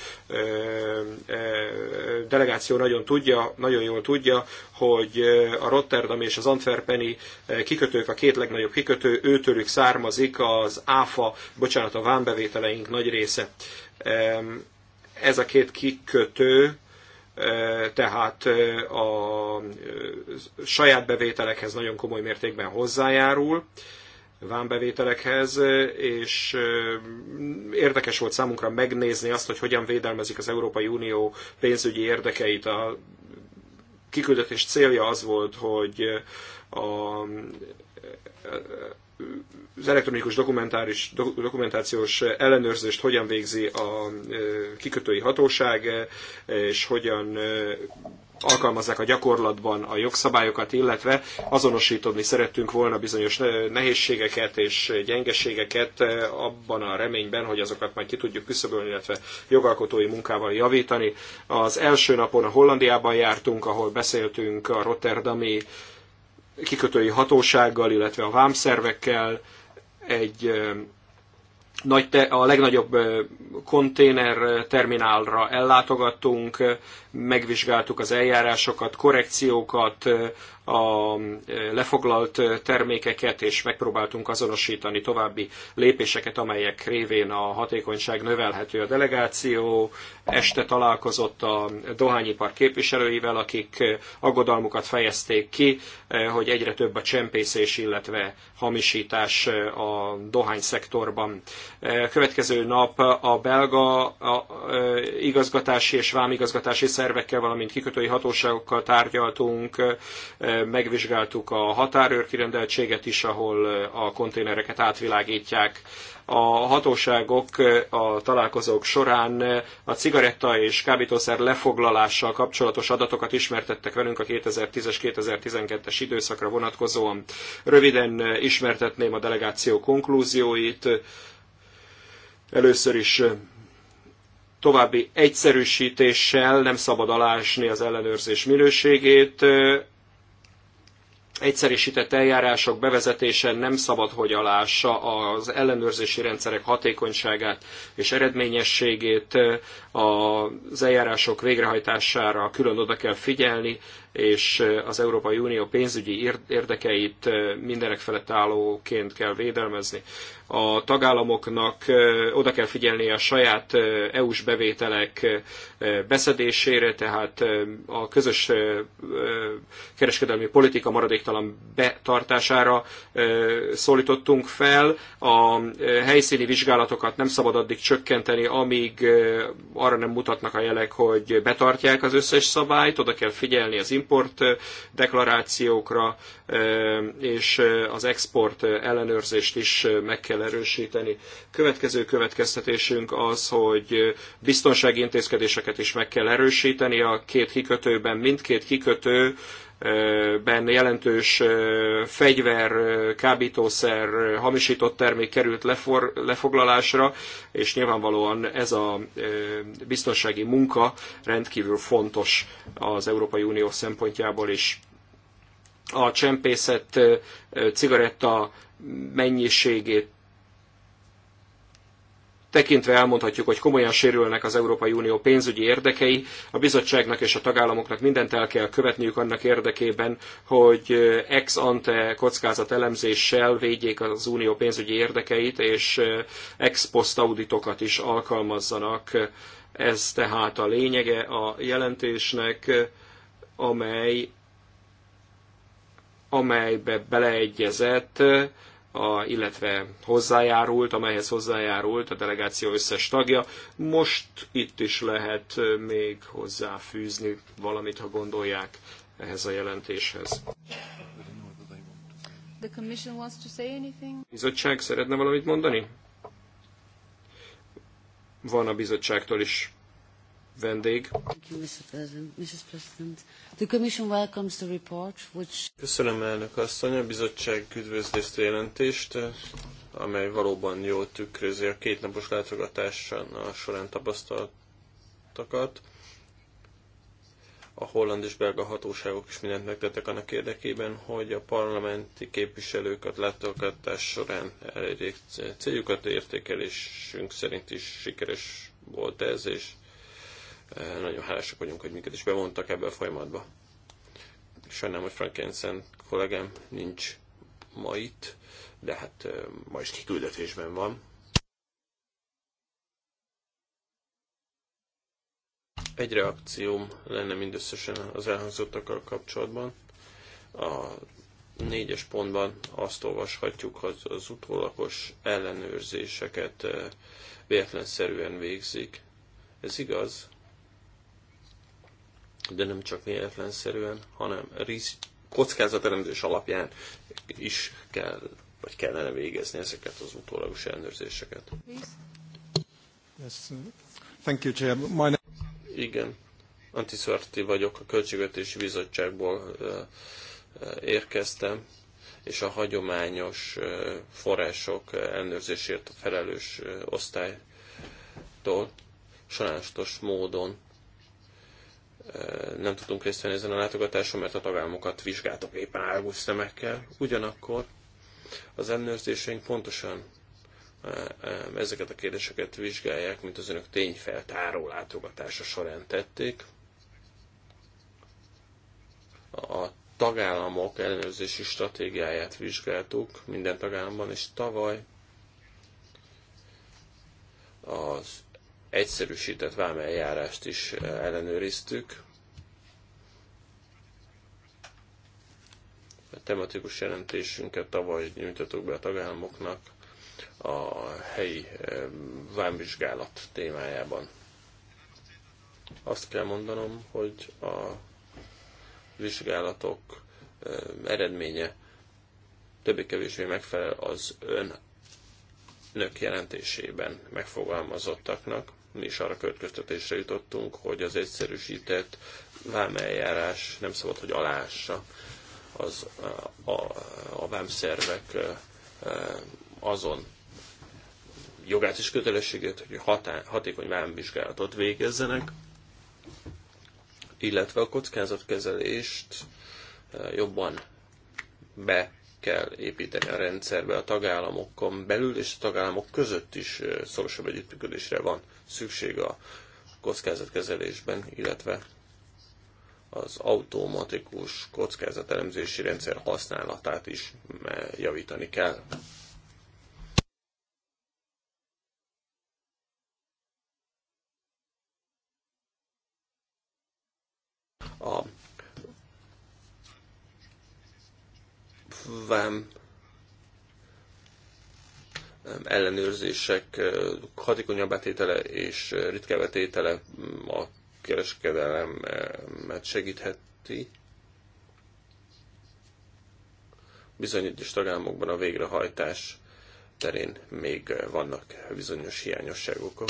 [SPEAKER 1] delegáció nagyon tudja, nagyon jól tudja, hogy a Rotterdam és az Antwerpeni kikötők, a két legnagyobb kikötő, őtőlük származik az áfa, bocsánat, a vámbevételeink nagy része. Ez a két kikötő e, tehát e, a e, saját bevételekhez nagyon komoly mértékben hozzájárul, vámbevételekhez, és érdekes volt számunkra megnézni azt, hogy hogyan védelmezik az Európai Unió pénzügyi érdekeit. A kiküldetés célja az volt, hogy a az elektronikus dokumentáris, dokumentációs ellenőrzést hogyan végzi a e, kikötői hatóság, e, és hogyan e, alkalmazzák a gyakorlatban a jogszabályokat, illetve azonosítani szerettünk volna bizonyos nehézségeket és gyengeségeket abban a reményben, hogy azokat majd ki tudjuk küszöbölni, illetve jogalkotói munkával javítani. Az első napon a Hollandiában jártunk, ahol beszéltünk a Rotterdami kikötői hatósággal, illetve a vámszervekkel egy nagy te, a legnagyobb konténer terminálra ellátogattunk, megvizsgáltuk az eljárásokat, korrekciókat, a e, lefoglalt e, termékeket, és megpróbáltunk azonosítani további lépéseket, amelyek révén a hatékonyság növelhető. A delegáció este találkozott a dohányipar képviselőivel, akik e, aggodalmukat fejezték ki, hogy egyre több a csempészés, illetve hamisítás a dohányszektorban. Következő nap a belga igazgatási és vámigazgatási szervekkel, valamint kikötői hatóságokkal tárgyaltunk, megvizsgáltuk a kirendeltséget is, ahol a konténereket átvilágítják. A hatóságok a találkozók során a cigaretta és kábítószer lefoglalással kapcsolatos adatokat ismertettek velünk a 2010-es, 2012-es időszakra vonatkozóan. Röviden ismertetném a delegáció konklúzióit. Először is további egyszerűsítéssel nem szabad alásni az ellenőrzés minőségét, egyszerűsített eljárások bevezetése nem szabad, hogy alássa az ellenőrzési rendszerek hatékonyságát és eredményességét, az eljárások végrehajtására külön oda kell figyelni, és az Európai Unió pénzügyi érdekeit mindenek felett állóként kell védelmezni a tagállamoknak oda kell figyelni a saját EU-s bevételek beszedésére, tehát a közös kereskedelmi politika maradéktalan betartására szólítottunk fel. A helyszíni vizsgálatokat nem szabad addig csökkenteni, amíg arra nem mutatnak a jelek, hogy betartják az összes szabályt, oda kell figyelni az import deklarációkra, és az export ellenőrzést is meg kell kell erősíteni. Következő következtetésünk az, hogy biztonsági intézkedéseket is meg kell erősíteni. A két kikötőben mindkét kikötő ben jelentős fegyver, kábítószer, hamisított termék került lefor, lefoglalásra, és nyilvánvalóan ez a biztonsági munka rendkívül fontos az Európai Unió szempontjából is. A csempészet cigaretta mennyiségét tekintve elmondhatjuk, hogy komolyan sérülnek az Európai Unió pénzügyi érdekei. A bizottságnak és a tagállamoknak mindent el kell követniük annak érdekében, hogy ex ante kockázat elemzéssel védjék az unió pénzügyi érdekeit, és ex post auditokat is alkalmazzanak. Ez tehát a lényege a jelentésnek, amely amelybe beleegyezett a, illetve hozzájárult, amelyhez hozzájárult a delegáció összes tagja. Most itt is lehet még hozzáfűzni valamit, ha gondolják ehhez a jelentéshez.
[SPEAKER 2] The commission wants to say anything?
[SPEAKER 1] Bizottság szeretne valamit mondani? Van a bizottságtól is vendég.
[SPEAKER 3] Köszönöm elnök asszony, a bizottság üdvözli a jelentést, amely valóban jól tükrözi a kétnapos látogatáson során tapasztaltakat. A holland és belga hatóságok is mindent megtettek annak érdekében, hogy a parlamenti képviselőket látogatás során elérjék céljukat, értékelésünk szerint is sikeres volt ez, és nagyon hálásak vagyunk, hogy minket is bevontak ebbe a folyamatba. Sajnálom, hogy Jensen kollégám nincs ma itt, de hát ma is kiküldetésben van. Egy reakcióm lenne mindösszesen az elhangzottakkal kapcsolatban. A négyes pontban azt olvashatjuk, hogy az utólagos ellenőrzéseket véletlenszerűen végzik. Ez igaz, de nem csak véletlenszerűen, hanem risk, kockázatelemzés alapján is kell, vagy kellene végezni ezeket az utólagos ellenőrzéseket.
[SPEAKER 1] Yes. Thank you, Chair. My
[SPEAKER 3] Igen, Antiszorti vagyok, a Költségvetési Bizottságból érkeztem, és a hagyományos források ellenőrzésért a felelős osztálytól sajnálatos módon nem tudunk részt venni ezen a látogatáson, mert a tagállamokat vizsgáltak éppen álgus szemekkel. Ugyanakkor az ellenőrzéseink pontosan e, e, ezeket a kérdéseket vizsgálják, mint az önök tényfeltáró látogatása során tették. A tagállamok ellenőrzési stratégiáját vizsgáltuk minden tagállamban, és tavaly az egyszerűsített vámeljárást is ellenőriztük. A tematikus jelentésünket tavaly nyújtottuk be a tagállamoknak a helyi eh, vámvizsgálat témájában. Azt kell mondanom, hogy a vizsgálatok eh, eredménye többé-kevésbé megfelel az ön önök jelentésében megfogalmazottaknak mi is arra következtetésre jutottunk, hogy az egyszerűsített vámeljárás nem szabad, hogy alássa az, a, a, a vámszervek azon jogát és kötelességét, hogy hatá, hatékony vámvizsgálatot végezzenek, illetve a kockázatkezelést jobban be kell építeni a rendszerbe a tagállamokon belül, és a tagállamok között is szorosabb együttműködésre van szükség a kockázatkezelésben, illetve az automatikus kockázatelemzési rendszer használatát is javítani kell. A vám ellenőrzések eh, hatékonyabb betétele és eh, ritkább betétele mm, a kereskedelemet eh, segítheti. Bizonyos tagállamokban a végrehajtás terén még vannak bizonyos hiányosságok.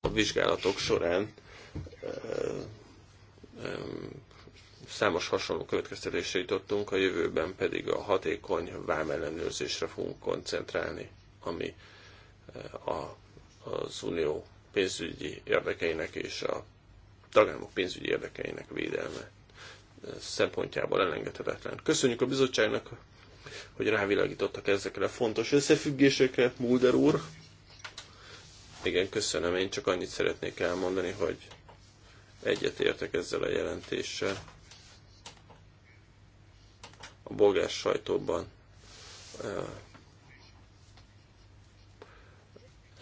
[SPEAKER 3] A vizsgálatok során számos hasonló következtetésre jutottunk, a jövőben pedig a hatékony vámellenőrzésre fogunk koncentrálni, ami eh, a, az unió pénzügyi érdekeinek és a tagállamok pénzügyi érdekeinek védelme eh, szempontjából elengedhetetlen. Köszönjük a bizottságnak, hogy rávilágítottak ezekre a fontos összefüggésekre, Mulder úr. Igen, köszönöm. Én csak annyit szeretnék elmondani, hogy Egyetértek ezzel a jelentéssel. A bolgár sajtóban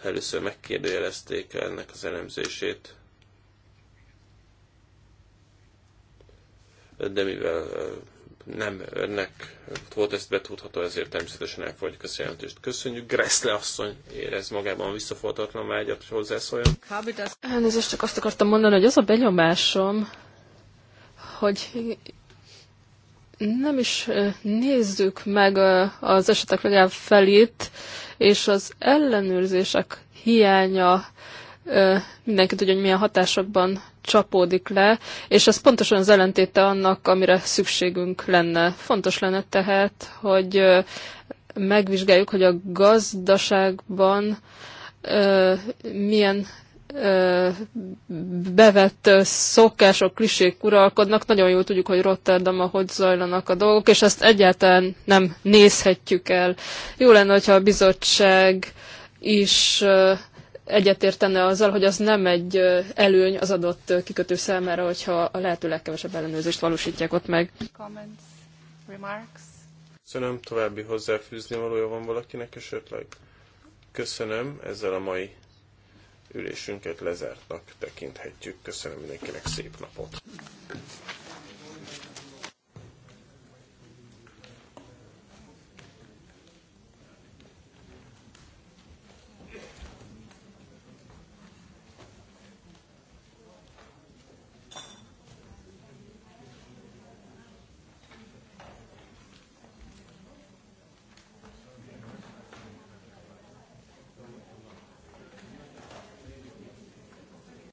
[SPEAKER 3] először megkérdőjelezték ennek az elemzését, de mivel nem önnek volt ezt betudható, ezért természetesen elfogadjuk a jelentést. Köszönjük. Gressle asszony érez magában visszafoltatlan vágyat, hogy hozzászóljon.
[SPEAKER 2] Elnézést, csak azt akartam mondani, hogy az a benyomásom, hogy nem is nézzük meg az esetek legalább felét, és az ellenőrzések hiánya mindenkit, hogy milyen hatásokban csapódik le, és ez pontosan az ellentéte annak, amire szükségünk lenne. Fontos lenne tehát, hogy megvizsgáljuk, hogy a gazdaságban milyen bevett szokások, klisék uralkodnak. Nagyon jól tudjuk, hogy Rotterdam, ahogy zajlanak a dolgok, és ezt egyáltalán nem nézhetjük el. Jó lenne, hogyha a bizottság is egyetértene azzal, hogy az nem egy előny az adott kikötő számára, hogyha a lehető legkevesebb ellenőrzést valósítják ott meg. Comments, remarks.
[SPEAKER 3] Köszönöm, további hozzáfűzni valója van valakinek esetleg? Köszönöm, ezzel a mai ülésünket lezártnak tekinthetjük. Köszönöm mindenkinek szép napot!